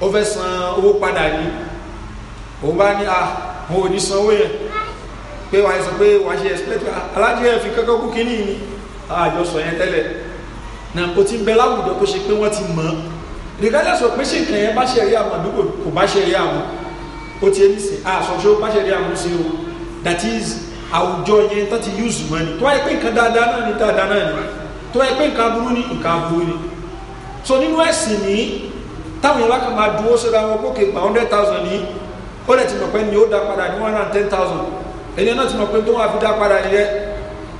ó fẹ́ san owó padà ní òun bá ní àwọn òní sanwó yẹn pé wàá sọ pé wàá ṣe expect alájẹ ẹ fi kọ́kọ́ kú kínní ni àjọsọ yẹn tẹ́lẹ̀ náà o ti ń bẹ láwùjọ tó ṣe pé wọ́n ti mọ̀ ọ́ rìgájá sọ pé ṣé nǹkan yẹn bá ṣe rí àwọn àdúgbò kò bá ṣe rí àwọn ó ti ń sìn àṣọ ṣé ó bá ṣe rí àwọn sí o that is àwùjọ yẹn tó ti use money tó wáyé pé nǹkan dáadáa náà ni dáadáa náà ni tó wáyé pé nǹkan aburú ni nǹkan aburú ni so nínú ẹ̀sìn ní táwọn yẹn bá kàn máa dúró síra wọn kókè gba hundred thousand ní ó lè ti mọ̀ pé ní ó dá padà ní one hundred and ten thousand ẹni náà ti mọ̀ pé tó wà fi dá padà ní rẹ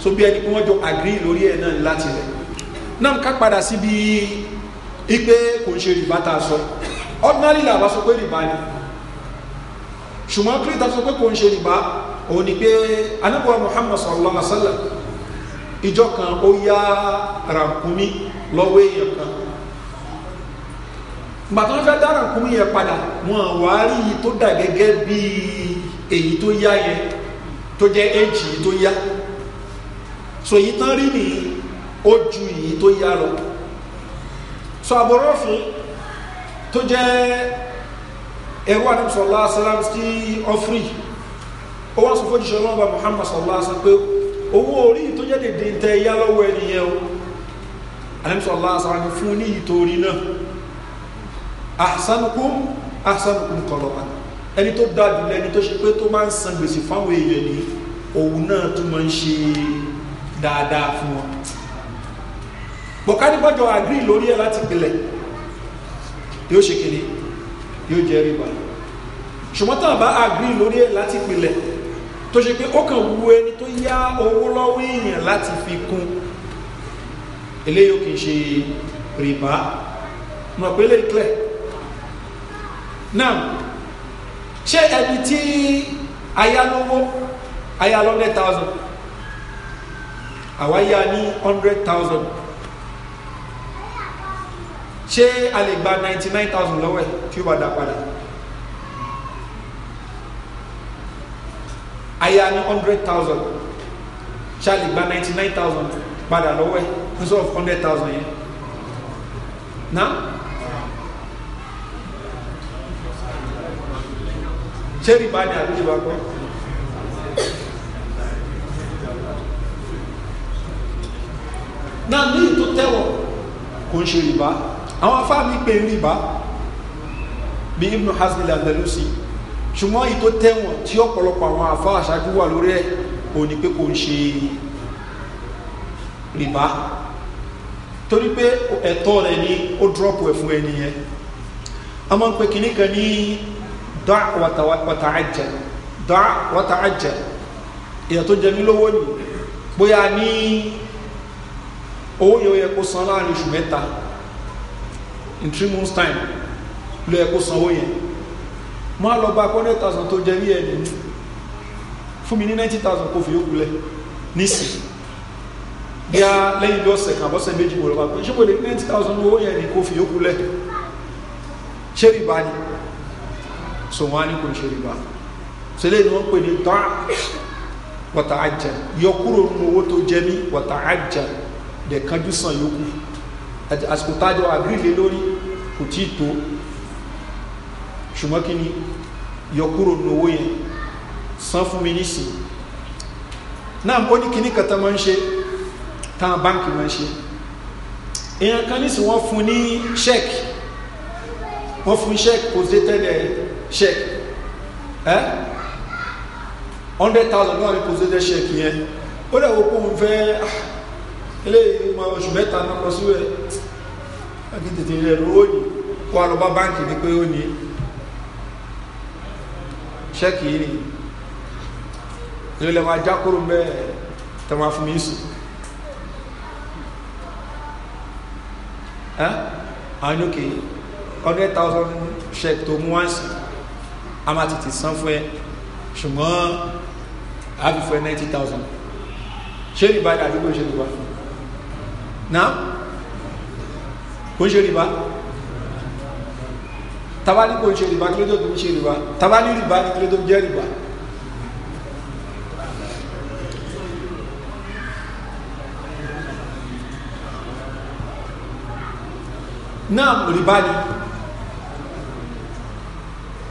so bí ẹni pé wọ́n jọ agree lórí ẹ̀ náà láti rẹ̀ náà ká padà síbi ipe kò ń ṣe rìbá tá a sọ ordinary làbá sọ pé rìbá ni ṣùgbọ́n kíríta sọ pé kò ń ṣe rìbá òun ni pé anábọ̀ muhammad sallallahu alaihi wa sallam ìjọ kan ó yá ràkúnmí lọ́wọ́ èèyàn kan gbàtọ́ fẹ́ dára kún yẹn padà wọn wàá rí i tó dà gẹ́gẹ́ bíi èyí tó yá yẹn tó jẹ́ éjì tó yá so èyí tán rí nìyí ó ju èyí tó yá lọ so àbọ̀rọ̀ fún tó jẹ́ ẹrú àdàmùsọ̀lá sàlám sí ọ̀fìrì ó wá sọ fún ìṣòro ọba muhammad sọlá sọ pé owó orí tó jẹ́ dèdè tẹ yá lọ́wọ́ ẹnìyẹn o àdàmùsọ̀lá sàlám fún ní ìtòrí náà ahsanukum ahsanukum kọlọ́wà ẹni tó dáa jùlọ ẹni tó ṣe pé tó máa ń san gbèsè fáwọn èèyàn ni òun náà tún máa ń ṣe dáadáa fún wọn bọ̀kánibọ́jọ àgírí lórí ẹ̀ láti pilẹ̀ yóò ṣe kiri yóò jẹ́ rí báyìí ṣùgbọ́n tá a bá agree lórí ẹ̀ láti pilẹ̀ tó ṣe pé ó kàn wu ẹni tó yá owó lọ́wọ́ èèyàn láti fi kún eléyìí ó kì í ṣe rìbá mọ̀ pé lè clear náà ṣé ẹni tí ayálówó ayálò hundred thousand àwa yá ní hundred thousand ṣé a lè gba ninety nine thousand lọ́wọ́ ẹ̀ tí ó bá dá padà aya ní hundred thousand ṣá lè gba ninety nine thousand padà lọ́wọ́ ẹ̀ instead of hundred thousand yẹn na ṣé rìbá ni àbí rìbá kọ́. náà ní ìtò tẹ́wọ̀ kò ń ṣe rìbá àwọn afáàmì pé rìbá bí ibn hasbi landalusi ṣùgbọ́n ìtò tẹ́wọ̀n tí ọ̀pọ̀lọpọ̀ àwọn afá àṣáájú wà lórí ẹ̀ kò ní pé kò ń ṣe rìbá torí pé ẹ̀tọ́ rẹ̀ ni ó dúrọ́pù ẹ̀ fún ẹni yẹn a máa ń pe kìnnìkan ní dá wàtà àjẹ dá wàtà àjẹ èèyàn tó jẹ mí lówó ni bóyá ní owó yẹn yẹ kó san láàrin oṣù mẹ́ta in three months time ló yẹ kó san owó yẹn mo á lọ bá one hundred thousand tó jẹ ní ẹni fún mi ní ninety thousand kó fi yókù lẹ nísì bí lẹ́yìn bí ọ̀sẹ̀ kan bọ́sẹ̀ méjì mo lọ pé ṣé mo lè ní ninety thousand owó yẹn ni kó fi yókù lẹ ṣé rìbá ni so wọn á ní kò ń ṣe rìbá so eléyìí ni wọn pè ní dọ́à wọ́tà àjà yọkúrò nínú owó tó jẹ mí wọ́tà àjà dẹ̀ sàn yòókù àsìkò tájọ àgírílé lórí kò tí ì tó ṣùgbọ́n kí ni yọkúrò nínú owó yẹn san fún mi nísìn náà ó ní kíní kata máa ń ṣe táwọn báńkì máa ń ṣe èèyàn kan nísìn wọ́n fún ní ṣẹ́ẹ̀kì wọ́n fún ṣẹ́ẹ̀kì kò dé tẹ́lẹ̀ check hein? hundred thousand náà ni possessed check yẹn ó dẹ̀ wo kóun fẹ́ ah, eléyìí ma oṣù mẹ́ta náà kọ sí rẹ̀ a lọ bá báńkì ní pé ó ní check yìí ni ìrìnlẹ̀ máa já kúrò mẹ́ẹ̀ tẹ́ máa fún mi sùn ẹ́ àwọn yóò kéye hundred thousand check tó mú wá a máa tètè san fún ẹ ṣùgbọ́n a fi fún ẹ ninety thousand ṣé rìbá ni àdúgbò ṣe rìbá náà kò ń ṣe rìbá tabali kò ń ṣe rìbá kílódé tó ń ṣe rìbá tabali rìbá ni kílódé tó ń jẹ́ rìbá. náà rìbá ni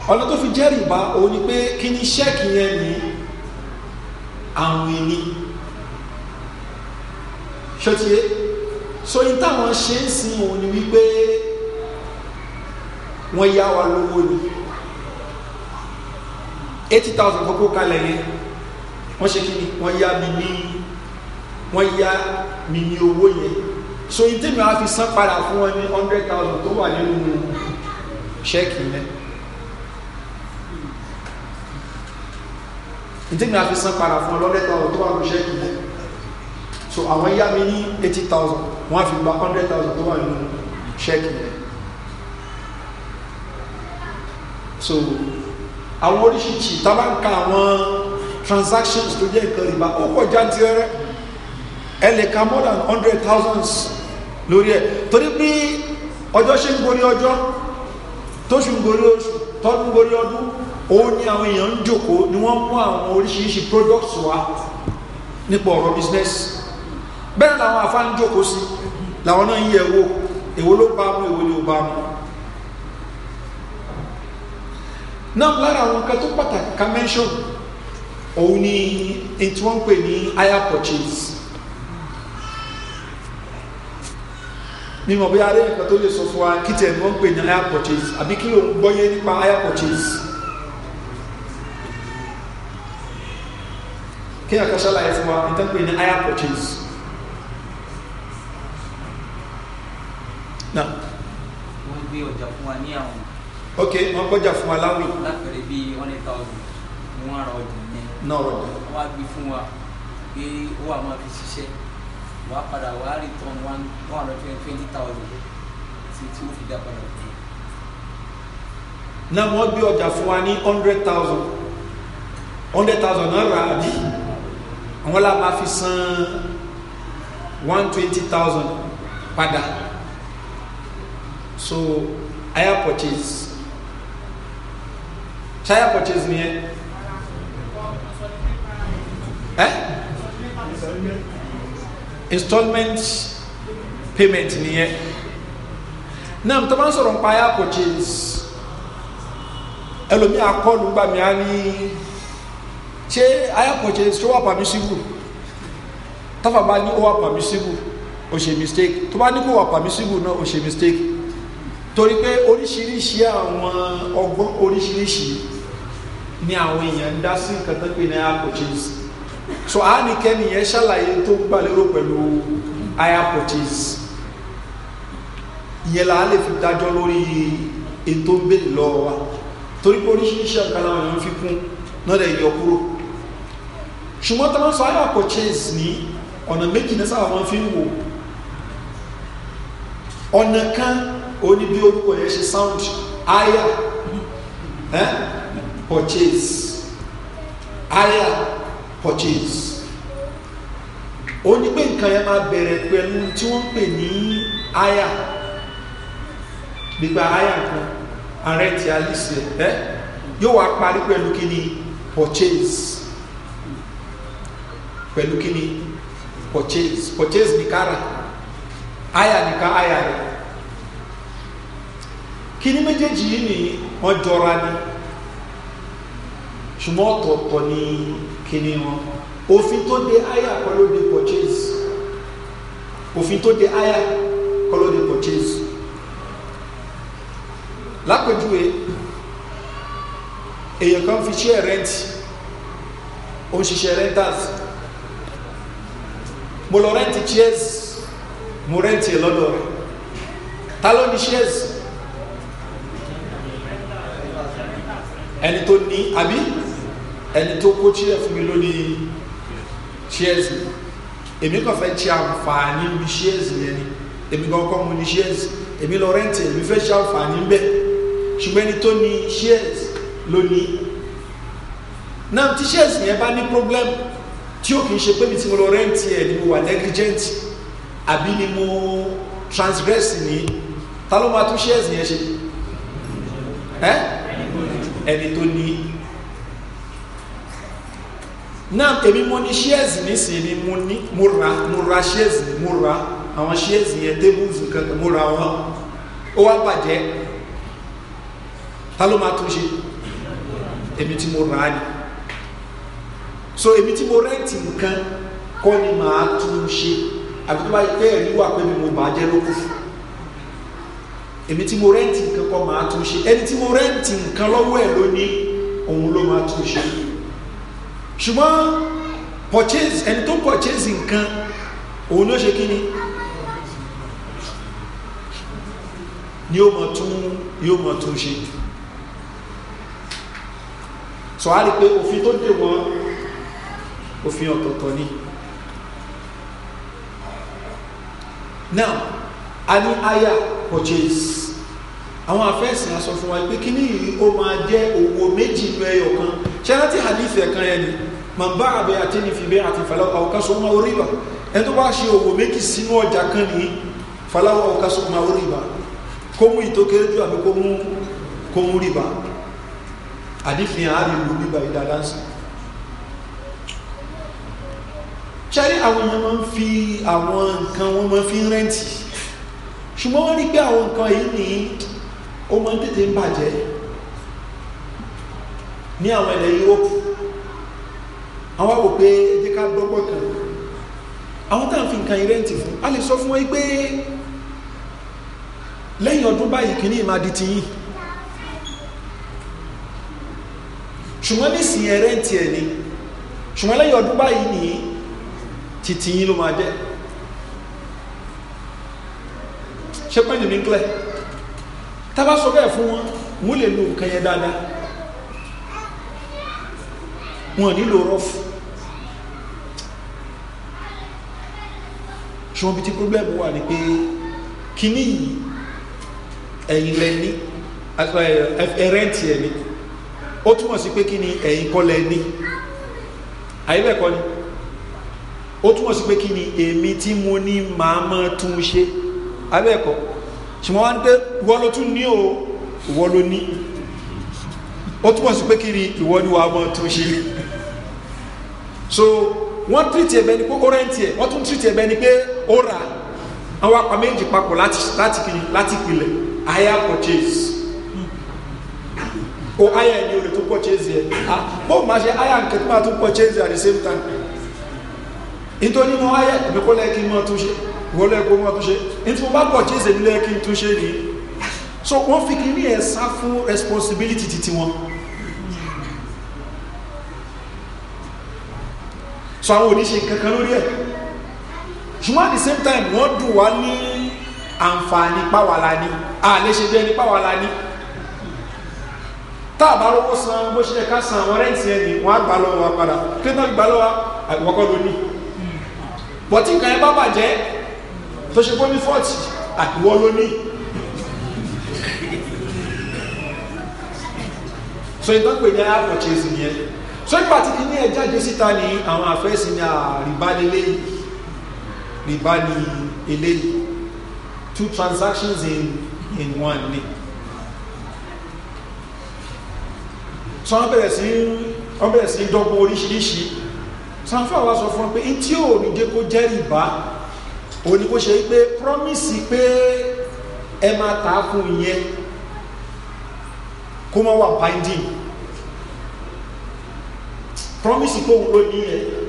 ọ̀nà tó fi jẹ́ rìbá òun ni pé kí ni ṣẹ́ẹ̀kì yẹn ní àwìn ni ṣọtiyé sóyin táwọn ṣe ń sin òun ni wípé wọ́n yá wa lówó ni eighty thousand kókó kalẹ̀ yẹn wọ́n ṣe kí ni wọ́n yá mi ní wọ́n yá mi ní owó yẹn sóyin tèmi á fi san padà fún wọn ní hundred thousand tó wà nínú ṣẹ́ẹ̀kì yẹn. ntí mi àfi san padà fún ọ lọ́lẹ́tọ̀ ọ̀rọ̀ tó wà lóṣẹ́ ìlú so àwọn yá mi ní eighty thousand wọ́n á fi gba hundred thousand tó wà nínú ṣẹ́ẹ̀kì yẹn so àwọn oríṣiríṣi tábà ń ka àwọn transactions tó jẹ́ nǹkan ìbá ó kọjá ti rẹ́rẹ́ ẹ lè ka more than hundred thousands lórí ẹ̀ torí pé ọjọ́ ṣe ń gorí ọjọ́ tóṣù ń gorí oṣù tọ́dún ń gorí ọdún òun ni àwọn èèyàn ń jòkó ni wọ́n mú àwọn oríṣiríṣi products wá nípa ọ̀rọ̀ business bẹ́ẹ̀ làwọn àfáà ń jòkó sí làwọn náà ń yẹ owó èwo ló bá mú èwo ni ò bá mú náà lára àwọn nǹkan tó pàtàkì ká mention òun ni tí wọ́n ń pè ní higher purchase mímọ̀ bí arẹ́ nǹkan tó lè sọ fún wa kí tẹ̀ ni wọ́n ń pè ní higher purchase àbí kí ló ń gbọ́yé nípa higher purchase kí ẹ̀ka ṣàlàyé fún wa nítorí pé ní higher purchase náà. wọ́n gbé ọjà fún wa ní àwọn. ok wọ́n gbọ́jà wa láwìn. lápẹ̀rẹ̀ one thousand ni wọ́n ra ọjà yẹn. náà rọ̀jà. wọ́n wá gbé fún wa pé ó wà máa one hundred twenty thousand tí tí ó fi dá padà fún un. náà gbé ọjà fún wa ní hundred thousand hundred thousand náírà àbí àwọn la máa fi san one twenty thousand padà so higher purchase higher purchase ni yẹn Eh? installment payment ni yẹn náà tó bá ń sọ̀rọ̀ nípa higher purchase ẹlòmíà kọ́ ló mi mí á ní ṣé higher purchase ṣé ó wà permissible táfà o ní ó wà ṣe mistake tó bá ní kó wà permissible náà ó ṣe mistake torí pé oríṣiríṣi àwọn ọgbọ́n oríṣiríṣi ni àwọn èèyàn ń dá sí nǹkan tó pè ní higher purchase so àánikẹ́ni yẹn ṣàlàyé tó gbà lérò pẹ̀lú higher purchase ìyẹn là á lè fi dájọ́ lórí ètò ń bèèrè lọ́wọ́ wa torí pé oríṣiríṣi àkàlà àwọn fi kún náà lè yọ kúrò ṣùgbọ́n tó máa ń sọ ayọ̀ purchase ní ọ̀nà méjì ní sábà máa fi ń wò ọ̀nà kan òní bí orúkọ yẹn ṣe sound ayọ̀ eh? purchase ayọ̀ purchase Oni pé nǹkan yẹn máa bẹ̀rẹ̀ pẹ̀lú tí wọ́n ń pè ní ayọ̀ gbígba ayọ̀ kan ààrẹ ti yóò wá parí pẹ̀lú kí ni purchase pẹ̀lú kíni purchase purchase ní kára aya ní ká aya rẹ kíni méjèèjì yìí ni wọ́n jọra ni ṣùgbọ́n ọ̀tọ̀ọ̀tọ̀ ni kíni wọn òfin tó de aya kọ́ ló de purchase òfin tó de aya kọ́ ló de purchase lápèjúwe èèyàn kan fi ṣe rent ó ń ṣiṣẹ́ renters mo lọ rẹ́ǹtì chairs mo rẹ́ǹtì ẹ̀ lọ́dọ̀ rẹ̀ ta ló ní chairs ẹni tó ní àbí ẹni tó kó chair fún mi lónìí chairs mi èmi kàn fẹ́ ṣe àǹfààní bí chairs yẹn ni èmi kàn kọ́ mo ní chairs èmi lọ rẹ́ǹtì èmi fẹ́ ṣe àǹfààní bẹ́ẹ̀ ṣùgbọ́n ẹni tó ní chairs lónìí náà tí chairs yẹn bá ní problem tí ó kì í ṣe pé mi tí mo lọ rẹ́ǹtì ẹ̀ ni mo wà negligent àbí ni mo transgress ní ta ló máa tún ṣe ẹ̀sìn yẹn ṣe ẹni tó ní náà èmi mo ní shares nísìnyí mo ní mo ra mo ra shares mo ra àwọn shares yẹn tables nǹkan kan mo ra wọn ó wá bàjẹ́ ta ló máa tún ṣe èmi tí mo ra ni so èmi tí mo rẹ́ǹtì nǹkan kọ́ ni màá tún un ṣe àbí tó bá yẹ pé ẹ̀rí wà pé mi mo bàá jẹ́ lókùn fún èmi tí mo rẹ́ǹtì nǹkan kọ́ màá tún un ṣe ẹni tí mo rẹ́ǹtì nǹkan lọ́wọ́ ẹ̀ lónìí òun ló máa tún ṣe ṣùgbọ́n purchase ẹni tó purchase nǹkan òun ló ṣe kí ni ni ó mọ tún yóò mọ tún ṣe sọ á rí i pé òfin tó dè òfin ọ̀tọ̀ọ̀tọ̀ ni now a ní aya purchase àwọn afẹ́sìn aṣọ fún wa pé kí ni ó máa jẹ́ owó méjì lu ẹyọ kan ṣé láti hadith ẹ̀kan yẹn ni màbá àbẹ àti nífìbẹ́ àti ìfàlọ́pàá ọ̀ká sọ ma orí bá ẹni tó bá ṣe owó méjì sínú ọjà kan ní fàlọ́pàá ọ̀ká sọ orí bá kó mú ìtókéré jù àbí kó mú kó mú rí bá àdífihàn á rí lu bíbá ìdádánsìn ṣẹ́rí àwọn èèyàn máa ń fi àwọn nǹkan wọn máa fi rẹ́ǹtì ṣùgbọ́n wọ́n rí pé àwọn nǹkan yìí ní ó máa ń tètè ń bàjẹ́ ní àwọn ilẹ̀ europe àwọn wò pé ẹjẹ́ ká dọ́gbọ́ kan àwọn táà fi nǹkan ìrẹ́ǹtì fún a lè sọ fún wọn pé lẹ́yìn ọdún báyìí kìíní ìmá di ti yìí ṣùgbọ́n nísìnyẹn rẹ́ǹtì ẹ̀ ni ṣùgbọ́n lẹ́yìn ọdún báyìí nìyí títí yín ló máa jẹ́ ṣé pé nìmi ń kílẹ̀ tá a bá sọ bẹ́ẹ̀ fún wọn wọ́n lè lo nǹkan yẹn dáadáa wọn nílò rọ́ọ̀fù ṣùgbọ́n bí tí pírọ́blẹ́mù wà ní pé kíní yìí ẹ̀yìn lẹ́ni ẹ̀rẹ́ǹtì ẹ̀ni ó túmọ̀ sí pé kíní ẹ̀yìn kọ́ lẹ́ni àyíbẹ̀kọ́ ni ó túmọ̀ sí pé kí ni èmi tí mo ní màá mọ́ tún ṣe abẹ́ẹ̀kọ́ ṣùgbọ́n wọ́n pé ìwọ ló tún ní o ìwọ ló ní ó túmọ̀ sí pé kí ni ìwọ mọ́ tún ṣe so wọ́n tìrìtì ẹ̀bẹ́ ni pé ó rẹ́ǹtì ẹ̀ wọ́n tún tìrìtì ẹ̀bẹ́ ni pé ó rà àwọn apá méjì papọ̀ láti láti kìlì láti kìlẹ̀ higher purchase o higher ẹni o lè tún purchase yẹ ah bó máa ṣe higher nǹkan máa tún purchase at the same time nítorí mo wáyà ìbí lẹ́ẹ̀kí mọ́ tún wọ́n lẹ́ẹ̀kó mọ́ tún ní tí mo bá pọ̀ tí èsè ní lẹ́ẹ̀kí tún ní so wọ́n fi kí ní ẹ̀sá fún responsibility ti tiwọn so àwọn oníṣe kankan lórí ẹ̀ ṣùgbọ́n at the same time wọ́n dùn wá ní àǹfààní páwàlá ni àléṣe bí ẹni páwàlá ni tá a bá lọ́wọ́ san bó ṣe ká san àwọn rẹ́ǹtì ẹni wọ́n á gbà lọ́wọ́ wa padà kí ló ń gbà lọ́wọ́ àgbọ̀kọ́ lónìí bọ́tí nǹkan yẹn bá bàjẹ́ tó ṣe kó ní fọ́ọ̀tì àtiwọ́ ló so ìtàn pè ní air purchasing yẹn so ìgbà tí kìíní ẹ̀ jáde síta ní àwọn àfẹ́sí ní àrìbá lélẹ́yìí rìbá ní eléyìí two transactions in in one ni so wọ́n bẹ̀rẹ̀ sí wọ́n bẹ̀rẹ̀ sí dọ́gbọ́n oríṣiríṣi sanfa wa sọ fún ọ pé etí ò ní jẹ́ kó jẹ́ rìbá òun ni kó ṣe pé promise pé ẹ máa tà á fún ìyẹn kó má wà binding promise pé òun ló ní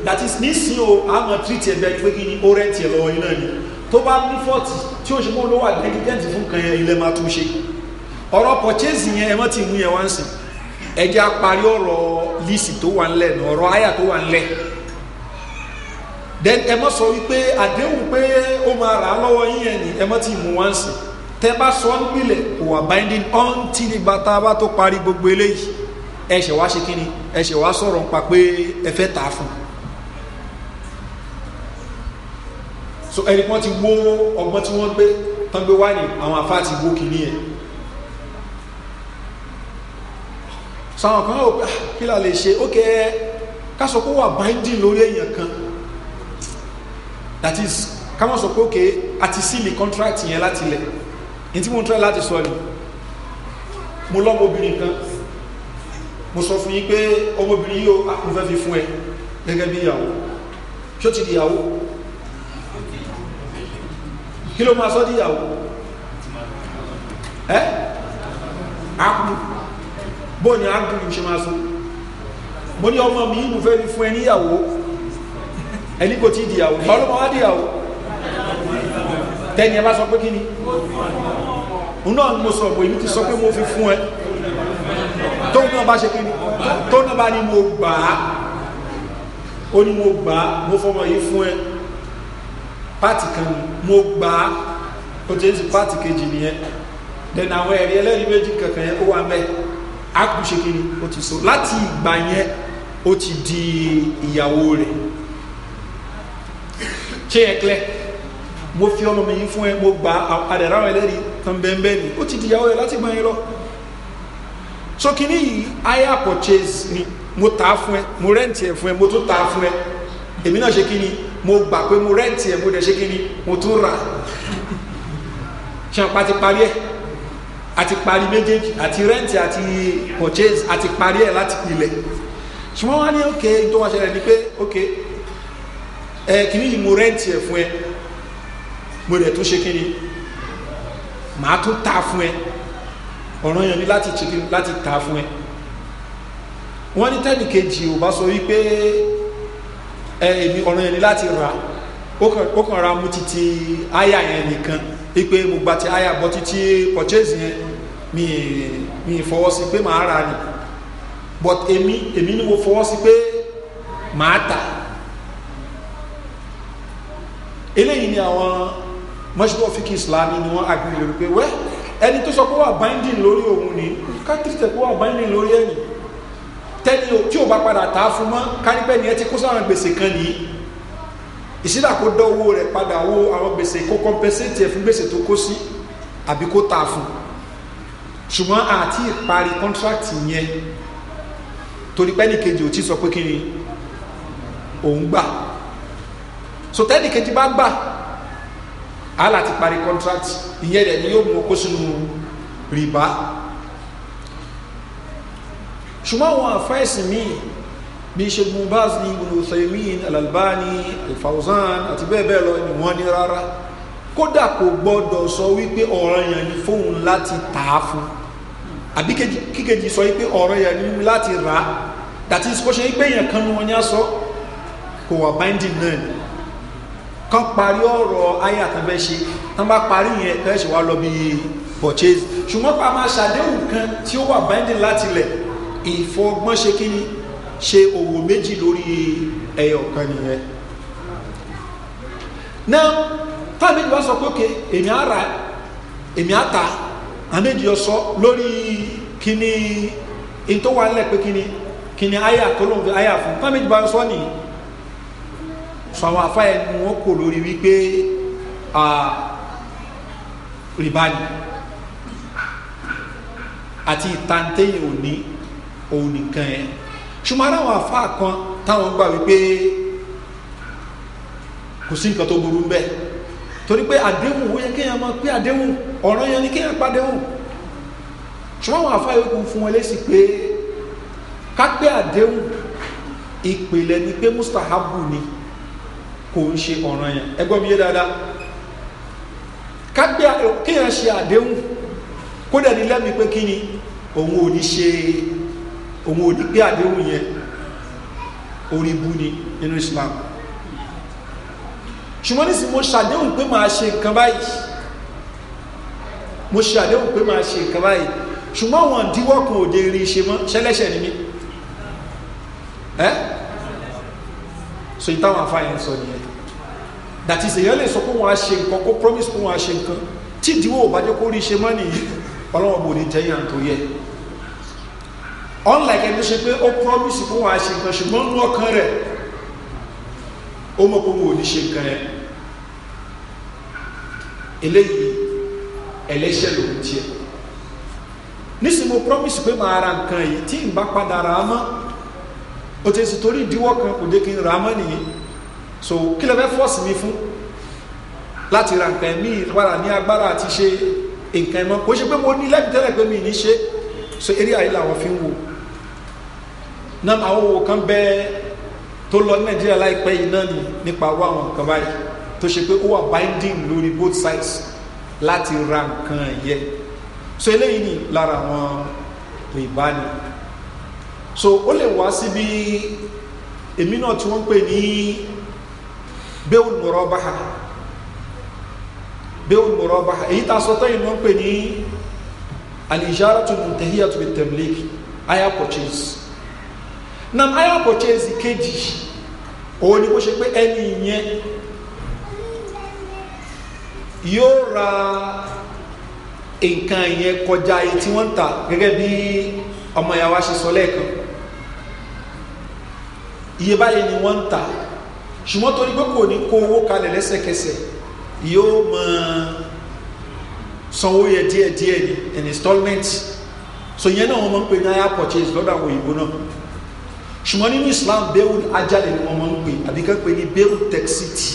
that is nísìnyí o àmọ́ treat ẹ bẹ́ẹ̀ pé kí ni ó rẹ̀ tiẹ̀ lọ́wọ́ yín náà ni tó bá ní fọ́ọ̀tì tí ó ṣe mọ́ ló wà negligent fún kan yẹn ilẹ̀ máa tún ṣe ọ̀rọ̀ purchase yẹn ẹ mọ́ ti mú yẹn wá ń sìn ẹ jẹ́ àparí ọ̀rọ̀ lísì tó wà ńlẹ̀ nù ọ̀rọ̀ àyà tó wà ńlẹ̀ then ẹ mọ sọ wípé àdéhùn pé ó máa rà á lọ́wọ́ yín ẹ̀ ní ẹ mọ ti mú wọn sí tẹ bá sọ ń gbilẹ̀ kò wà binding on tí nígbà tá a bá tó parí gbogbo eléyìí ẹ ṣẹ̀ wá ṣe kí ẹ ṣẹ̀ wá sọ̀rọ̀ nípa pé ẹ fẹ́ tà á fún so ẹni kan ti wó ọgbọ́n tí wọ́n gbé tán gbé wá ní àwọn afá ti wó kìíní ẹ̀ so àwọn kan ó ah, kí la lè ṣe ó kẹ́ ẹ ká sọ pé wà binding lórí èèyàn kan that is káwọn sọ pé okay àti sílì contract yẹn láti lẹ̀ ní tí mo ń tọ́ láti sọ ni mo lọ́mọbìnrin kan mo sọ fún yín pé ọmọbìnrin yìí ó ah, mo fẹ́ fi fún ẹ gẹ́gẹ́ bí ìyàwó kí ó ti di ìyàwó kí ló máa sọ di ìyàwó ẹ àkùn bóyá àkùn ṣe máa sọ mo ní ọmọ mi yìí fi fún ẹ níyàwó ẹni kò tí ì dìyàwó ìgbà wá dìyàwó tẹ́ni ẹ bá sọ pé kí ni òun náà mo sọ pé èmi ti sọ pé mo fi fún ẹ tóun náà bá ṣe kí ni tóun náà bá ní mo gbà á ó ní mo gbà á mo fọmọ yìí fún ẹ pàtì kan mo gbà á ó ti ń sin pàtì kejì nìyẹn dẹ̀nà àwọn ẹ̀rí ẹlẹ́rìí méjì kankan yẹn ó wà mẹ́ àkùṣe kí ni ó ti sọ láti ìgbà yẹn ó ti di ìyàwó rẹ̀ ṣé yẹn clear mo fi ọmọ mi fún ẹ mo gba àdàrà rẹ lẹ́rìí tán bẹ́ẹ̀ bẹ́ẹ̀ ni ó ti dìyàwó rẹ láti gbọ́n yẹn lọ so kìíní yìí hire purchase ni mo tà á fún ẹ mo rẹ́ǹtì ẹ̀ fún ẹ mo tún tà á fún ẹ èmi náà ṣe kíni mo gbà pé mo rẹ́ǹtì ẹ̀ mo dẹ̀ ṣe kíni mo tún rà ṣe àpá ti parí àti parí méjèèjì àti rẹ́ǹtì àti purchase àti parí ẹ̀ láti ilẹ̀ ṣùgbọ́n wọ́n ok tó wá ṣẹlẹ̀ ni pé ok ẹ kìíní yìí mo rẹ́ǹtì ẹ̀ fún ẹ mo rẹ̀ tó ṣe kí ni màá tún ta fún ẹ ọ̀ràn yẹn ni láti ṣe kí ni láti ta fún ẹ wọ́n ní tẹ́nì kejì ò bá sọ wípé ẹ èmi ọ̀ràn yẹn ni láti rà ó kàn ra mú títí àyà yẹn nìkan wípé mo gba ti àyà bọ́ títí purchase yẹn mi mi fọwọ́ sí pé màá rà ni but èmi èmi ni mo fọwọ́ sí pé màá tà eléyìí ni àwọn mọ́ṣíbọ̀ fíkì ìsìlámi ni wọ́n agbèrè lórí pé wẹ́ ẹni tó sọ pé wà binding lórí òun ni kátìrìtẹ̀ pé wà binding lórí ẹ̀yìn tẹ́ni tí ò bá padà tà á fún mọ́ kánípẹ́ ni ẹ ti kó sáwọn gbèsè kan nìyí ìsídà kó dán owó rẹ̀ padà wo àwọn gbèsè kó compensate ẹ̀ fún gbèsè tó kó sí àbí kó tà fún ṣùgbọ́n àti ìparí contract yẹn torí pẹ́ẹ́nì kejì ò tí sọ pé kí ni òun gbà so tẹ́nì kejì bá gbà á láti parí contract ìyẹn rẹ̀ ni yóò mú okó sínú rìbá ṣùgbọ́n àwọn àfẹ́sìn míì bí ṣe mú báàsì ní ibùdó sẹ́yìn alalbani alfauzan àti bẹ́ẹ̀ bẹ́ẹ̀ lọ ni wọ́n ní rárá kódà kò gbọ́dọ̀ sọ wípé ọ̀ràn yẹn ni fóun láti tà á fún àbí kíkejì sọ wípé ọ̀ràn yẹn ni láti rà á that is ṣe wípé èèyàn kan ní wọn ní aṣọ kò wà binding náà ni kán parí ọ̀rọ̀ ayé àtànfẹ́ ṣe tán bá parí yẹn kẹ́ ṣe wá lọ bí purchase ṣùgbọ́n pa máa ṣàdéhùn kan tí ó wà binding láti lẹ̀ ìfọgbọ́n ṣe ni ṣe òwò méjì lórí ẹyọ kan nìyẹn náà táàmì ìgbà sọ pé òkè èmi àrà èmi àtà àméjì ọsọ lórí kíni ìtọ́wálẹ̀ pé kíni kíni àyà tó lóun fi àyà fún táàmì ìgbà sọ nìyí sọ àwọn afa yẹn ni wọn kò lórí wípé rìbá ni àti ìtàntẹ́yìn òní òun nìkan yẹn ṣùgbọ́n àwọn afa kan táwọn gbà wípé kò sí nǹkan tó burú ń bẹ́ẹ̀ torí pé àdéhùn ó yẹ kéèyàn máa pé àdéhùn ọ̀ràn yẹn ni kéèyàn pàdéhùn ṣùgbọ́n àwọn afa yòókù fún wọn lésì pé ká pé àdéhùn ìpìlẹ̀ ni pé mustahabu ni kò ń ṣe ọ̀ràn yẹn ẹgbọ́n mi yé dáadáa kápẹ́ kéèyàn ṣe àdéhùn kó dẹ̀ ní lẹ́mìí pé kí ni òun ò ní ṣe òun ò ní pé àdéhùn yẹn orí bú ni nínú islam ṣùgbọ́n nísìn mo ṣàdéhùn pé máa ṣe nǹkan báyìí mo ṣàdéhùn pé máa ṣe nǹkan báyìí ṣùgbọ́n àwọn ìdíwọ́ kan òde rí ṣe mọ́ ṣẹlẹ́ṣẹ̀ ni mí so ìtàwọn afáyẹn sọ nìyẹn that is èèyàn lè sọ pé wọn á ṣe nǹkan kó promise pé wọn á ṣe nǹkan tí ìdíwọ́ ò bá jẹ́ kó rí ṣe mọ́nì yìí ọlọ́wọ́n bò ní jẹ́yìn àǹtò yẹ unlike ẹni ṣe pé ó promise pé wọn á ṣe nǹkan ṣùgbọ́n nínú ọkàn rẹ̀ ó mọ̀ pé wọn ò ní ṣe nǹkan yẹn eléyìí ẹlẹ́ṣẹ̀ lòun tiẹ̀ nísìnyí mo promise pé màá ra nǹkan yìí tí ì o ti sì torí ìdíwọ́ kan kò dé kí n ra mọ́ nìyí so kí lè fẹ́ fọ́ọ̀sì mi fún láti ra nǹkan mí ìpadà ní agbára àti ṣe nǹkan ẹ̀mọ́ kò ṣe pé mo ní lẹ́bi tẹ́lẹ̀ pé mi ní ṣe so eré àyè làwọn fi ń wò náà àwọn òwò kan bẹ́ẹ̀ tó lọ ní nàìjíríà láìpẹ́ yìí náà ni nípa owó àwọn nǹkan báyìí tó ṣe pé ó wà binding lórí both sides láti ra nǹkan yẹ so eléyìí ni lára àwọn rìbá so ó lè wá síbi èmi náà tí wọ́n pè ní bẹ́ẹ̀ olùmọ̀rọ̀ bá a bẹ́ẹ̀ olùmọ̀rọ̀ bá a èyí tá a sọ tẹ́yìn wọ́n pè ní alìjára tó ní tẹ̀híyà tó ní tẹ̀mílẹ́kì higher purchase na higher purchase kejì òun ni kó ṣe pé ẹni yẹn yóò ra nǹkan yẹn kọjá èyí tí wọ́n ń ta gẹ́gẹ́ bí ọmọ ìyàwó aṣèṣọ lẹ́ẹ̀kan iye báyìí ni wọ́n ń ta ṣùgbọ́n torí pé kò ní kó owó kalẹ̀ lẹ́sẹ̀kẹsẹ̀ yóò mọ sanwó yẹ díẹ̀díẹ̀ ní an installment so yẹn náà wọ́n máa ń pè ní higher purchase lọ́dọ̀ àwọn òyìnbó náà ṣùgbọ́n nínú islam bẹ́ẹ̀wù ajálẹ̀ ni wọ́n máa ń pè àbíkẹ́ pé ní bẹ́ẹ̀wù tẹ́kisìtì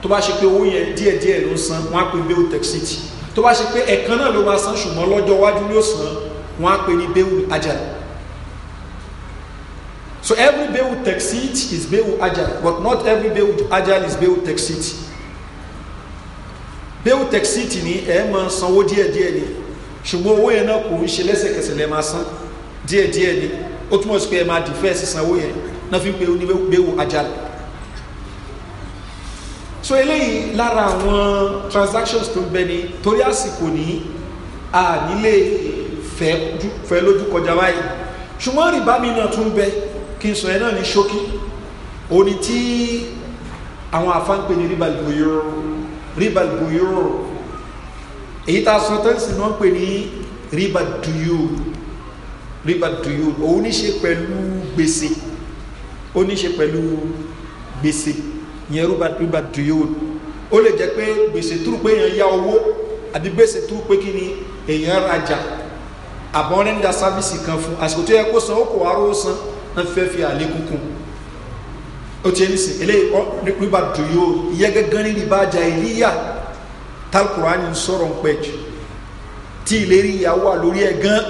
tó bá ṣe pé owó yẹn díẹ̀díẹ̀ ló ń san wọ́n á pè bẹ́ẹ̀wù tẹ́kisìtì tó bá ṣe pé ẹ̀kan náà ló máa san ṣùgbọ́n lọ́jọ́ iwájú ló san wọ́n á pè ní bẹ́ẹ̀wù ajálẹ̀ So every Be'u Taksit is Be'u Ajal, but not every Be'u Ajal is Be'u Taksit. Be'u Taksit ni ẹ máa sanwó díẹ̀díẹ̀ ni, ṣùgbọ́n owó yẹn náà kò ń ṣe lẹ́sẹ̀kẹsẹ̀ lẹ́ máa san díẹ̀díẹ̀ ni, ó túmọ̀ sí pé ẹ máa dìfẹ́ sísanwó yẹn náà fi pe oní Be'u Ajal. So eléyìí lára àwọn transactions tó ń bẹ ni torí àsìkò ní a nílé fẹ́ lójú kọjá báyìí, ṣùgbọ́n rìbá mi náà tún bẹ́ẹ̀ kí n sọ ẹ náà ní ṣókí òní tí àwọn àfáǹpẹ ní ribal buyur ribal buyur èyí tá a sọ tán sí náà pè ní ribal duyu ribal duyu òun ní ṣe pẹ̀lú gbèsè ó ní ṣe pẹ̀lú gbèsè yẹn ribal duyu ó lè jẹ́ pé gbèsè túrú pé èèyàn yá owó àbí gbèsè túrú pé kí ni èèyàn rajà àbọ̀nrẹ́ńdà sáfíìsì kan fún àsìkò tó yẹ kó san ó kò wá rówó san wọn fẹ́ fi àlékún kún ó ti ẹni sìn eléyìí rìbá dùyó ìyẹn gẹ́gẹ́ ní rìbá ajá ìlíyà talkurani sọ̀rọ̀ ń pẹ́ jù tí ìlérí ìyàwó àlórí ẹ̀ gan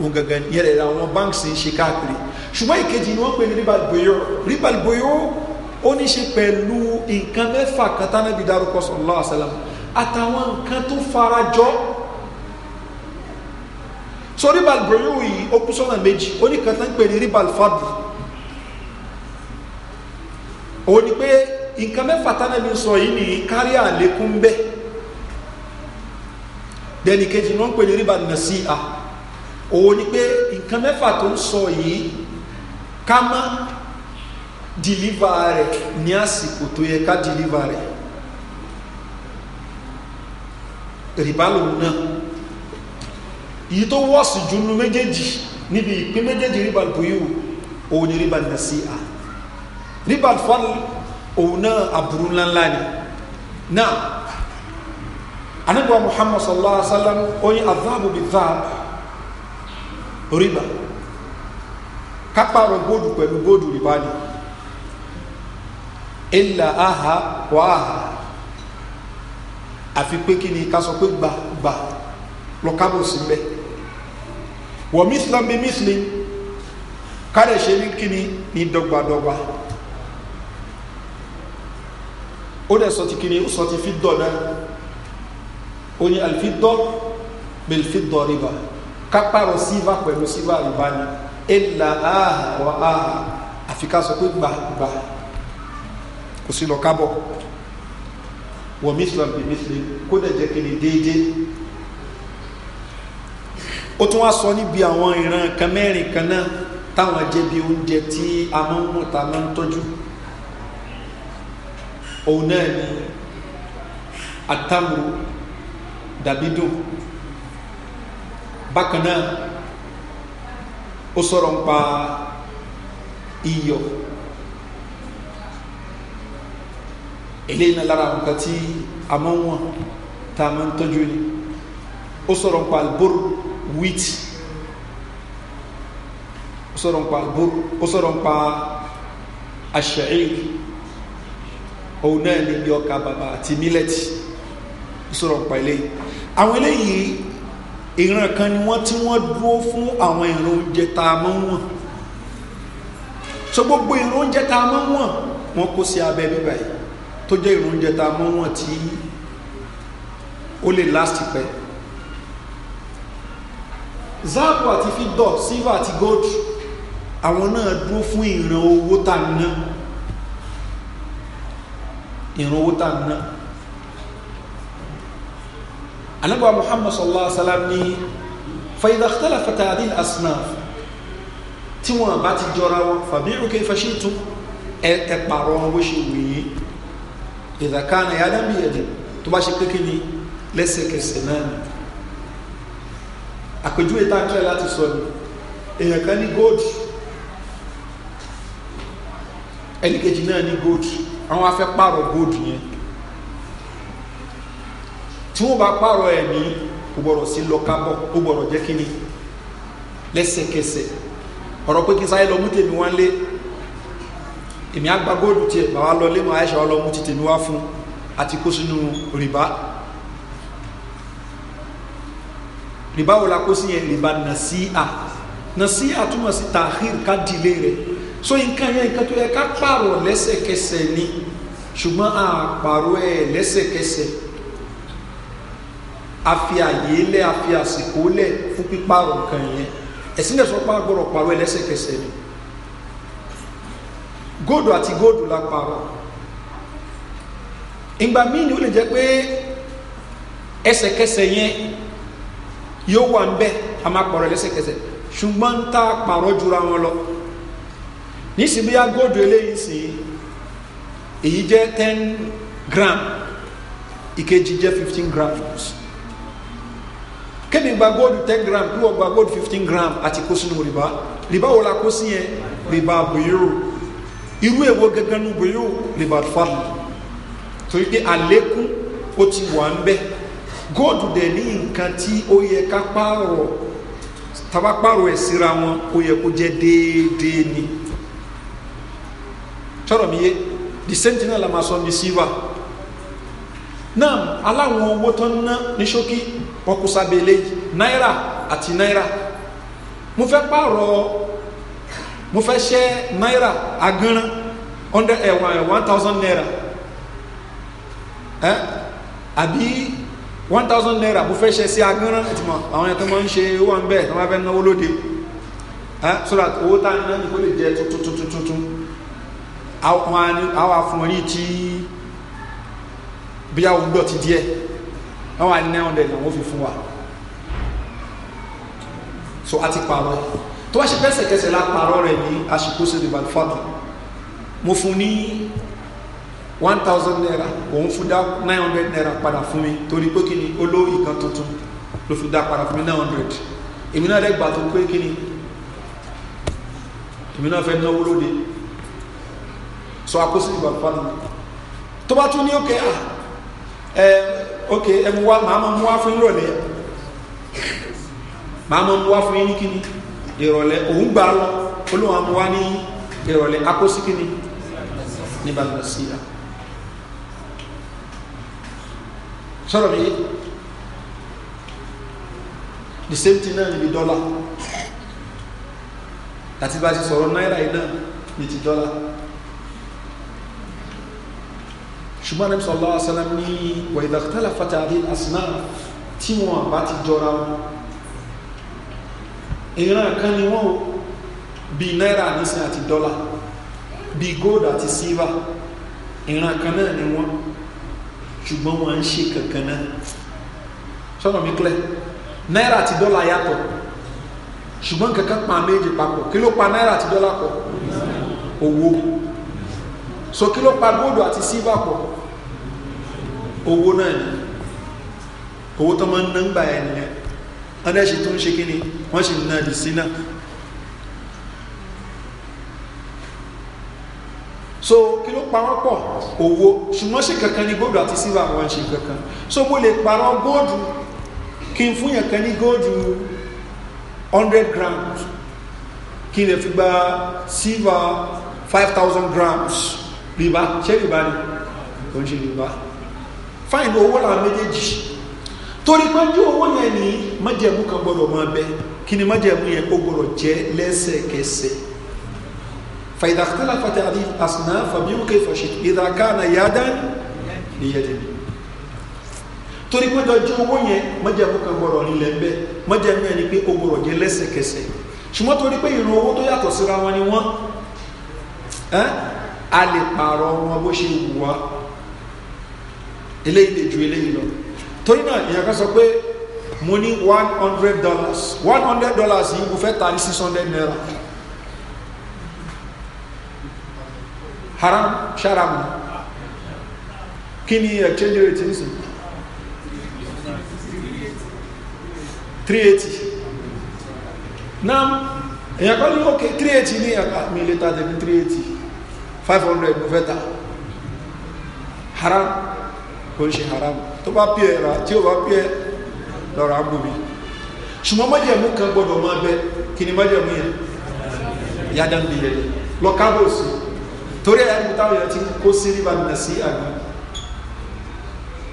òun gẹ́gẹ́ yẹn lẹ́la àwọn báńkì ń ṣe káàkiri ṣùgbọ́n ìkejì ni wọ́n pè ní rìbá dùyó rìbá dùyó ó ní ṣe pẹ̀lú nǹkan mẹ́fà kan tánàbí darúkọ sọ̀rọ̀ lọ́wọ́ àtàwọn nǹkan tó farajọ́ so ribal broyun yìí ó kú sọ́nà méjì ó ní kan tán pè ní ribal fadl ó ní pé nǹkan mẹ́fà tánà mi sọ yìí ní kárí àlékún bẹ́ẹ̀ dẹ́ni kejì náà pè ní ribal nasi'a ó ní pé nǹkan mẹ́fà tó ń sọ yìí ká má deliver rẹ̀ ní àsìkò tó yẹ ká deliver rẹ̀ ribal òun náà yìí tó wọ́ọ̀sì jù nínú méjèèjì níbi ìpín méjèèjì ribal buyu òun ni ribal nasi'a ribal fal òun náà aburú ńláńlá ni náà anagba muhammad sallallahu alaihi wa sallam oyin adhabu bi dhab riba kápárọ̀ góòdù pẹ̀lú góòdù riba ni aha wà aha àfi pé kí ni ká sọ pé wọ́n mislam bí misli kárẹ̀ ṣe ní kíni ní dọ́gbadọ́gba ó dẹ̀ sọ ti kíni ó sọ ti fi dọ̀ náà ó ní àlùfíìdọ́ bẹ̀lùfíìdọ́ rìbá kápárọ̀ síva pẹ̀lú síva rìbá ni ẹ̀là áhà wà áhà àfi ká sọ pé gbà gbà kò sí lọ kábọ̀ wọ́n mislam bí misli kó dẹ̀ jẹ́ kíni déédéé ó tún wá sọ níbi àwọn ìran kan mẹ́rin kan náà táwọn jẹ́ oúnjẹ tí a máa ń mú ta máa ń tọ́jú òun náà ni atamuru dàbídùn bákan náà ó sọ̀rọ̀ nípa iyọ̀ eléyìí náà lára nǹkan tí a máa ń wọ̀n tá a máa ń tọ́jú ni ó sọ̀rọ̀ nípa alboro wheat ó sọ̀rọ̀ ń pa buru ó sọ̀rọ̀ ń pa ashair òun náà ní bí ọkà bàbà àti millet ó sọ̀rọ̀ ń pa eléyìí àwọn eléyìí ìran kan ni wọ́n tí wọ́n dúró fún àwọn ìran oúnjẹ tá a máa ń wọ̀n so gbogbo ìran oúnjẹ tá a máa ń wọ̀n wọ́n kó sí abẹ́ bíbá yìí tó jẹ́ ìran oúnjẹ tá a máa ń wọ̀n tí ó lè last pẹ́ẹ́ záàbù àti fídọ̀ silver àti gold àwọn náà dúró fún ìran owó tá a ná ìran owó tá a ná anábọ̀ muhammad sallallahu alaihi wa sallam ní fàyídàkítàlà fàtàdí asnaf tí wọn bá ti jọra wọn fàbíru kí fẹ́ tún ẹ pààrọ̀ wọn ṣe wù ìdàkánà yàrá tó bá ṣe kékeré lẹ́sẹ̀kẹsẹ̀ náà àpèjúwe tá ń tẹ́ láti sọ ni èèyàn kan ní gold ẹnìkejì náà ní gold àwọn afẹ́ pààrọ̀ gold yẹn tí wọ́n bá pààrọ̀ ẹ̀ ní kò gbọ́dọ̀ sí lọ kábọ̀ jẹ́ kínní lẹ́sẹ̀kẹsẹ̀ ọ̀rọ̀ pé kí sáyé lọ mú tèmi wá lé èmi àgbà góòlù tiẹ̀ bàbá lọ lé mọ́ àyẹ̀ṣẹ̀ wa lọ mú ti tèmi wá fún àti kó sínú rìbá rìbá wo la kó sí yẹn rìbá nàṣíà nàṣíà túmọ̀ sí tahir ká dìlé rẹ̀ so nǹkan yẹn nǹkan tó yẹ ká pààrọ̀ lẹ́sẹ̀kẹsẹ̀ ni ṣùgbọ́n a pààrọ̀ ẹ̀ lẹ́sẹ̀kẹsẹ̀ àfi àyè lẹ̀ àfi àsìkò lẹ̀ fún pípààrọ̀ nǹkan yẹn ẹ̀sìn lẹ̀ sọ pé a gbọ́dọ̀ pààrọ̀ ẹ̀ ni góòdù àti góòdù la pààrọ̀ ìgbà míì ni ó lè jẹ́ pé ẹsẹ̀kẹsẹ̀ yẹn yóò wà ń bẹ a máa pààrọ̀ lẹ́sẹ̀kẹsẹ̀ ṣùgbọ́n tá a pààrọ̀ jura wọn lọ nísìnyí a góòdù eléyìí sí èyí jẹ́ ten gram ìkejì jẹ́ fifteen grams kémi gba góòdù ten gram kí wọ́n gba góòdù fifteen gram àti kó sínú rìbá rìbá wo la kó sí yẹn rìbá bòyúrò irú èwo gẹ́gẹ́ nu bòyúrò rìbá fàlù torí pé àlékún ó ti wà ń góòdù dẹ̀ ní nǹkan tí ó yẹ ká pààrọ̀ tàbá pààrọ̀ ẹ̀ síra wọn ó yẹ kó jẹ́ déédéé ni tọ́rọ̀ mi yé the sentinel thing náà la máa sọ ní silver náà aláwọn owó tó ń ná ní ṣókí wọn kò sábẹ́ eléyìí náírà àti náírà mo fẹ́ pààrọ̀ mo fẹ́ ṣẹ́ náírà agánran hundred ẹ̀ eh, one thousand naira ẹ̀ àbí one thousand naira mo fẹ́ ṣe sí agánrán ìtìmọ̀ àwọn yẹn tó máa ń ṣe owó ń bẹ̀ tó máa fẹ́ náwó lóde so that owó tá a ná ní kó lè jẹ tuntun tuntun tuntun àwọn afun yìí tí bí àwọn gbọ́ ti díẹ̀ àwọn àní nine hundred làwọn fi fún wa so a ti pààrọ̀ tó bá ṣe pẹ́sẹ̀kẹsẹ̀ la pààrọ̀ rẹ̀ ní àsìkò sí ìbàdàn fàdùn mo fún ní one thousand naira òun fún dá nine hundred naira padà fún mi torí pé kí ni olóyè kan tuntun ló fi dá padà fún mi nine hundred èmi náà lẹ́gbàá tó pé kí ni èmi náà fẹ́ náwó lóde sọ àkóso ìgbà pàdé tó bá tún ní òkè à ah, ẹ òkè ẹ mú wa màá mọ mú wa fún ìrọ̀lẹ́ màá mọ mú wa fún yín ní kíni ìrọ̀lẹ́ òun gbà lọ olóhùn àmúwá ní ìrọ̀lẹ́ àkóso kíni ní balùwẹ̀ sí i. sọ̀rọ̀ mi the same thing náà níbi dọ́là àti bá ti sọ̀rọ̀ náírà yìí náà ní ti dọ́là ṣùgbọ́n Ànábì sallallahu alaihi wasallam ní wa idha ikhtalafat hadhihi al-asnaf tí wọn bá ti jọra wọn ìran kan ni wọn bí náírà nísìn àti dọ́là bí gold àti silver ìran kan náà ni wọn ṣùgbọ́n wọn ń ṣe kankan náà sọ́nà mi clear náírà àti dọ́là yàtọ̀ ṣùgbọ́n kankan pa méjì papọ̀ kí ló pa náírà àti dọ́là pọ̀ owó so kí ló pa góòdù àti sílvà pọ̀ owó náà ni owó tó máa ń ná ń gbà ẹ̀ nìyẹn ọdẹ ṣe tó ń ṣe kí ni wọ́n ṣe ń ná dì sí náà so kí ló pa wọ́n pọ̀ owó ṣùgbọ́n ṣe kankan ní góòdù àti sílvà wọ́n ṣe kankan so mo lè parọ́ góòdù kí n fún yàn kan ní góòdù hundred grams kí n lè fi gba sílvà five thousand grams rìbá ṣé rìbá ni kò ń ṣe rìbá fáìlì owó làwọn méjèèjì torí pé ju owó yẹn ní májẹ̀mú kan gbọ́dọ̀ máa bẹ kí ni májẹ̀mú yẹn kó gbọ́dọ̀ jẹ́ lẹ́sẹ̀kẹsẹ̀ فإذا اختلفت هذه الأصناف فبيو كيف شئت إذا كان يدا ليد torí pé dọjú owó yẹn mọ́jẹ̀mú kan gbọ́dọ̀ nílẹ̀ ń bẹ́ mọ́jẹ̀mú ẹni pé o gbọ́dọ̀ jẹ́ lẹ́sẹ̀kẹsẹ̀ ṣùgbọ́n torí pé ìrò owó tó yàtọ̀ síra wọn ni wọ́n a lè pààrọ̀ wọn bó ṣe wù wá eléyìí lè ju eléyìí lọ torí náà ìyẹn kan sọ pé mo ní one hundred dollars one hundred dollars yìí mo fẹ́ ta ní six hundred naira haram sharam. kí ni exchange rate nísìn 380 náà èyàn kọ́ ní òkè 380 ní mi lè ta tẹ̀mí 380 500 mo fẹ́ ta haram kò ń ṣe haram tó bá pí ẹ̀ rà tí ó bá pí ẹ̀ lọ́rọ̀ agbóbi ṣùgbọ́n májẹ̀mú kan gbọ́dọ̀ máa bẹ kí ni májẹ̀mú yẹn yádá ń bi yẹn lọ kábòsì torí ẹ̀ níbi táwọn èèyàn ti kó sí rìbá nà sí àná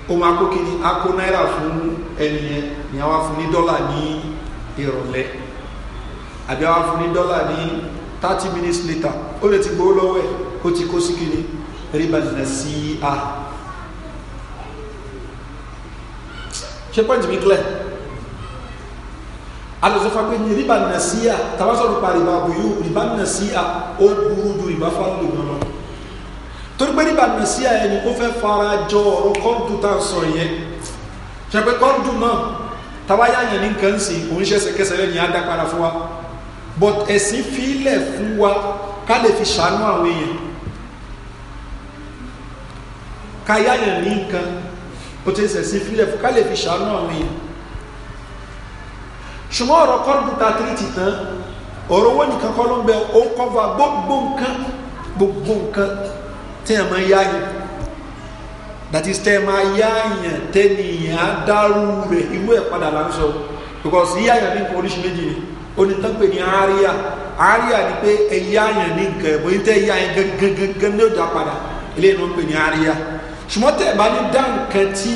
ohun akókiri akó náírà fún ẹni yẹn ni àwa fún ní dọ́là ní ìrọ̀lẹ́ àbí àwa fún ní dọ́là ní thirty minutes later ó lè ti gbowó lọ́wọ́ ẹ̀ ó ti kó sí kiri nà sí à ṣé pọ́ǹtì mi clear alùsọfà pé ní rìbá nàṣíà tabasọ̀ nípa rìbá àbòyú rìbá nàṣíà ó burú ju rìbá fáwọn olùgbọ́n lọ torí pé rìbá nàṣíà ẹni ó fẹ́ fara jọ ọ̀rọ̀ kọ́ńtù tá à ń sọ yẹn ṣàpẹ́ kọ́ńtù náà tabaya yẹn ní nǹkan sìn òun ṣẹ̀ṣẹ̀kẹsẹ̀ lẹ́ni á dá padà fún wa but ẹ̀sìn fílẹ̀ fún wa ká lè fi ṣàánú àwọn èèyàn ká yáyàn ní nǹkan ó ti ṣẹ̀sìn fílẹ̀ fún ká lè fi ṣàánú àwọn èèyàn ṣùgbọ́n ọ̀rọ̀ kọ́rùn ta tìrìtì tán ọ̀rọ̀ owó nìkan kọ́ ló ń bẹ ó ń kọ́fà gbogbo nǹkan gbogbo nǹkan tí ẹ̀ máa yá yẹn that is tẹ́ ẹ̀ máa yá yẹn tẹ́ni yẹn á dárú rẹ̀ ìwé ẹ̀ padà là ń sọ because yíyá yẹn ní nǹkan oríṣi méjì ni onítọ́gbè ní àríyá àríyá ni pé ẹ yá yẹn ní nǹkan ẹ̀bùn yín tẹ́ yá yẹn gangan ní ọjà padà eléyìí ló ń pè ní àríyá ṣùgbọ́n tẹ́ ẹ̀ bá ní dá nǹkan tí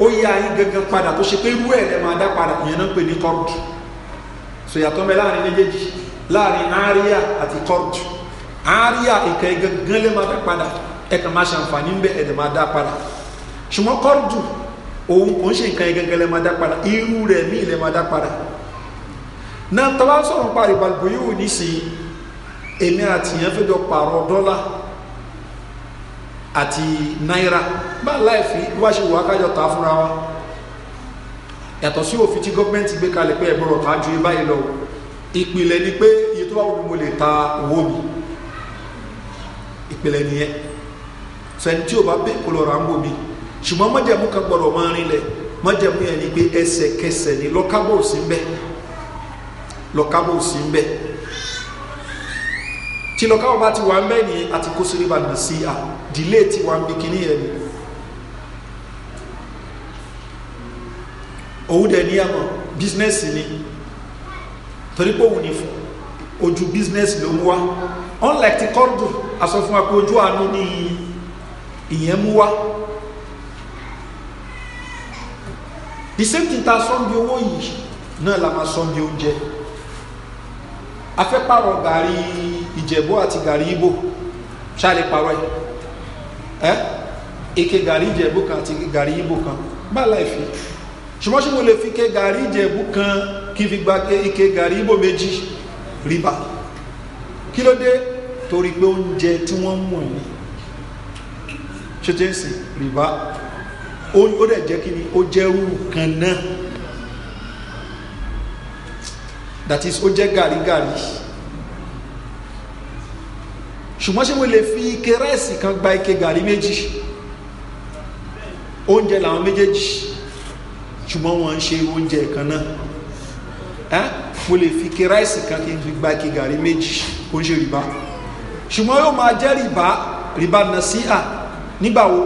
ó yá yín gangan padà tó ṣe pé irú ẹ̀ lẹ́ máa dá padà ìyẹn náà ń pè ní kọ́rùtù sòyàtọ̀ mẹ́ láàrin méjèèjì láàrin àríyá àti kọ́rùtù àríyá ìkà ẹ̀ gangan lẹ́ máa dá padà ẹ̀ kàn máa ṣàǹfààní bẹ́ẹ̀ ẹ̀ lẹ́ máa dá padà ṣùgbọ́n kọ́rùtù òun kò ń ṣe nǹkan ẹ̀ gangan lẹ́ máa dá padà irú rẹ̀ míì lẹ́ máa dá padà náà tọ́wá sọ̀rọ̀ pa ìbàlùbọ̀ yóò ní sí àti náírà bá láìfi wá ṣe wà kájọ ta fúnra wa yàtọ̀ sí òfin tí gọ́ọ̀mẹ́ntì gbé kalẹ̀ pé ẹ̀bọ̀rọ̀ ta ju báyìí lọ ìpìlẹ̀ ni pé iye tó bá wù mí mo lè ta owó mi ìpìlẹ̀ nìyẹn sẹ́ni tí o bá bẹ́ẹ̀ kó lọ ra ń bò mí ṣùgbọ́n mọ́jẹ̀mú kan gbọ́dọ̀ máa rinlẹ̀ mọ́jẹ̀mú yẹn ni pé ẹsẹ̀kẹsẹ̀ ni lọ́kábọ̀ òsì lọ́kábọ̀ òsì tí lọ káwọn bá ti wà ń bẹ́ẹ̀ ni àti kó sórí ìbàdàn sí à dìlé ti wà ń bí kíní yẹn ni òun dẹ̀ ní àmọ́ bísínẹ́sì ni torí pé òun ní fún ojú bísínẹ́sì ló mú wá unlike ti kọ́ńdù aṣọ fún wa pé ojú àánú ni ìyẹn mú wá the same thing ta sọ ń bí owó yìí náà la máa sọ ń bí oúnjẹ afẹ́pàrọ̀ gàrí ìjẹ̀bú àti gàrí ìbò ṣáàlì parọ́ ẹ̀ ike gàrí ìjẹ̀bú kan àti gàrí ìbò kan bá láìfi ṣùgbọ́n ṣe mo lè fi ike gàrí ìjẹ̀bú kan kí fi gba ike gàrí ìbò méjì rìbá kí ló dé torí pé oúnjẹ tí wọ́n mú ní ṣètẹ́sì rìbá ó dẹ̀ jẹ́ kí ni ó jẹ́ rúrù kan náà that is ó jẹ́ gàrí gàrí ṣùgbọ́n ṣé mo lè fi ike rẹ́ẹ̀sì kan gba ike gàrí méjì oúnjẹ làwọn méjèèjì ṣùgbọ́n wọ́n ń ṣe oúnjẹ kan náà mo lè fi ike rẹ́ẹ̀sì kan kí n fi gba ike gàrí méjì kó ń ṣe rìbá ṣùgbọ́n yóò máa jẹ́ rìbá rìbá nàṣíà nígbà wo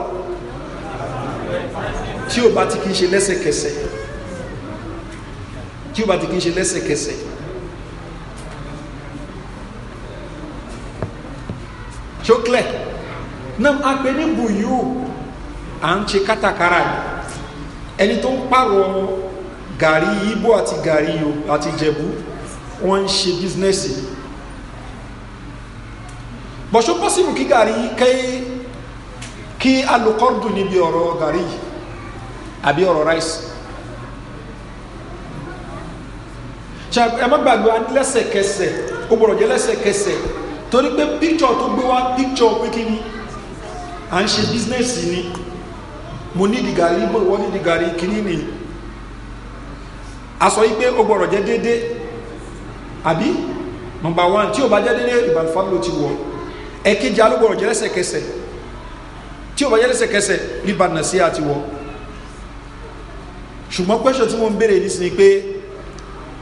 tí o bá ti kí n ṣe lẹ́sẹ̀kẹsẹ̀ tí o bá ti kí n ṣe lẹ́sẹ̀kẹsẹ̀ ṣó clear náà a pè ní bùyú à ń ṣe kátàkárà ẹni tó ń pààrọ̀ gàrí ibo àti gàrí yo àti jẹ̀bú wọ́n ń ṣe bísínẹ́sì bọ̀ṣó pọ́sibù kí gàrí kẹ́ẹ́ kí alùkọ́dù níbi ọ̀rọ̀ gàrí àbí ọ̀rọ̀ ráìsì ẹ má gbàgbé lẹ́sẹ̀kẹsẹ̀ ó gbọ́dọ̀ jẹ́ lẹ́sẹ̀kẹsẹ̀ torí pé píkṣọ tó gbé wá píkṣọ pé kí ni à ń ṣe bísínẹ́sì ni mo ní dìgàrí mo ìwọ ní dìgàrí kìíní ni a sọ yí pé ó jẹ́ déédéé àbí nọmba one tí o bá jẹ́ déédéé ìbàlùfàmìlò ti wọ̀ ẹ̀kejì a ló gbọ́dọ̀ jẹ́ lẹ́sẹ̀kẹsẹ̀ tí o bá jẹ́ lẹ́sẹ̀kẹsẹ̀ rìbànà sí àti wọ̀ ṣùgbọ́n pẹ́ṣọ̀ tí mo ń béèrè nísìnyí pé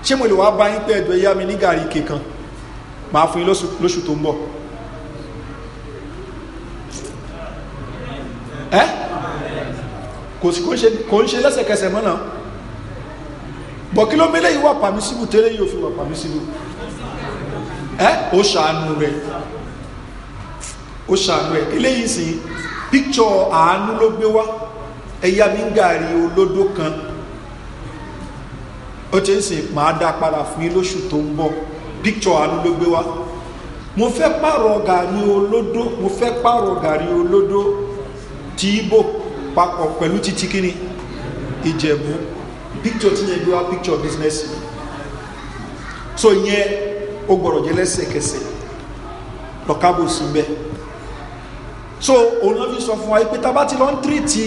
ṣé mo lè wá bá yín pé ẹ̀dọ̀ ẹ̀yá mi ní gàrí kankan máa fún yín lóṣù tó ń bọ̀ ẹ́ kò sí kò ń ṣe lẹ́sẹ̀kẹsẹ̀ mọ́nà bọ̀ kí ló mẹ́lẹ̀ yìí wà pàmísìbù tẹ́lẹ̀ yìí ò fi wà pàmísìbù ẹ́ ó ṣàánú rẹ̀ ó ṣàánú rẹ̀ eléyìí sì píkṣọ àánú ló gbé wá ẹ̀yà mi ń gàrí olódó kan ó ti ń sìn máa dá padà fún yín lóṣù tó ń bọ̀ picture àánú ló gbé wá mo fẹ́ pààrọ̀ gàrí olódó mo fẹ́ pààrọ̀ gàrí olódó ti ibo papọ̀ pẹ̀lú títí kíni ìjẹ̀bú picture tí yẹn gbé wá picture business so yẹn o gbọ́dọ̀ jẹ́ lẹ́sẹ̀kẹsẹ̀ lọ́kábò sí bẹ́ẹ̀ so òun náà fi sọ fún wa pé tá a bá ti lọ ń tírìtì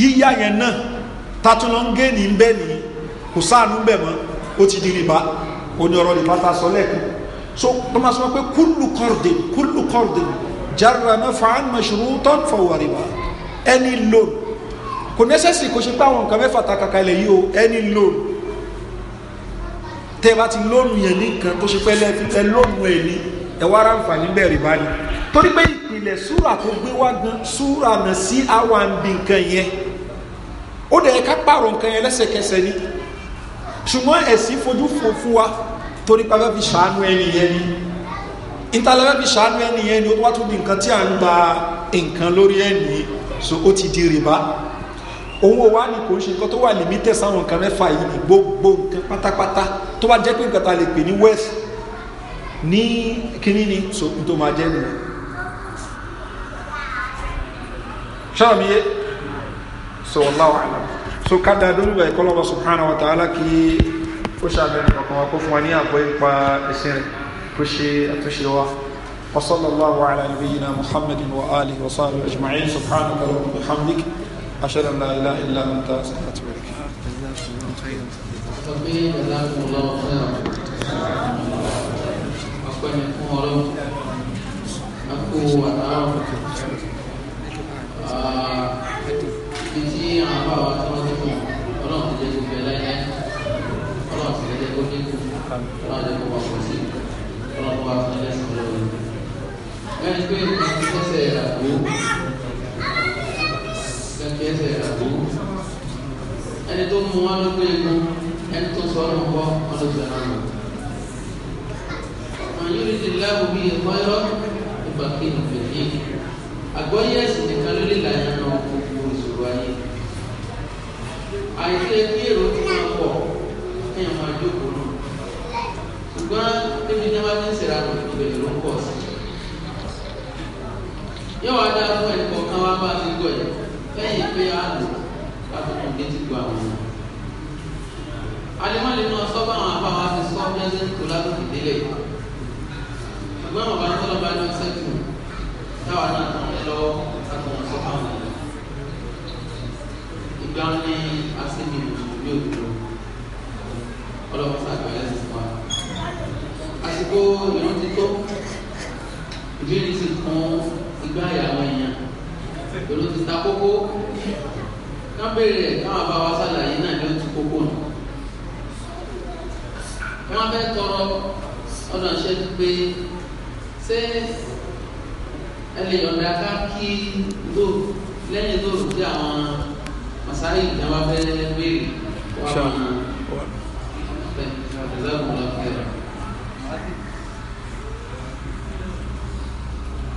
yíyá yẹn náà tá a tún lọ ń gé ní bẹ́ẹ̀ ní kò sáànú bẹ́ẹ̀ mọ́ ó ti di rìbá oní ọ̀rọ̀ nípa ta sọ lẹ́ẹ̀kan so wọ́n máa sọ pé kúlù kọ́ọ̀dì kúlù kọ́ọ̀dì jarra naf'an mashrutan fahuwa riba any loan kò nẹ́sẹ̀sì kò ṣe pé àwọn nǹkan mẹ́fà ta kàkà ilẹ̀ yìí o any loan tẹ́ ẹ bá ti lóònù yẹn ní nǹkan tó ṣe pé ẹ lóònù ẹ̀ ní ẹ wá ráǹfààní bẹ́ẹ̀ rìbá ni torí pé ìpìlẹ̀ súrà tó gbé wá gan súrà náà sí àwọn àǹbì nǹkan yẹn ó dẹ̀ ká pààrọ̀ nǹkan yẹn lẹ́sẹ̀kẹsẹ̀ ni ṣùgbọ́n ẹ̀sìn fojú fò fún wa torí pé fẹ́ fi ṣàánú ẹni yẹn ni ìtàlẹ́ fẹ́ fi ṣàánú ẹni yẹn ni ó wá tún di nǹkan tí à ń gba nǹkan lórí ẹni so ó ti di rìbá òun ò wá ní kò ń ṣe nǹkan tó wà limited sáwọn nǹkan mẹ́fà yìí ní gbogbo nǹkan pátápátá tó bá jẹ́ pé nǹkan ta lè pè ní west ní kíní ni so n tó máa jẹ́ nìyẹn ṣáà mi yé so wallahu alam so ká da lórí báyìí kọ́lọ́wọ́ subhanahu wa ta'ala kí ó ṣàbẹ̀rẹ̀ kankan wa kó fún wa ní àbọ̀ ipa ẹ̀sìn rẹ̀ kó ṣe àtúnṣe wa wa sallallahu ala nabiyyina muhammadin wa alihi wa sahbihi ajma'in subhanaka wa bihamdik ashhadu an la ilaha illa anta astaghfiruka Tapi dalam Allah Aku yang orang Aku atau Biji apa atau Mas que esse era o. Que esse era o. Ele tomou um ano comigo. Ele tomou um pó, um ano de Manyuri ti láwù bíi ìfọ́yọ́ ìbàkínú fèjì. Àgbọ́yé ẹ̀sìn nìkan ló lè láyé náà gbogbo ìṣòro ayé. Àìsí ẹbí èrò tí ti ń ṣèrànwọ́ ìbẹ̀rẹ̀ ló ń pọ̀ sí i yóò wá dá fún ẹnì kọ̀ọ̀kan wá bá ti gbọ́ ẹ̀ lẹ́yìn pé a lò láfikún létí gbọ́ àwọn ọmọ. alimọ́lẹ̀ náà sọ bá àwọn àbáwá ti sọ bí ẹsẹ̀ tó lásìkò délẹ̀ ṣùgbọ́n àwọn bá ń tọ́lọ́ bá ní ọ̀sẹ̀ tù táwa náà tán ẹ lọ́wọ́ láti wọn sọ fáwọn ọmọ. ìgbà wọn ní asẹ́mi mùsùlùmí òdòdó ọlọ́wọ́ sàgbẹ́lẹ̀ sí wa. àsìkò ìrántí tó ìbéèrè sì kún gbá àyà àwọn èèyàn ló ti ta kókó ká béèrè káwọn bá wa ṣàlàyé náà ló ti kókó nù. wọ́n fẹ́ tọrọ ọ̀nà ṣe ti pé ṣé ẹ lè yọ̀ǹda ká kí ló lẹ́yìn tó rò sí àwọn masáyì ìjọba fẹ́ béèrè wọ́n máa bẹ̀rẹ̀